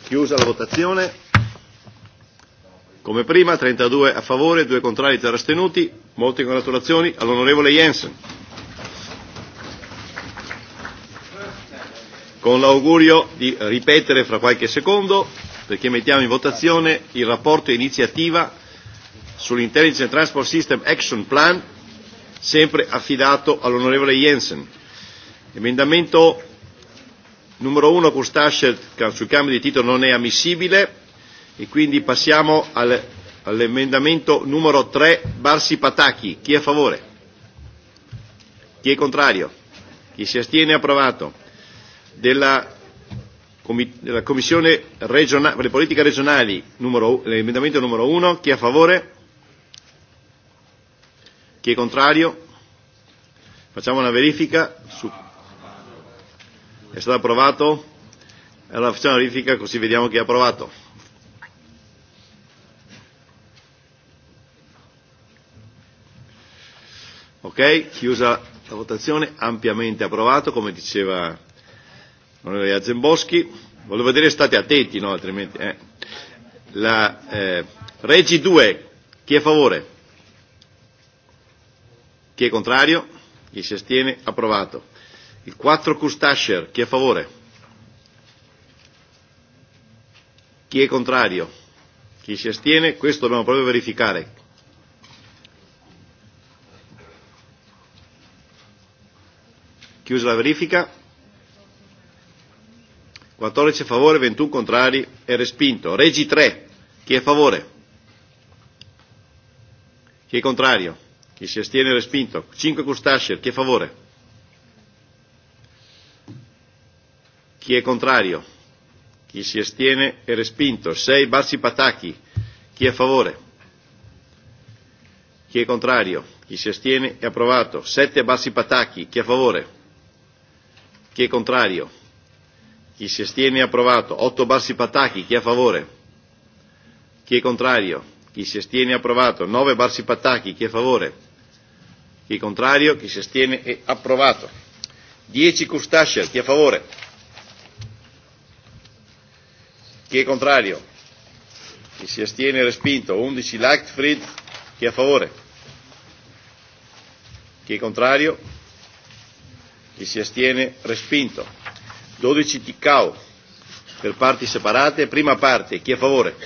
Chiusa la votazione. Come prima 32 a favore, 2 contrari, 0 astenuti. Molte congratulazioni all'onorevole Jensen. Con l'augurio di ripetere fra qualche secondo, perché mettiamo in votazione il rapporto iniziativa sull'Intelligent Transport System Action Plan, sempre affidato all'onorevole Jensen. Emendamento numero 1 Custaschet sul cambio di titolo non è ammissibile E quindi passiamo al, all'emendamento numero 3, Barsi Patacchi. Chi è a favore? Chi è contrario? Chi si astiene approvato. Della, della Commissione regionale, delle politiche regionali, numero, l'emendamento numero 1, chi è a favore? Chi è contrario? Facciamo una verifica. Su. È stato approvato? Allora facciamo una verifica così vediamo chi è approvato. Ok, chiusa la votazione, ampiamente approvato, come diceva l'onorevole Azenboschi. Volevo dire state attenti, no? altrimenti... Eh. La, eh, Regi 2, chi è a favore? Chi è contrario? Chi si astiene? Approvato. Il 4 Custasher, chi è a favore? Chi è contrario? Chi si astiene? Questo dobbiamo proprio verificare. Chiusa la verifica. 14 a favore, 21 contrari, e respinto. Regi 3, chi è a favore? Chi è contrario? Chi si astiene respinto. 5 Custascher, chi è a favore? Chi è contrario? Chi si astiene è respinto. 6 Barsi Patacchi, chi è a favore? Chi è contrario? Chi si astiene è approvato. 7 Barsi Patacchi, chi è a favore? Chi è contrario? Chi si astiene è approvato. Otto Bassi Patacchi, chi è a favore? Chi è contrario? Chi si astiene è approvato. Nove Bassi Patacchi, chi è a favore? Chi è contrario? Chi si astiene è approvato. Dieci Custascia, chi è a favore? Chi è contrario? Chi si astiene è respinto. Undici Lactfried, chi è a favore? Chi è contrario? e si astiene? Respinto. 12 TICAO Per parti separate. Prima parte. Chi è a favore?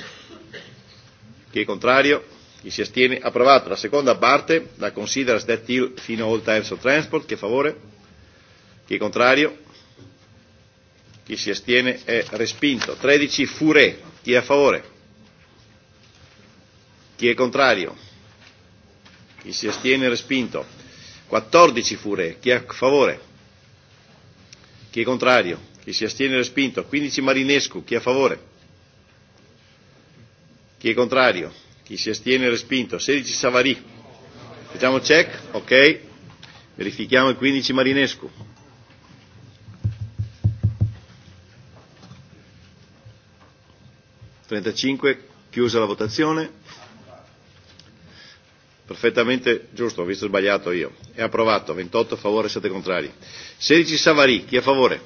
Chi è contrario? Chi si astiene? Approvato. La seconda parte la considera that till fino all times of transport. Chi è a favore? Chi è contrario? Chi si astiene è respinto. 13 Fure. Chi è a favore? Chi è contrario? Chi si astiene è respinto. 14 Fure. Chi è a favore? Chi è contrario? Chi si astiene respinto? 15 Marinescu, chi è a favore? Chi è contrario? Chi si astiene respinto? 16 Savarì. Facciamo check? Ok. Verifichiamo il 15 Marinescu. Trentacinque, chiusa la votazione perfettamente giusto, ho visto sbagliato io, è approvato, 28 a favore, 7 contrari. 16 Savarì, chi è a favore?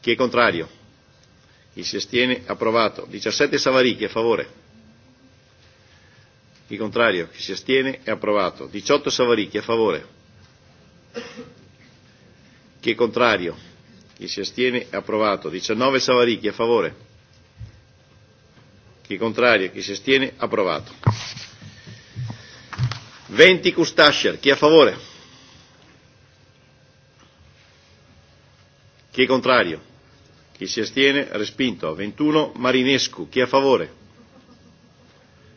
Chi è contrario? Chi si astiene? Approvato. 17 Savarì, chi è a favore? Chi è contrario? Chi si astiene? È approvato. 18 Savarì, chi è a favore? Chi è contrario? Chi si astiene? È approvato. 19 Savarì, chi è a favore? Chi contraria? Chi si astiene? Approvato. 20 Custascher. Chi è a favore? Chi è contrario? Chi si astiene? Respinto. 21 Marinescu. Chi è a favore?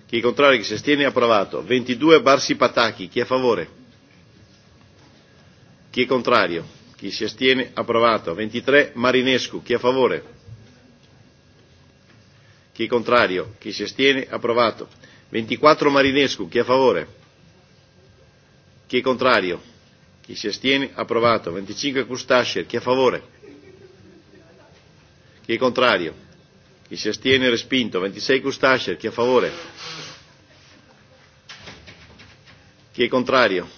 Chi è contrario? Chi si astiene? Approvato. 22 Barsi Patacchi. Chi è a favore? Chi è contrario? Chi si astiene? Approvato. 23 Marinescu. Chi è a favore? Chi è contrario? Chi si astiene? Approvato. 24 Marinescu. Chi è a favore? Chi è contrario? Chi si astiene? Approvato. 25 Custascer. Chi è a favore? Chi è contrario? Chi si astiene? Respinto. 26 Custascer. Chi è a favore? Chi è contrario?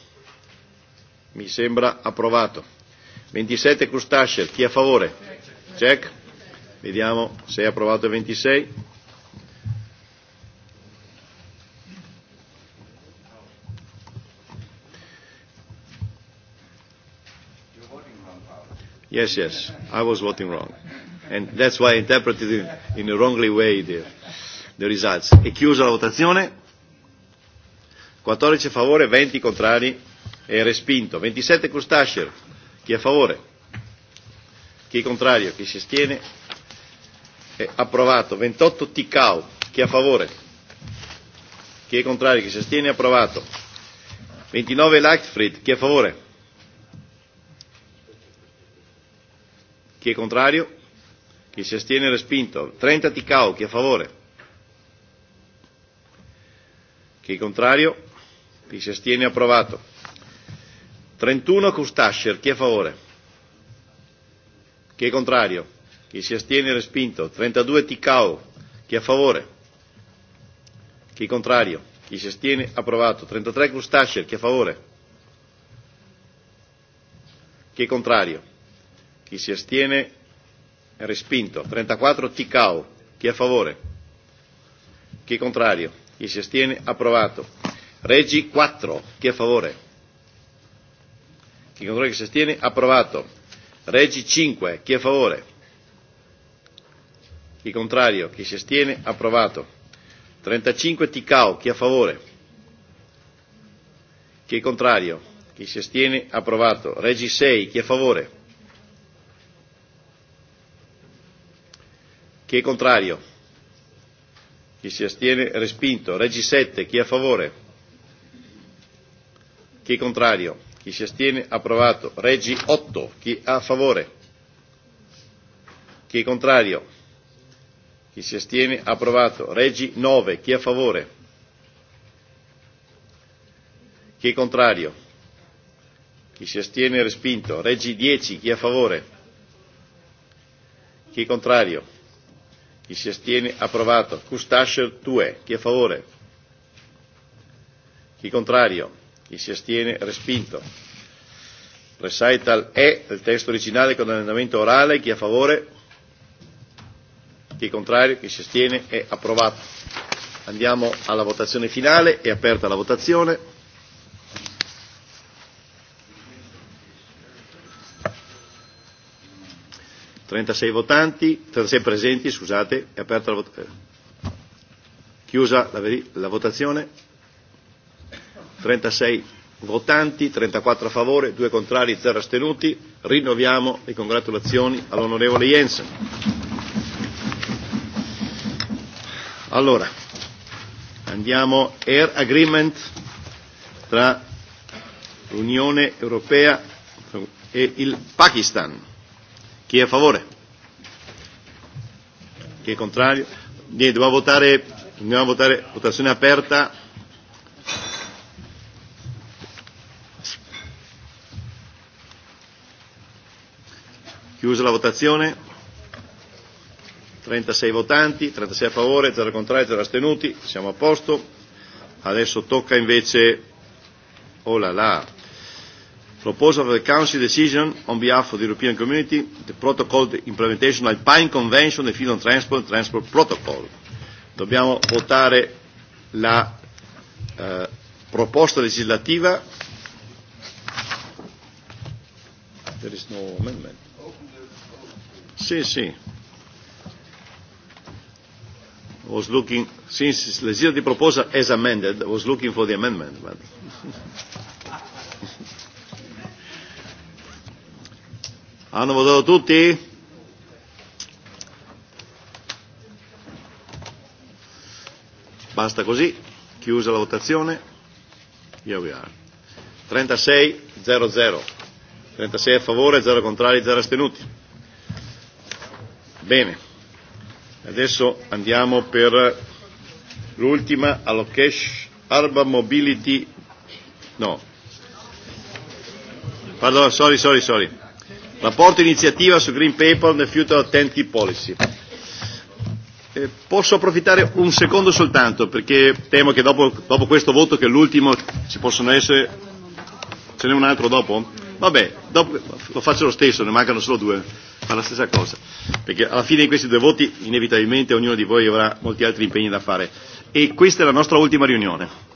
Mi sembra approvato. 27 Custascer. Chi è a favore? Check. Vediamo se è approvato il 26. Yes, yes, I was voting wrong. And that's why I interpreted in, in a wrongly way the, the results. E chiusa la votazione. 14 a favore, 20 contrari e respinto. 27 Crustasher. Chi è a favore? Chi è contrario? Chi si astiene? È approvato. 28 Ticau. Chi è a favore? Chi è contrario? Chi si astiene? È approvato. 29 Lightfried. Chi è a favore? Chi è contrario? Chi si astiene respinto. 30 Ticao, chi è a favore? Chi è contrario? Chi si astiene approvato. 31 Custascer, chi è a favore? Chi è contrario? Chi si astiene respinto. 32 Ticao, chi è a favore? Chi è contrario? Chi si astiene approvato. 33 Custascer, chi è a favore? Chi è contrario? Chi si astiene è respinto. 34 Ticao. Chi è a favore? Chi è contrario? Chi si astiene? Approvato. Regi 4. Chi è a favore? Chi è contrario? Chi si astiene? Approvato. Regi 5. Chi è a favore? Chi è contrario? Chi si astiene? Approvato. 35 Ticao. Chi è a favore? Chi è contrario? Chi si astiene? Approvato. Regi 6. Chi è a favore? Chi è contrario? Chi si astiene? Respinto. Regi 7. Chi è a favore? Chi è contrario? Chi si astiene? Approvato. Regi 8. Chi è a favore? Chi è contrario? Chi si astiene? Approvato. Regi 9. Chi è a favore? Chi è contrario? Chi si astiene? Respinto. Regi 10. Chi è a favore? Chi è contrario? Chi si astiene? Approvato. Custascio 2. Chi è a favore? Chi contrario? Chi si astiene? Respinto. Recital E del testo originale con allenamento orale. Chi è a favore? Chi è contrario? Chi si astiene? È approvato. Andiamo alla votazione finale. È aperta la votazione. 36 votanti, 36 presenti, scusate, è aperta la votazione. Eh, chiusa la, la votazione. 36 votanti, 34 a favore, 2 contrari, 0 astenuti. Rinnoviamo le congratulazioni all'onorevole Jensen. Allora, andiamo Air Agreement tra l'Unione Europea e il Pakistan. Chi è a favore? Chi è contrario? Niente, dobbiamo votare, dobbiamo votare votazione aperta. Chiusa la votazione. 36 votanti, 36 a favore, 0 contrari, 0 astenuti, siamo a posto. Adesso tocca invece, oh là là, proposal of the Council decision on behalf of the European Community, the protocol the implementation of Pine Convention, the Field on Transport, Transport Protocol. Dobbiamo votare la eh, proposta legislativa. There is no amendment. Sì, sì. I was looking, since the legislative proposal is amended, I was looking for the amendment. But Hanno votato tutti? Basta così, chiusa la votazione. Here we are. 36 0 0. 36 a favore, 0 contrari, 0 astenuti. Bene. Adesso andiamo per l'ultima Alokesh Arba Mobility. No. Pardon, sorry, sorry, sorry. Rapporto iniziativa su Green Paper and the Future of TNT Policy. Eh, posso approfittare un secondo soltanto perché temo che dopo, dopo questo voto, che è l'ultimo, ci possono essere... Ce n'è un altro dopo? Vabbè, dopo, lo faccio lo stesso, ne mancano solo due, fa la stessa cosa. Perché alla fine di questi due voti inevitabilmente ognuno di voi avrà molti altri impegni da fare. E questa è la nostra ultima riunione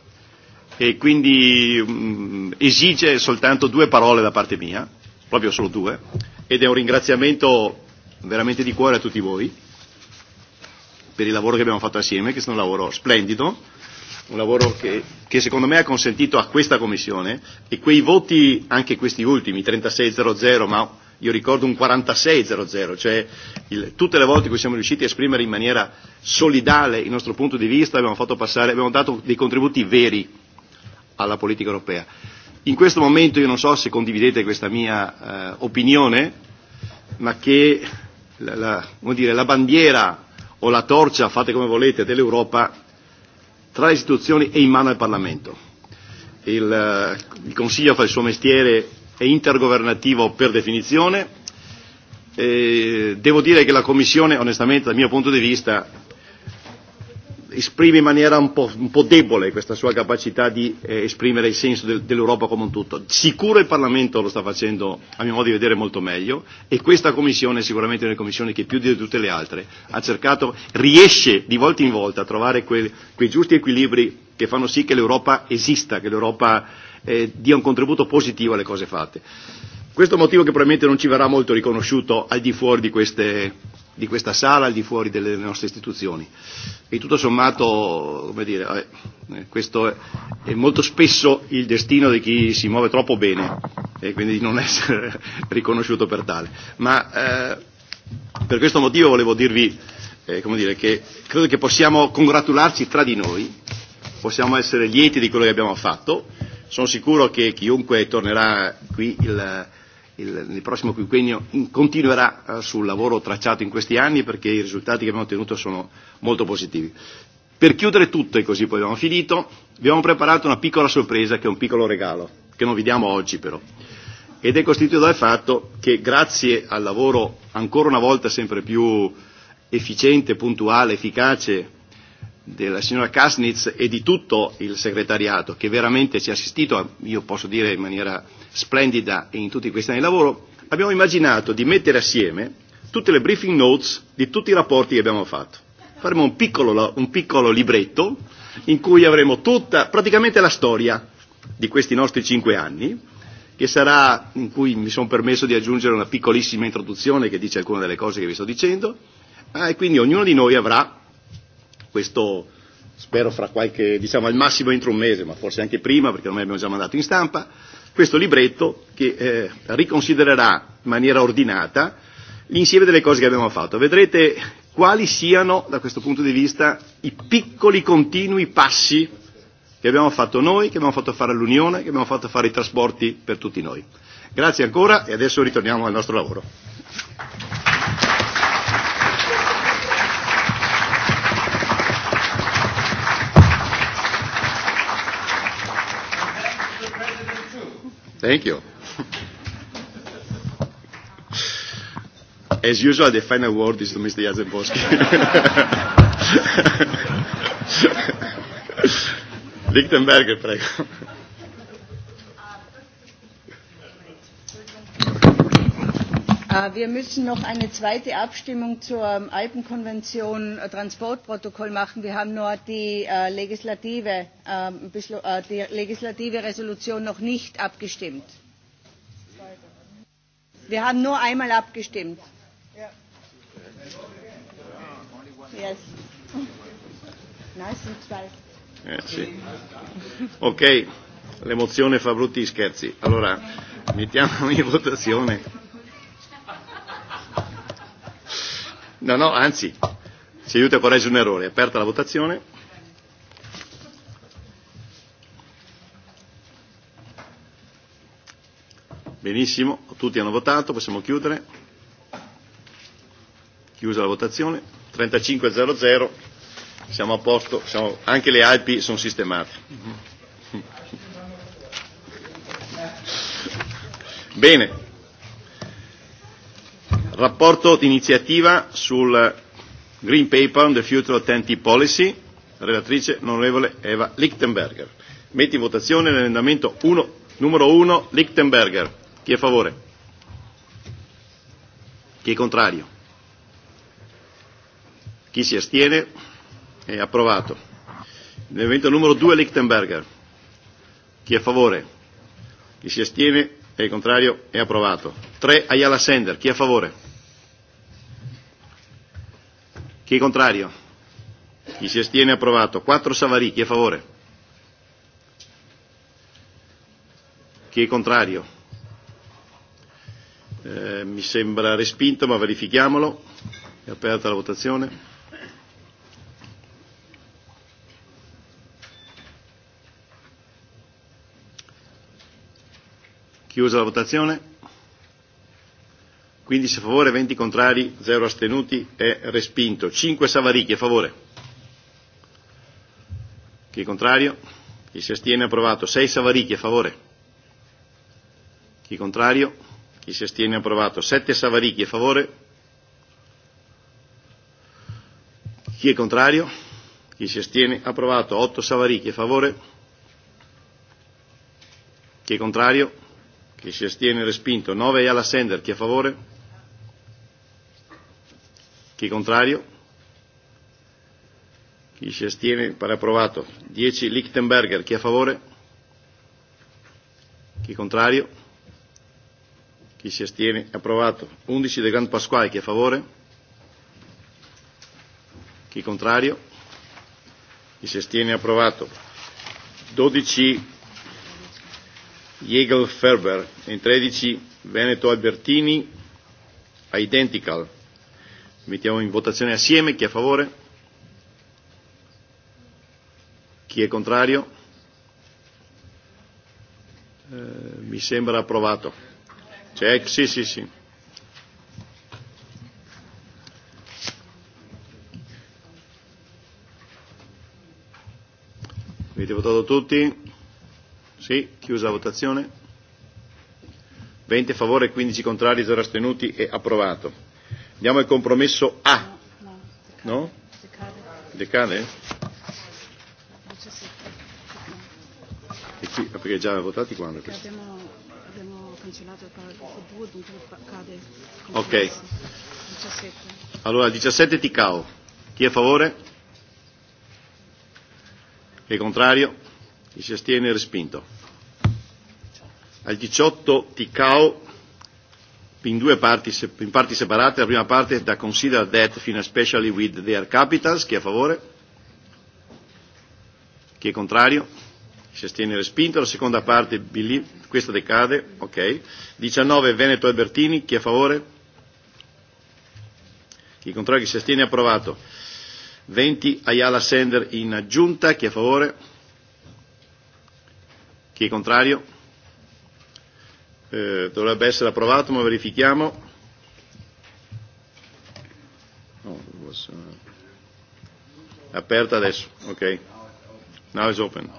e quindi mh, mm, esige soltanto due parole da parte mia proprio solo due, ed è un ringraziamento veramente di cuore a tutti voi per il lavoro che abbiamo fatto assieme, che è stato un lavoro splendido, un lavoro che, che secondo me ha consentito a questa Commissione e quei voti, anche questi ultimi, 3600, ma io ricordo un 4600, cioè il, tutte le volte che siamo riusciti a esprimere in maniera solidale il nostro punto di vista abbiamo, fatto passare, abbiamo dato dei contributi veri alla politica europea In questo momento io non so se condividete questa mia eh, opinione, ma che la, la, come dire, la bandiera o la torcia, fate come volete, dell'Europa tra le istituzioni è in mano al Parlamento. Il, eh, il Consiglio fa il suo mestiere, è intergovernativo per definizione. E eh, devo dire che la Commissione, onestamente, dal mio punto di vista, esprime in maniera un po', un po' debole questa sua capacità di eh, esprimere il senso del, dell'Europa come un tutto. Sicuro il Parlamento lo sta facendo, a mio modo di vedere, molto meglio e questa Commissione, è sicuramente una Commissione che più di tutte le altre, ha cercato, riesce di volta in volta a trovare quel, quei giusti equilibri che fanno sì che l'Europa esista, che l'Europa eh, dia un contributo positivo alle cose fatte. Questo è un motivo che probabilmente non ci verrà molto riconosciuto al di fuori di queste di questa sala al di fuori delle nostre istituzioni. E tutto sommato, come dire, eh, eh, questo è, è molto spesso il destino di chi si muove troppo bene e quindi di non essere riconosciuto per tale. Ma eh, per questo motivo volevo dirvi eh, come dire, che credo che possiamo congratularci tra di noi, possiamo essere lieti di quello che abbiamo fatto. Sono sicuro che chiunque tornerà qui il il, nel prossimo quinquennio continuerà eh, sul lavoro tracciato in questi anni perché i risultati che abbiamo ottenuto sono molto positivi. Per chiudere tutto, e così poi abbiamo finito, vi abbiamo preparato una piccola sorpresa che è un piccolo regalo, che non vi diamo oggi però. Ed è costituito dal fatto che grazie al lavoro ancora una volta sempre più efficiente, puntuale, efficace della signora Kasnitz e di tutto il segretariato che veramente ci ha assistito, io posso dire in maniera splendida in tutti questi anni di lavoro, abbiamo immaginato di mettere assieme tutte le briefing notes di tutti i rapporti che abbiamo fatto. Faremo un piccolo, un piccolo libretto in cui avremo tutta, praticamente la storia di questi nostri cinque anni, che sarà, in cui mi sono permesso di aggiungere una piccolissima introduzione che dice alcune delle cose che vi sto dicendo, eh, e quindi ognuno di noi avrà questo, spero fra qualche, diciamo al massimo entro un mese, ma forse anche prima, perché ormai abbiamo già mandato in stampa, questo libretto che eh, riconsidererà in maniera ordinata l'insieme delle cose che abbiamo fatto. Vedrete quali siano, da questo punto di vista, i piccoli continui passi che abbiamo fatto noi, che abbiamo fatto fare all'Unione, che abbiamo fatto fare i trasporti per tutti noi. Grazie ancora e adesso ritorniamo al nostro lavoro. Thank you. As usual, the final word is to Mr. Jasenboski. Lichtenberger, prego. Äh, wir müssen noch eine zweite Abstimmung zur ähm, Alpenkonvention äh, Transportprotokoll machen. Wir haben nur die äh, legislative, ähm, äh, die legislative Resolution noch nicht abgestimmt. Wir haben nur einmal abgestimmt. Yes. Nice and twice. Eh, Ok, l'emozione fa brutti scherzi. Allora, mettiamo in votazione No, no, anzi, ci aiuta a correggere un errore. Aperta la votazione. Benissimo, tutti hanno votato, possiamo chiudere. Chiusa la votazione. 35.00, siamo a posto, siamo, anche le Alpi sono sistemate. Bene rapporto d'iniziativa sul Green Paper on the Future of TNT Policy, relatrice onorevole Eva Lichtenberger. Metti in votazione l'emendamento 1, numero 1 Lichtenberger. Chi è a favore? Chi è contrario? Chi si astiene? È approvato. L'emendamento numero 2 Lichtenberger. Chi è a favore? Chi si astiene? È contrario? È approvato. 3 Ayala Sender. Chi è a favore? Chi è contrario? Chi si astiene approvato. Quattro Savarì, chi è a favore? Chi è contrario? Eh, mi sembra respinto, ma verifichiamolo. È aperta la votazione. Chiusa la votazione. 15 a favore, 20 contrari, 0 astenuti, è respinto. 5 Savaricchi a favore. Chi è contrario? Chi si astiene approvato. 6 Savaricchi a favore. Chi è contrario? Chi si astiene approvato. 7 Savaricchi a favore. Chi è contrario? Chi si astiene approvato. 8 Savaricchi a favore. Chi è contrario? Chi si astiene respinto. 9 Ayala Sender. Chi è a favore? Chi è contrario? Chi si astiene? Pare approvato. 10 Lichtenberger. Chi è a favore? Chi è contrario? Chi si astiene? Approvato. 11 De Grand Pasquale. Chi è a favore? Chi è contrario? Chi si astiene? Approvato. 12 Jägel Ferber In 13 Veneto Albertini. Identical. Mettiamo in votazione assieme chi è a favore, chi è contrario. Eh, mi sembra approvato. Check, sì, sì, sì. Avete votato tutti? Sì, chiusa la votazione. 20 favore, 15 contrari, 0 astenuti e approvato. Diamo il compromesso A. No? Decade? E qui, ah, perché già votati quando questo? Abbiamo cancellato il paragrafo cade. Ok. 17. Allora, 17 Ticao. Chi è a favore? Chi è contrario? Chi si astiene? Respinto. Al 18 Ticao in due parti, in parti separate. La prima parte da consider that fino a specially with their capitals. Chi è a favore? Chi è contrario? Si astiene respinto. La seconda parte, Billy. questa decade. Ok. 19 Veneto e Bertini. Chi è a favore? Chi è contrario? Chi si astiene? Approvato. 20 Ayala Sender in aggiunta. Chi è a favore? Chi è contrario? eh, dovrebbe essere approvato ma verifichiamo aperta adesso ok now is open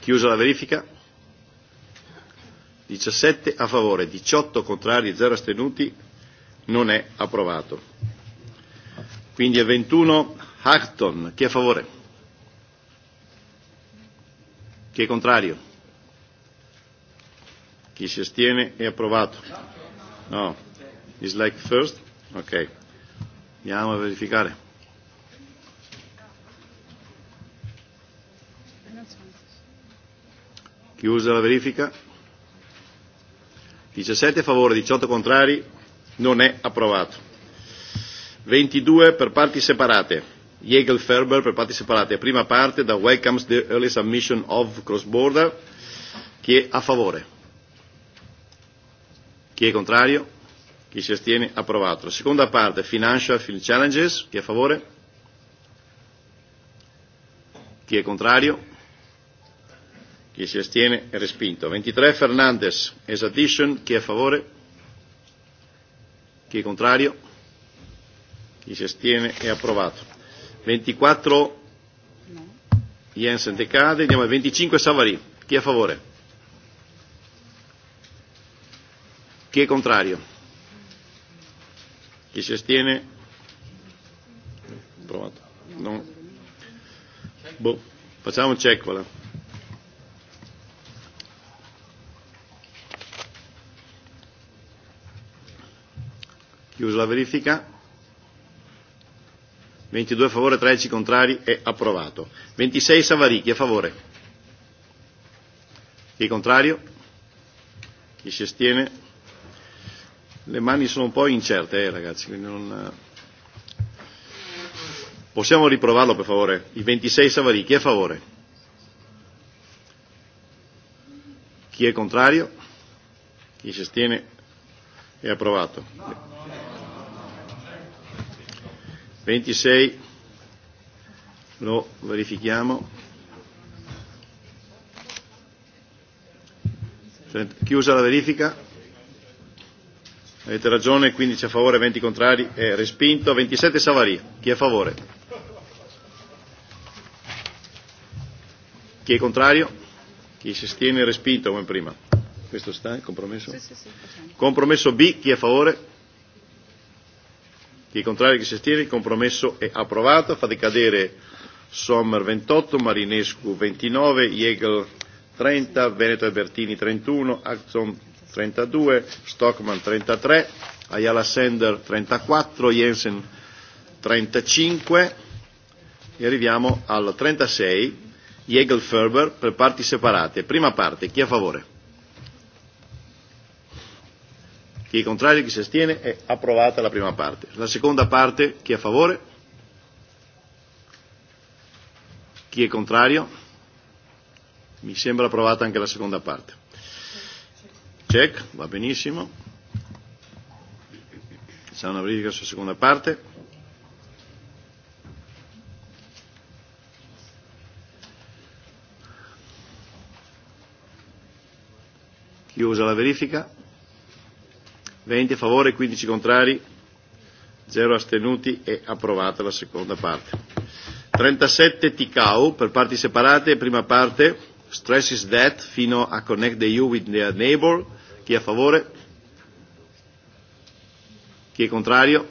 chiusa la verifica 17 a favore 18 contrari 0 astenuti non è approvato quindi è 21 Harton, chi è a favore? Chi è contrario? Chi si astiene è approvato. No. Dislike first? Ok. Andiamo a verificare. Chiusa la verifica. 17 a favore, 18 contrari, non è approvato. 22 per parti separate. Jägel Ferber per parti separate. Prima parte da Welcomes the Early Submission of Cross Border. Chi è a favore? Chi è contrario? Chi si astiene? Approvato. La seconda parte Financial Field Challenges. Chi è a favore? Chi è contrario? Chi si astiene? È respinto. 23 Fernandez. As addition. Chi è a favore? Chi è contrario? Chi si astiene? È approvato. 24 no. Jensen decade, andiamo al 25 Savary. Chi è a favore? Chi è contrario? Chi si astiene? Provato. No. Boh. Facciamo un check, voilà. Chiuso la verifica. 22 a favore, 13 contrari, è approvato. 26 Savaricchi a favore. Chi è contrario? Chi si astiene? Le mani sono un po' incerte, eh, ragazzi, quindi non... Eh. Possiamo riprovarlo per favore? I 26 Savarì, chi è a favore? Chi è contrario? Chi si astiene? È approvato. No, no. 26 lo verifichiamo. Chiusa la verifica. Avete ragione, 15 a favore, 20 contrari, è respinto. 27 Savaria, chi è a favore? Chi è contrario? Chi si stiene respinto come prima. Questo sta, compromesso? Compromesso B, chi è a favore? Chi è contrario che si astiene, il compromesso è approvato. Fa decadere Sommer 28, Marinescu 29, Jägel 30, Veneto e Bertini 31, Axon 32, Stockman 33, Ayala Sender 34, Jensen 35 e arriviamo al 36, Jägel Ferber per parti separate. Prima parte, chi è a favore? Chi è contrario e chi si astiene è approvata la prima parte. La seconda parte, chi è a favore? Chi è contrario? Mi sembra approvata anche la seconda parte. Check, va benissimo. Facciamo una verifica sulla seconda parte. Chiusa la verifica. 20 favore, 15 contrari, 0 astenuti e approvata la seconda parte. 37 Ticau per parti separate, prima parte stresses that fino a connect the you with their neighbor, chi è a favore? Chi è contrario?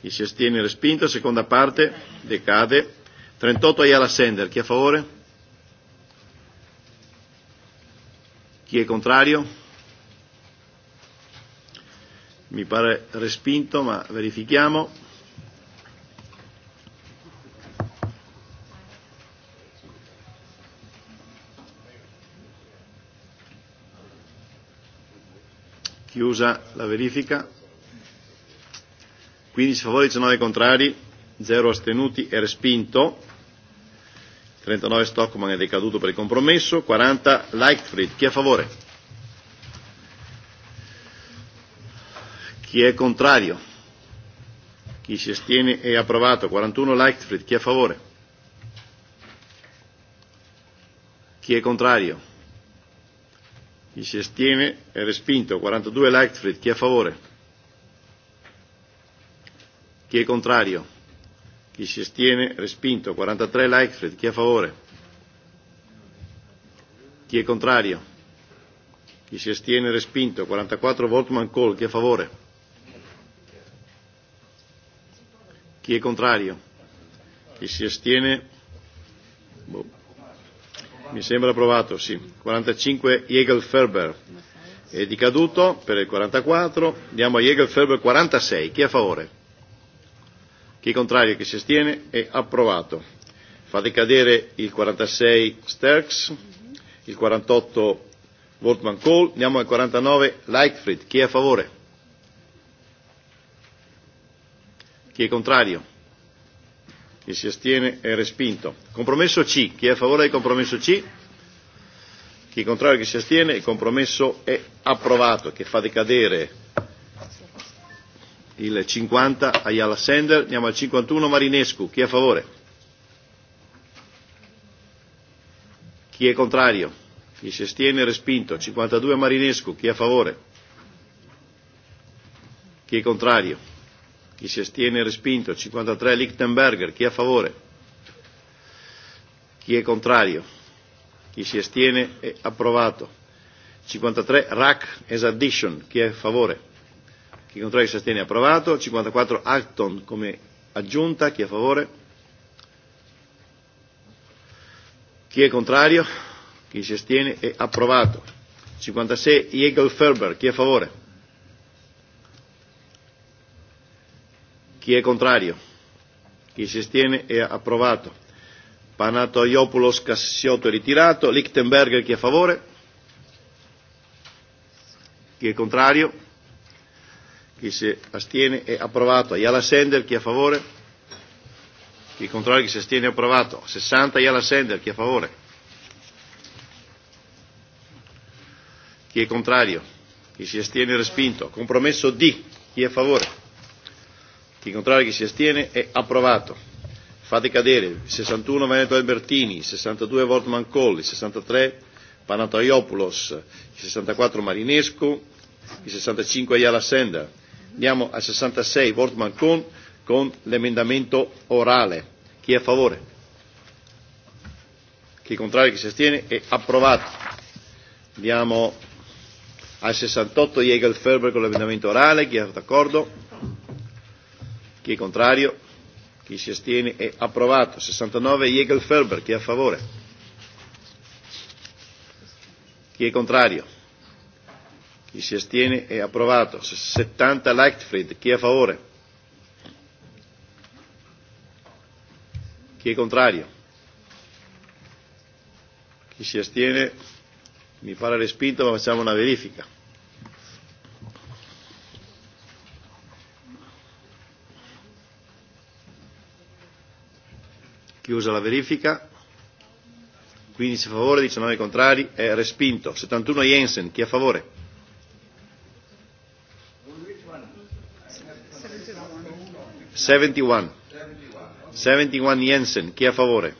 Chi si astiene respinto, seconda parte decade. 38 Ayala Sender, chi è a favore? Chi è contrario? mi pare respinto, ma verifichiamo. Chiusa la verifica. 15 favori, 19 contrari, 0 astenuti e respinto. 39 Stockman è decaduto per il compromesso, 40 Lightfried. Chi è a favore? Chi è contrario? Chi si astiene è approvato. 41 Leichtfried. Chi è a favore? Chi è contrario? Chi si astiene è respinto. 42 Leichtfried. Chi è a favore? Chi è contrario? Chi si astiene respinto. 43 Leichtfried. Chi è a favore? Chi è contrario? Chi si astiene respinto. 44 Voltman Cole. Chi è a favore? Chi contrario? Chi si astiene? Boh. Mi sembra approvato, sì. 45 Jägel Ferber è decaduto per il 44. diamo a Jägel Ferber 46. Chi è a favore? Chi è contrario? Chi si astiene? È approvato. Fa decadere il 46 Sterks, il 48 Wortmann Kohl. diamo al 49 Leichfried. Chi è a favore? Chi è contrario? Chi si astiene è respinto. Compromesso C. Chi è a favore del compromesso C? Chi è contrario chi si astiene, il compromesso è approvato, che fa decadere il 50 Ayala Sender. Andiamo al 51 Marinescu. Chi è a favore? Chi è contrario? Chi si astiene respinto. 52 Marinescu. Chi è a favore? Chi è contrario? Chi si astiene è respinto. 53 Lichtenberger. Chi è a favore? Chi è contrario? Chi si astiene è approvato. 53 Rack as addition. Chi è a favore? Chi è contrario si astiene è approvato. 54 Acton come aggiunta. Chi è a favore? Chi è contrario? Chi si astiene è approvato. 56 Eagle Ferber. Chi è a favore? Chi è contrario? Chi si astiene è approvato. Panatoiopoulos Cassiotto è ritirato. Lichtenberger chi è a favore? Chi è contrario? Chi si astiene è approvato. Ayala Sender chi è a favore? Chi è contrario? Chi si astiene è approvato. 60 Ayala Sender chi è a favore? Chi è contrario? Chi si astiene è respinto. Compromesso D. Chi è a favore? Chi contrario chi si astiene è approvato. Fate cadere 61 Veneto Albertini, 62 Wortman Colli, 63 Panatoiopoulos, 64 Marinescu, 65 Ayala Senda. Andiamo a 66 Wortman Con con l'emendamento orale. Chi è a favore? Chi contrario, chi si astiene è approvato. Andiamo al 68 Jägel Ferber con l'emendamento orale. Chi è d'accordo? Chi è contrario? Chi si astiene è approvato. 69 Jägel Ferber, chi è a favore? Chi è contrario? Chi si astiene è approvato. 70 Leichtfried, chi è a favore? Chi è contrario? Chi si astiene mi pare respinto ma facciamo una verifica. Chiusa la verifica. 15 a favore, 19 contrari, è respinto. 71 Jensen, chi è a favore? Seventy-one. 71 Jensen, chi è a favore?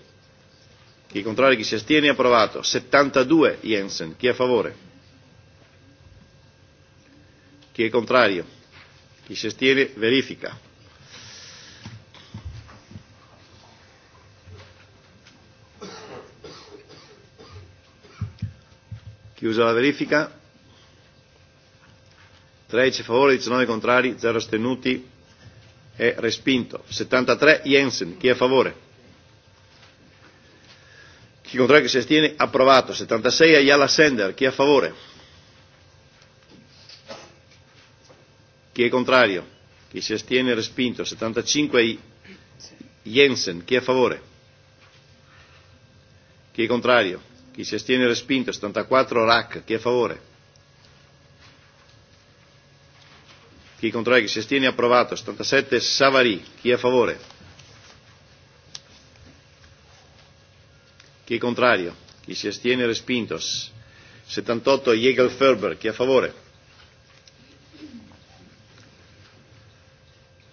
Chi è contrario, chi si astiene, approvato. 72 Jensen, chi è a favore? Chi è contrario? Chi si astiene, verifica. Chiusa la verifica. 13 favore, 19 contrari, 0 astenuti. E respinto. 73 Jensen. Chi è a favore? Chi contrario che si astiene? Approvato. 76 Ayala Sender. Chi è a favore? Chi è contrario? Chi si astiene? Respinto. 75 Jensen. Chi è a favore? Chi è contrario? Chi si astiene respinto. 74 RAC. Chi è a favore? Chi contrario? Chi si astiene approvato. 77 Savary. Chi è a favore? Chi è contrario? Chi si astiene respinto. 78 Jägel Ferber. Chi è a favore?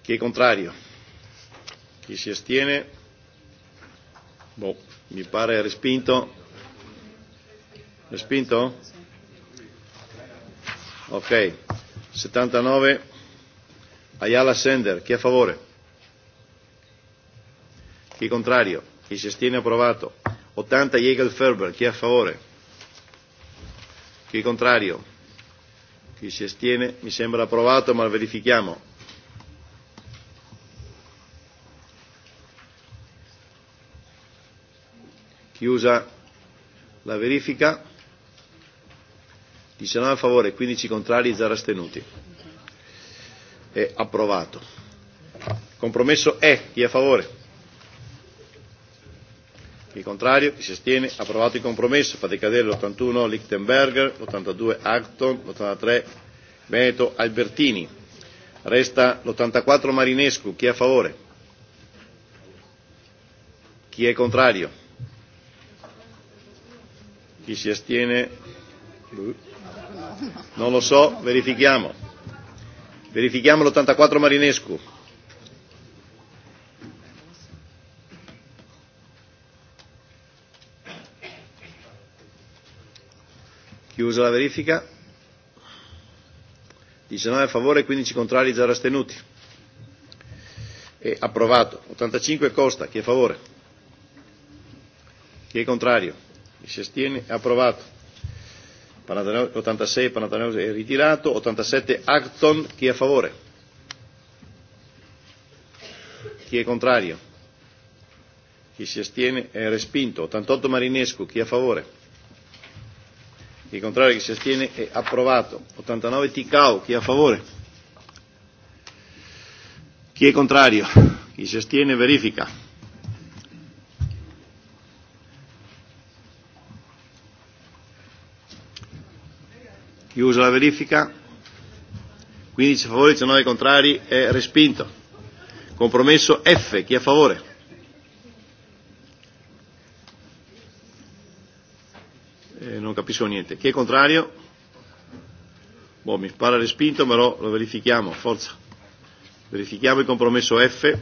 Chi è contrario? Chi si astiene? Boh, mi pare respinto. Respinto? Ok. 79. Ayala Sender. Chi è a favore? Chi è contrario? Chi si astiene approvato. 80 Jägel Ferber. Chi è a favore? Chi è contrario? Chi si astiene? Mi sembra approvato, ma lo verifichiamo. Chiusa la verifica. 19 a favore, 15 contrari, 0 astenuti. È approvato. Compromesso E, chi è a favore? Chi è contrario? Chi si astiene? Approvato il compromesso. Fate cadere l'81 Lichtenberger, l'82 Acton, l'83 Veneto Albertini. Resta l'84 Marinescu, chi è a favore? Chi è contrario? Chi si astiene? Non lo so, verifichiamo. Verifichiamo l'84 Marinescu. Chiusa la verifica. 19 a favore, 15 contrari, 0 astenuti. E approvato. 85 Costa, chi è a favore? Chi è contrario? Chi si astiene? Approvato. Panathinaikos, 86 Panathinaikos è ritirato, 87 Acton, chi è a favore? Chi è contrario? Chi si astiene è respinto. 88 Marinescu, chi è a favore? Chi è contrario, chi si astiene è approvato. 89 Ticao, chi è a favore? Chi è contrario? Chi si astiene verifica. Chiusa la verifica. 15 a favore, 19 contrari, è respinto. Compromesso F, chi è a favore? Eh, non capisco niente. Chi è contrario? Boh, mi pare respinto, però lo verifichiamo, forza. Verifichiamo il compromesso F.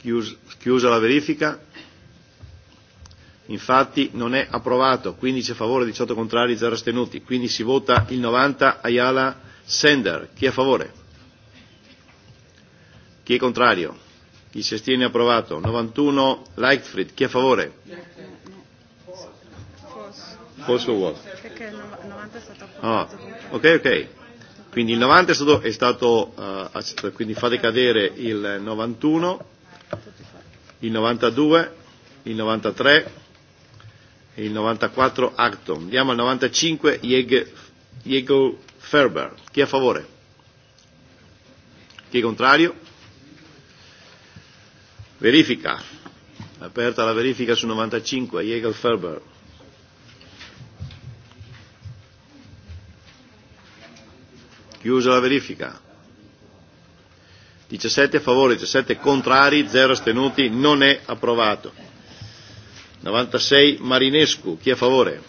Chius, chiusa la verifica infatti non è approvato, 15 a favore, 18 contrari, 0 astenuti, quindi si vota il 90 Ayala Sender, chi è a favore? Chi è contrario? Chi si astiene approvato? 91 Leichtfried, chi è a favore? Posso vuoto? Perché il 90 è stato approvato. Ah, ok, ok. Quindi il 90 è stato, è stato uh, quindi fate cadere il 91, il 92, il 93, il 94 Acton. Andiamo al 95 Diego Ferber. Chi è a favore? Chi è contrario? Verifica. Aperta la verifica su 95 Diego Ferber. Chiusa la verifica. 17 a favore, 17 contrari, 0 astenuti, non è approvato. 96 Marinescu, chi è a favore?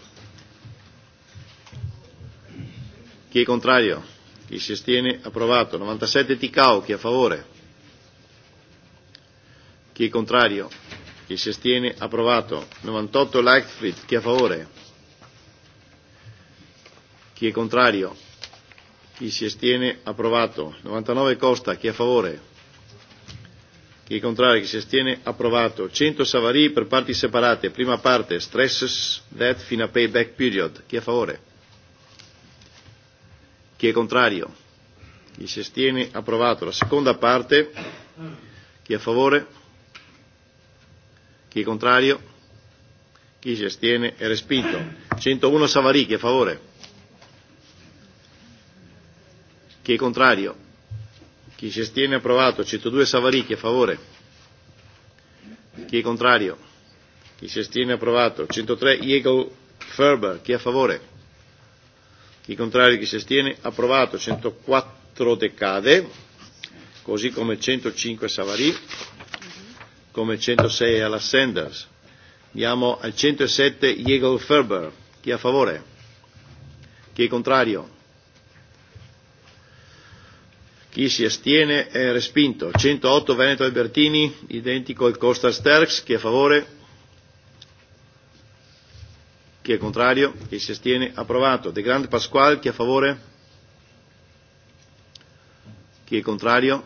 Chi è contrario? Chi si astiene? Approvato. 97 Ticao, chi è a favore? Chi è contrario? Chi si astiene? Approvato. 98 Lightfrit, chi è a favore? Chi è contrario? Chi si astiene? Approvato. 99 Costa, chi è a favore? Chi è contrario, chi si astiene, approvato. 100 Savary per parti separate. Prima parte, stresses, debt fino a payback period. Chi è a favore? Chi è contrario? Chi si astiene, approvato. La seconda parte, chi è a favore? Chi è contrario? Chi si astiene è respinto. 101 Savary, chi è a favore? Chi è contrario? Chi si astiene approvato. 102 Savarì, chi è a favore? Chi è contrario? Chi si astiene approvato. 103 Iego Ferber, chi è a favore? Chi è contrario? Chi si astiene approvato. 104 decade, così come 105 Savarì, come 106 alla Sanders. Andiamo al 107 Iego Ferber, chi è a favore? Chi è contrario? Chi si astiene è respinto. 108 Veneto Albertini, identico al Costa Sterks. Chi è a favore? Chi è contrario? Chi si astiene? Approvato. De Grande Pasquale, chi è a favore? Chi è contrario?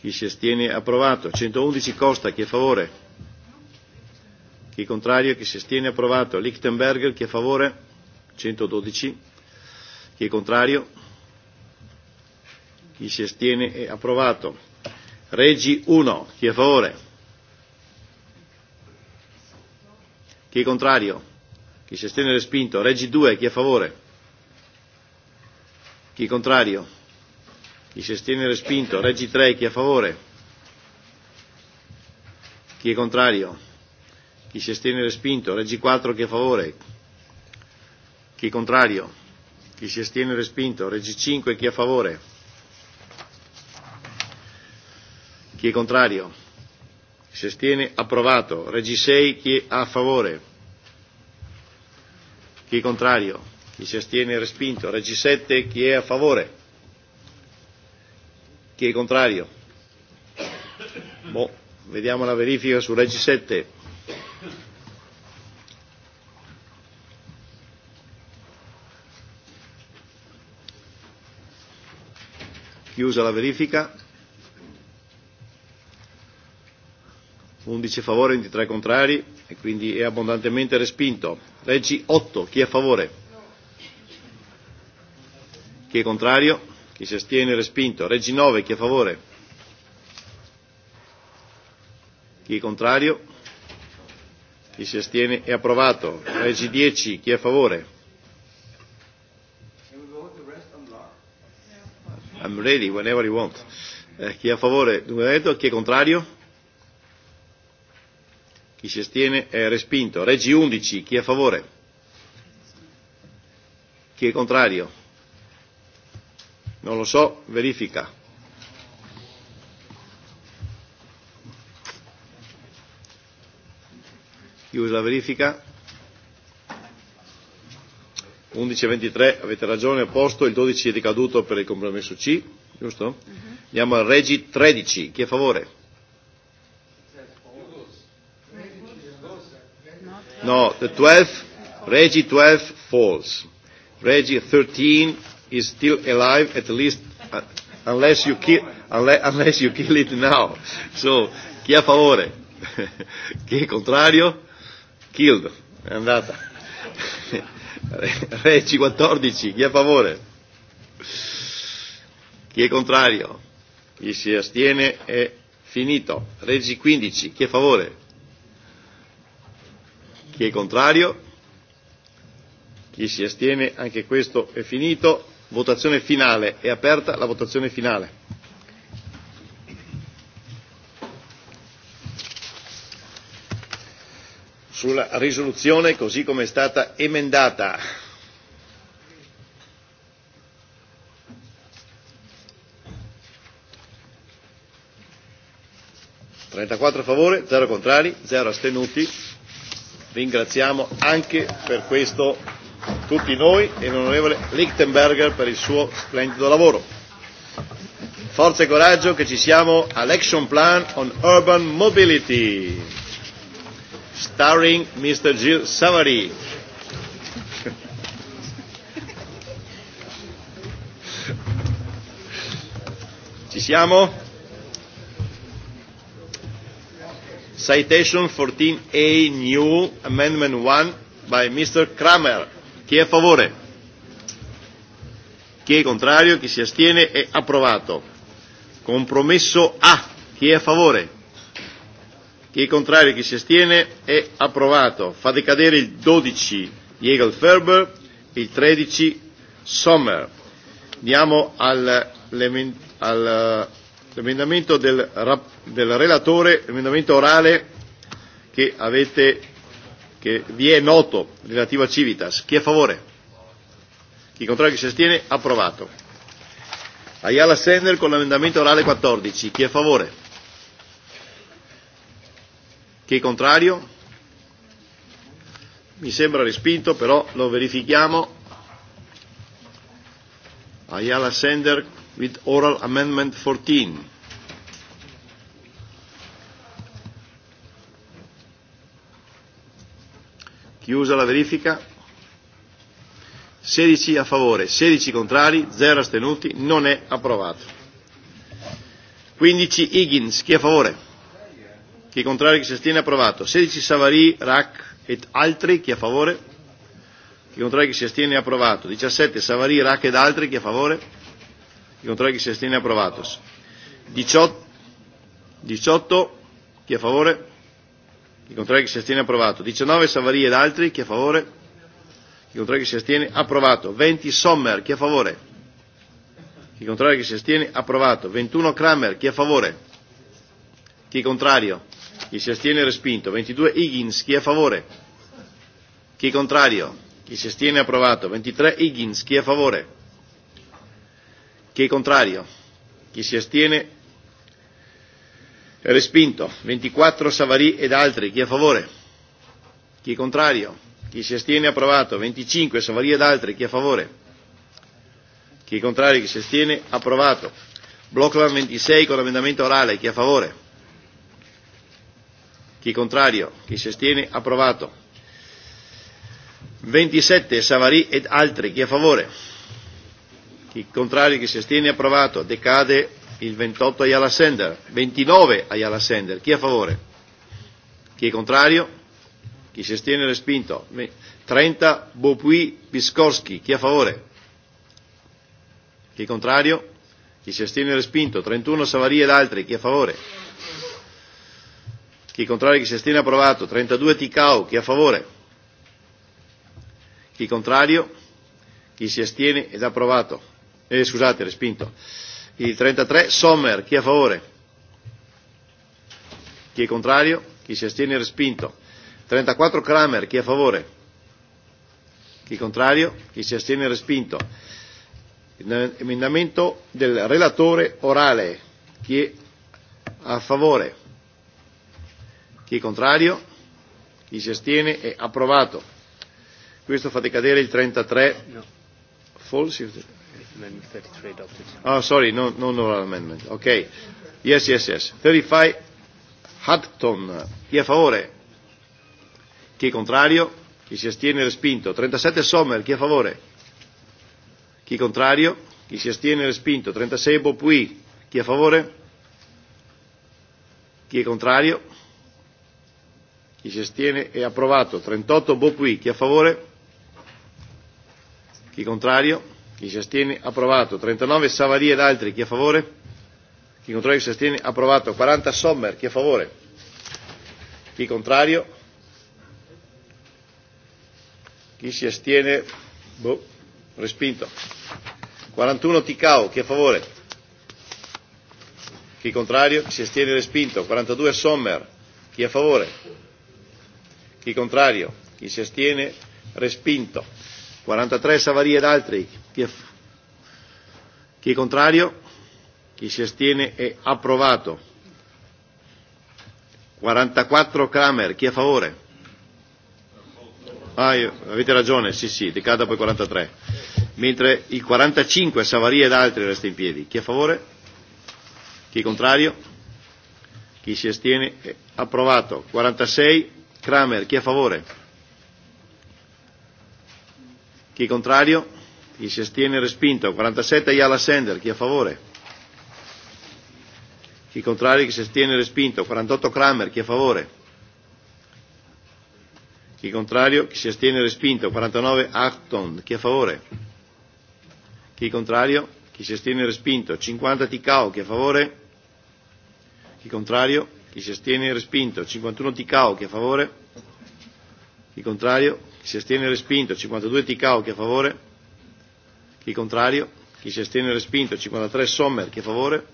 Chi si astiene? Approvato. 111 Costa, chi è a favore? Chi è contrario? Chi si astiene? Approvato. Lichtenberger, chi è a favore? 112. Chi è contrario? Chi si astiene è approvato. Regi 1. Chi è a favore? Chi è contrario? Chi si astiene è respinto. Regi 2. Chi è a favore? Chi è contrario? Chi si astiene è respinto. Regi 3. Chi è a favore? Chi è contrario? Chi si astiene è respinto. Regi 4. Chi è a favore? Chi è contrario? Chi si astiene è respinto. Regi 5. Chi è a favore? Chi è contrario? Si astiene? Approvato. Regi 6. Chi è a favore? Chi è contrario? Chi si astiene? Respinto. Regi 7. Chi è a favore? Chi è contrario? Boh, vediamo la verifica su Regi 7. Chiusa la verifica. 11 favore, 23 contrari e quindi è abbondantemente respinto. Regi 8, chi è a favore? Chi è contrario? Chi si astiene respinto. Regi 9, chi è a favore? Chi è contrario? Chi si astiene è approvato. Regi 10, chi è a favore? I'm ready whenever you want. Eh, chi è a favore? Dunque chi è contrario? Chi si astiene è respinto. Regi 11. Chi è a favore? Chi è contrario? Non lo so. Verifica. Chiusa la verifica. 11.23, avete ragione, a posto, il 12 è decaduto per il compromesso C, giusto? Uh mhm. -huh. Andiamo al Regi 13, chi è a favore? No, the 12, Regi 12 falls. Regi 13 is still alive at least uh, unless you kill unless, unless you kill it now. So chi a favore? chi è contrario? Killed. È andata. Regi 14, chi a favore? Chi è contrario? Chi si astiene è finito. Regi 15, chi è a favore? Chi è contrario? Chi si astiene? Anche questo è finito. Votazione finale. È aperta la votazione finale. Sulla risoluzione così come è stata emendata. Trentaquattro a favore, zero contrari, zero astenuti ringraziamo anche per questo tutti noi e l'onorevole Lichtenberger per il suo splendido lavoro. Forza e coraggio che ci siamo all'Action Plan on Urban Mobility, starring Mr. Gilles Savary. Ci siamo? Citation 14A new amendment 1 by Mr. Kramer. Chi è a favore? Chi è contrario? Chi si astiene? È approvato. Compromesso A. Chi è a favore? Chi è contrario? Chi si astiene? È approvato. Fa decadere il 12 Jägel Ferber, il 13 Sommer. Andiamo al, al l'emendamento del, del relatore, l'emendamento orale che avete, che vi è noto, relativo a Civitas. Chi è a favore? Chi contrario, chi si astiene? Approvato. Ayala Sender con l'emendamento orale 14. Chi è a favore? Chi è contrario? Mi sembra respinto, però lo verifichiamo. Ayala Sender with oral amendment 14. Chiusa la verifica. 16 a favore, 16 contrari, 0 astenuti, non è approvato. 15 Higgins, chi è a favore? Chi è contrario, chi si astiene, approvato. 16 Savary, Rack et altri, chi è a favore? Chi è contrario, chi si astiene, approvato. 17 Savary, Rack ed altri, chi è a favore? Contrari chi si astiene approvato. 18, 18 chi a favore? Chi contrari chi si astiene approvato. 19 Savaria ed altri chi a favore? Chi contrari chi si astiene approvato. 20 Sommer chi a favore? Chi contrari chi si astiene approvato. 21 Kramer chi è a favore? Chi è contrario? Chi si astiene respinto. 22 Higgins chi è a favore? Chi è contrario? Chi si astiene approvato. 23 Higgins chi è a favore? Chi è contrario? Chi si astiene? è Respinto. 24 Savary ed altri. Chi è a favore? Chi è contrario? Chi si astiene? Approvato. 25 Savary ed altri. Chi è a favore? Chi è contrario? Chi si astiene? Approvato. Blockland 26 con l'amendamento orale. Chi è a favore? Chi è contrario? Chi si astiene? Approvato. 27 Savary ed altri. Chi è a favore? Chi contrari, chi si astiene, approvato. Decade il 28 Ayala Sender. 29 Ayala Sender. Chi è a favore? Chi è contrario? Chi si astiene, respinto. 30 Bopui Piskorski. Chi è a favore? Chi è contrario? Chi si astiene, respinto. 31 Savaria ed altri. Chi è a favore? Chi è contrario, chi si astiene, approvato. 32 Ticao. Chi è a favore? Chi è contrario? Chi si astiene ed approvato eh, scusate, respinto. Il 33, Sommer, chi è a favore? Chi è contrario? Chi si astiene, respinto. 34, Kramer, chi è a favore? Chi è contrario? Chi si astiene, respinto. Emendamento del relatore orale, chi è a favore? Chi è contrario? Chi si astiene, è approvato. Questo fate cadere il 33. No. False. Amendment 33 adopted. Oh, sorry, no, no oral amendment. Okay. Yes, yes, yes. 35, Hudson. Chi è a favore? Chi è contrario? Chi si astiene respinto. 37, Sommer. Chi è a favore? Chi è contrario? Chi si astiene respinto. 36, Bopui. Chi è a favore? Chi è contrario? Chi si astiene è approvato. 38, Bopui. Chi è a favore? Chi è contrario? Chi si astiene? Approvato. 39 Savaria ed altri. Chi è a favore? Chi contrario si astiene? Approvato. 40 Sommer. Chi è a favore? Chi contrario? Chi si astiene? Boh. Respinto. 41 Ticao. Chi è a favore? Chi contrario? Chi si astiene? Respinto. 42 Sommer. Chi è a favore? Chi contrario? Chi si astiene? Respinto. 43 Savaria ed altri. Chi è, chi è contrario? Chi si astiene è approvato. 44 Kramer, chi è a favore? Ah, io, avete ragione, sì sì, decada poi 43. Mentre il 45 Savaria ed altri resta in piedi. Chi è a favore? Chi è contrario? Chi si astiene è approvato. 46 Kramer, chi è a favore? Chi è contrario? Chi si astiene respinto. 47 Yala Sender. Chi è a favore? Chi contrario chi si astiene respinto. 48 Kramer. Chi è a favore? Chi contrario chi si astiene respinto. 49 Acton. Chi è a favore? Chi contrario chi si astiene respinto. 50 Ticao. Chi è a favore? Chi contrario chi si astiene respinto. 51 Ticao. Chi è a favore? Chi contrario chi si astiene respinto. 52 Ticao. Chi è a favore? Chi contrario? Chi si astiene respinto? 53 Sommer, chi a favore?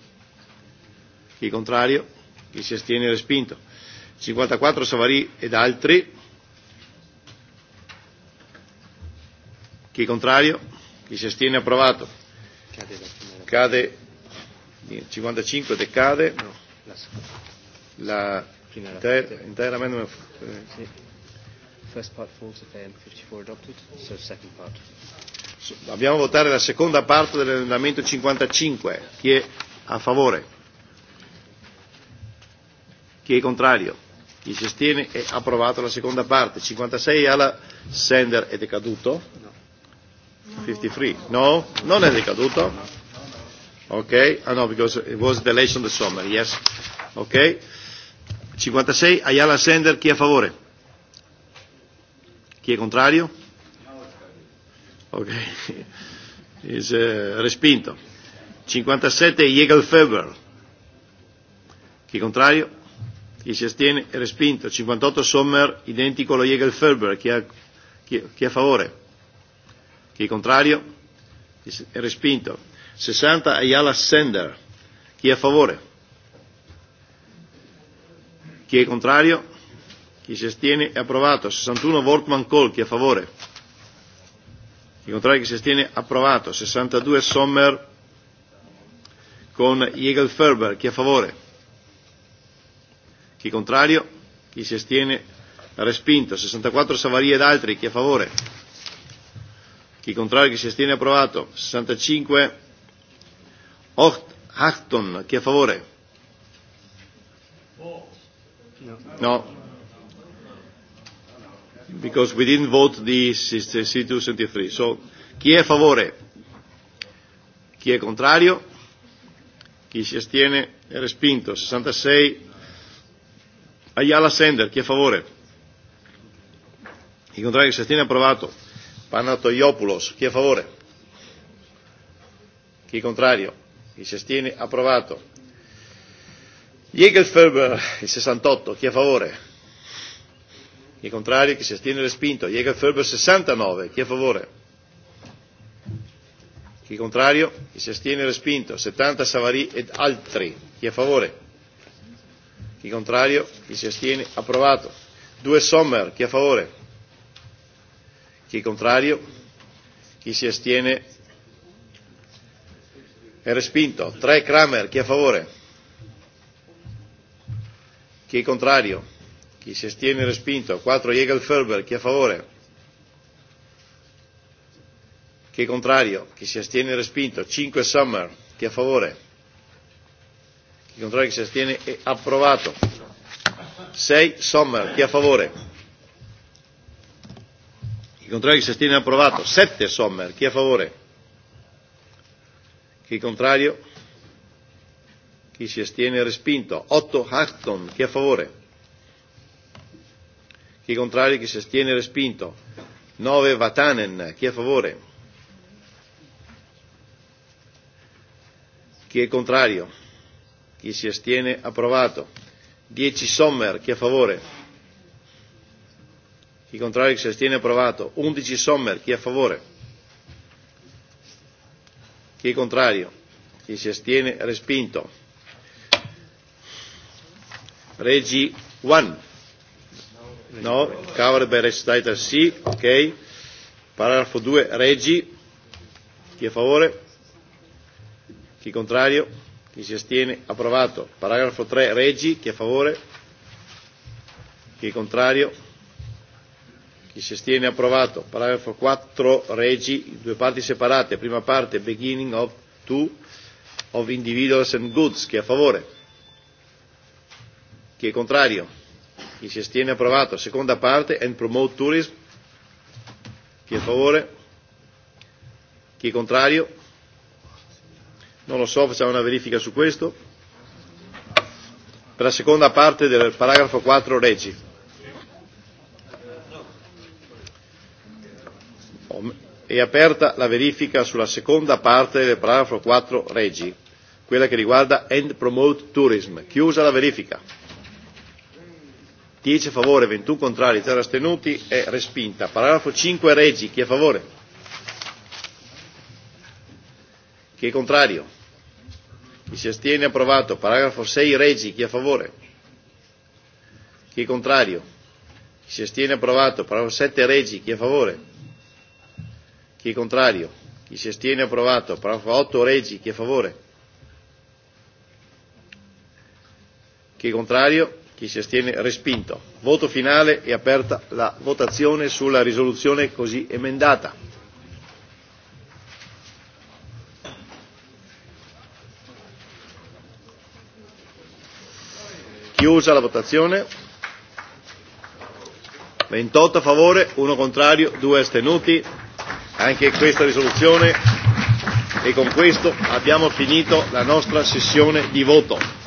Chi contrario? Chi si astiene respinto? 54 Savary ed altri. Chi contrario? Chi si astiene approvato? Cade Cade. 55 decade. No, la la intera, intera amendment. Eh, First part falls if 54 adopted, so second part. Dobbiamo votare la seconda parte dell'emendamento 55. Chi è a favore? Chi è contrario? Chi si astiene? È approvato la seconda parte. 56 alla Sender è decaduto? 53. No? Non è decaduto? Ok. Ah no, because it was delation the summer. Yes. Ok. 56 Ayala Sender, chi è a favore? Chi è contrario? Ok. Is, uh, respinto. 57 Jägelfeber. Chi contrario? Chi si astiene? È respinto. 58 Sommer, identico allo Jägelfeber. Chi, ha, chi, chi è a favore? Chi è contrario? È respinto. 60 Ayala Sender. Chi è a favore? Chi è contrario? Chi si astiene? È approvato. 61 Wortmann Kohl. Chi è a favore? Chi contrario che si astiene approvato. 62 Sommer con Jägel Ferber. Chi è a favore? Chi contrario? Chi si astiene respinto. 64 Savaria ed altri. Chi è a favore? Chi contrario? Chi si astiene approvato. 65 Ocht, Achton. Chi è a favore? No because we didn't vote the C273. So, chi è a favore? Chi è contrario? Chi si astiene è respinto. 66. Ayala Sender, chi è a favore? Chi contrario si astiene è approvato. Panatoiopoulos, chi è a favore? Chi è contrario? Chi si astiene approvato. Jägerferber, il 68, chi è a favore? Chi è contrario? Chi si astiene? Respinto. Jäger Ferber 69. Chi è a favore? Chi è contrario? Chi si astiene? Respinto. 70 Savary ed altri. Chi è a favore? Chi è contrario? Chi si astiene? Approvato. 2 Sommer. Chi è a favore? Chi è contrario? Chi si astiene? È respinto. 3 Kramer. Chi è a favore? Chi è contrario? Chi si astiene respinto. 4 Jägel Ferber. Chi è a favore? Chi è contrario? Chi si astiene respinto. 5 Summer. Chi è a favore? Chi è contrario? Chi si astiene è approvato. 6 Sommer. Chi è a favore? Chi è contrario? Chi si astiene è eh, approvato. 7 Sommer. Chi è a favore? Chi è contrario? Chi si astiene è respinto. 8 Hackton. Chi è a favore? Chi è contrario, chi si astiene, respinto. 9 Vatanen, chi è a favore? Chi è contrario? Chi si astiene, approvato. 10 Sommer, chi è a favore? Chi è contrario, chi si astiene, approvato. 11 Sommer, chi è a favore? Chi è contrario? Chi si astiene, respinto. Regi 1. No, covered by recitator C, ok. Paragrafo 2, Regi. Chi è a favore? Chi è contrario? Chi si astiene? Approvato. Paragrafo 3, Regi. Chi è a favore? Chi è contrario? Chi si astiene? Approvato. Paragrafo 4, Regi. Due parti separate. Prima parte, beginning of two of individuals and goods. Chi è a favore? Chi è contrario? Chi si astiene approvato. Seconda parte, and promote tourism. Chi è a favore? Chi è contrario? Non lo so, facciamo una verifica su questo. Per la seconda parte del paragrafo 4 Regi. È aperta la verifica sulla seconda parte del paragrafo 4 Regi, quella che riguarda End Promote Tourism. Chiusa la verifica. 10 a favore, 21 contrari, 0 astenuti è respinta. Paragrafo 5 Regi, chi è a favore? Chi è contrario? Chi si astiene approvato. Paragrafo 6 Regi, chi è a favore? Chi è contrario? Chi si astiene approvato. Paragrafo 7 Regi, chi è a favore? Chi è contrario? Chi si astiene approvato. Paragrafo 8 Regi, chi è a favore? Chi è contrario? Chi si astiene? Respinto. Voto finale e aperta la votazione sulla risoluzione così emendata. Chiusa la votazione. 28 a favore, 1 contrario, 2 astenuti. Anche questa risoluzione e con questo abbiamo finito la nostra sessione di voto.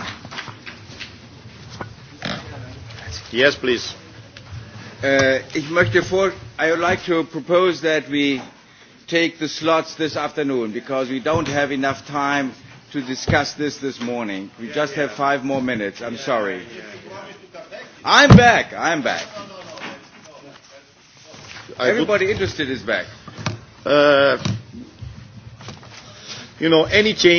Yes, please. Uh, ich möchte vor, I would like to propose that we take the slots this afternoon because we don't have enough time to discuss this this morning. We yeah, just yeah. have five more minutes. I'm yeah, sorry. Yeah, yeah. I'm back. I'm back. Everybody interested is back. Uh, you know, any change.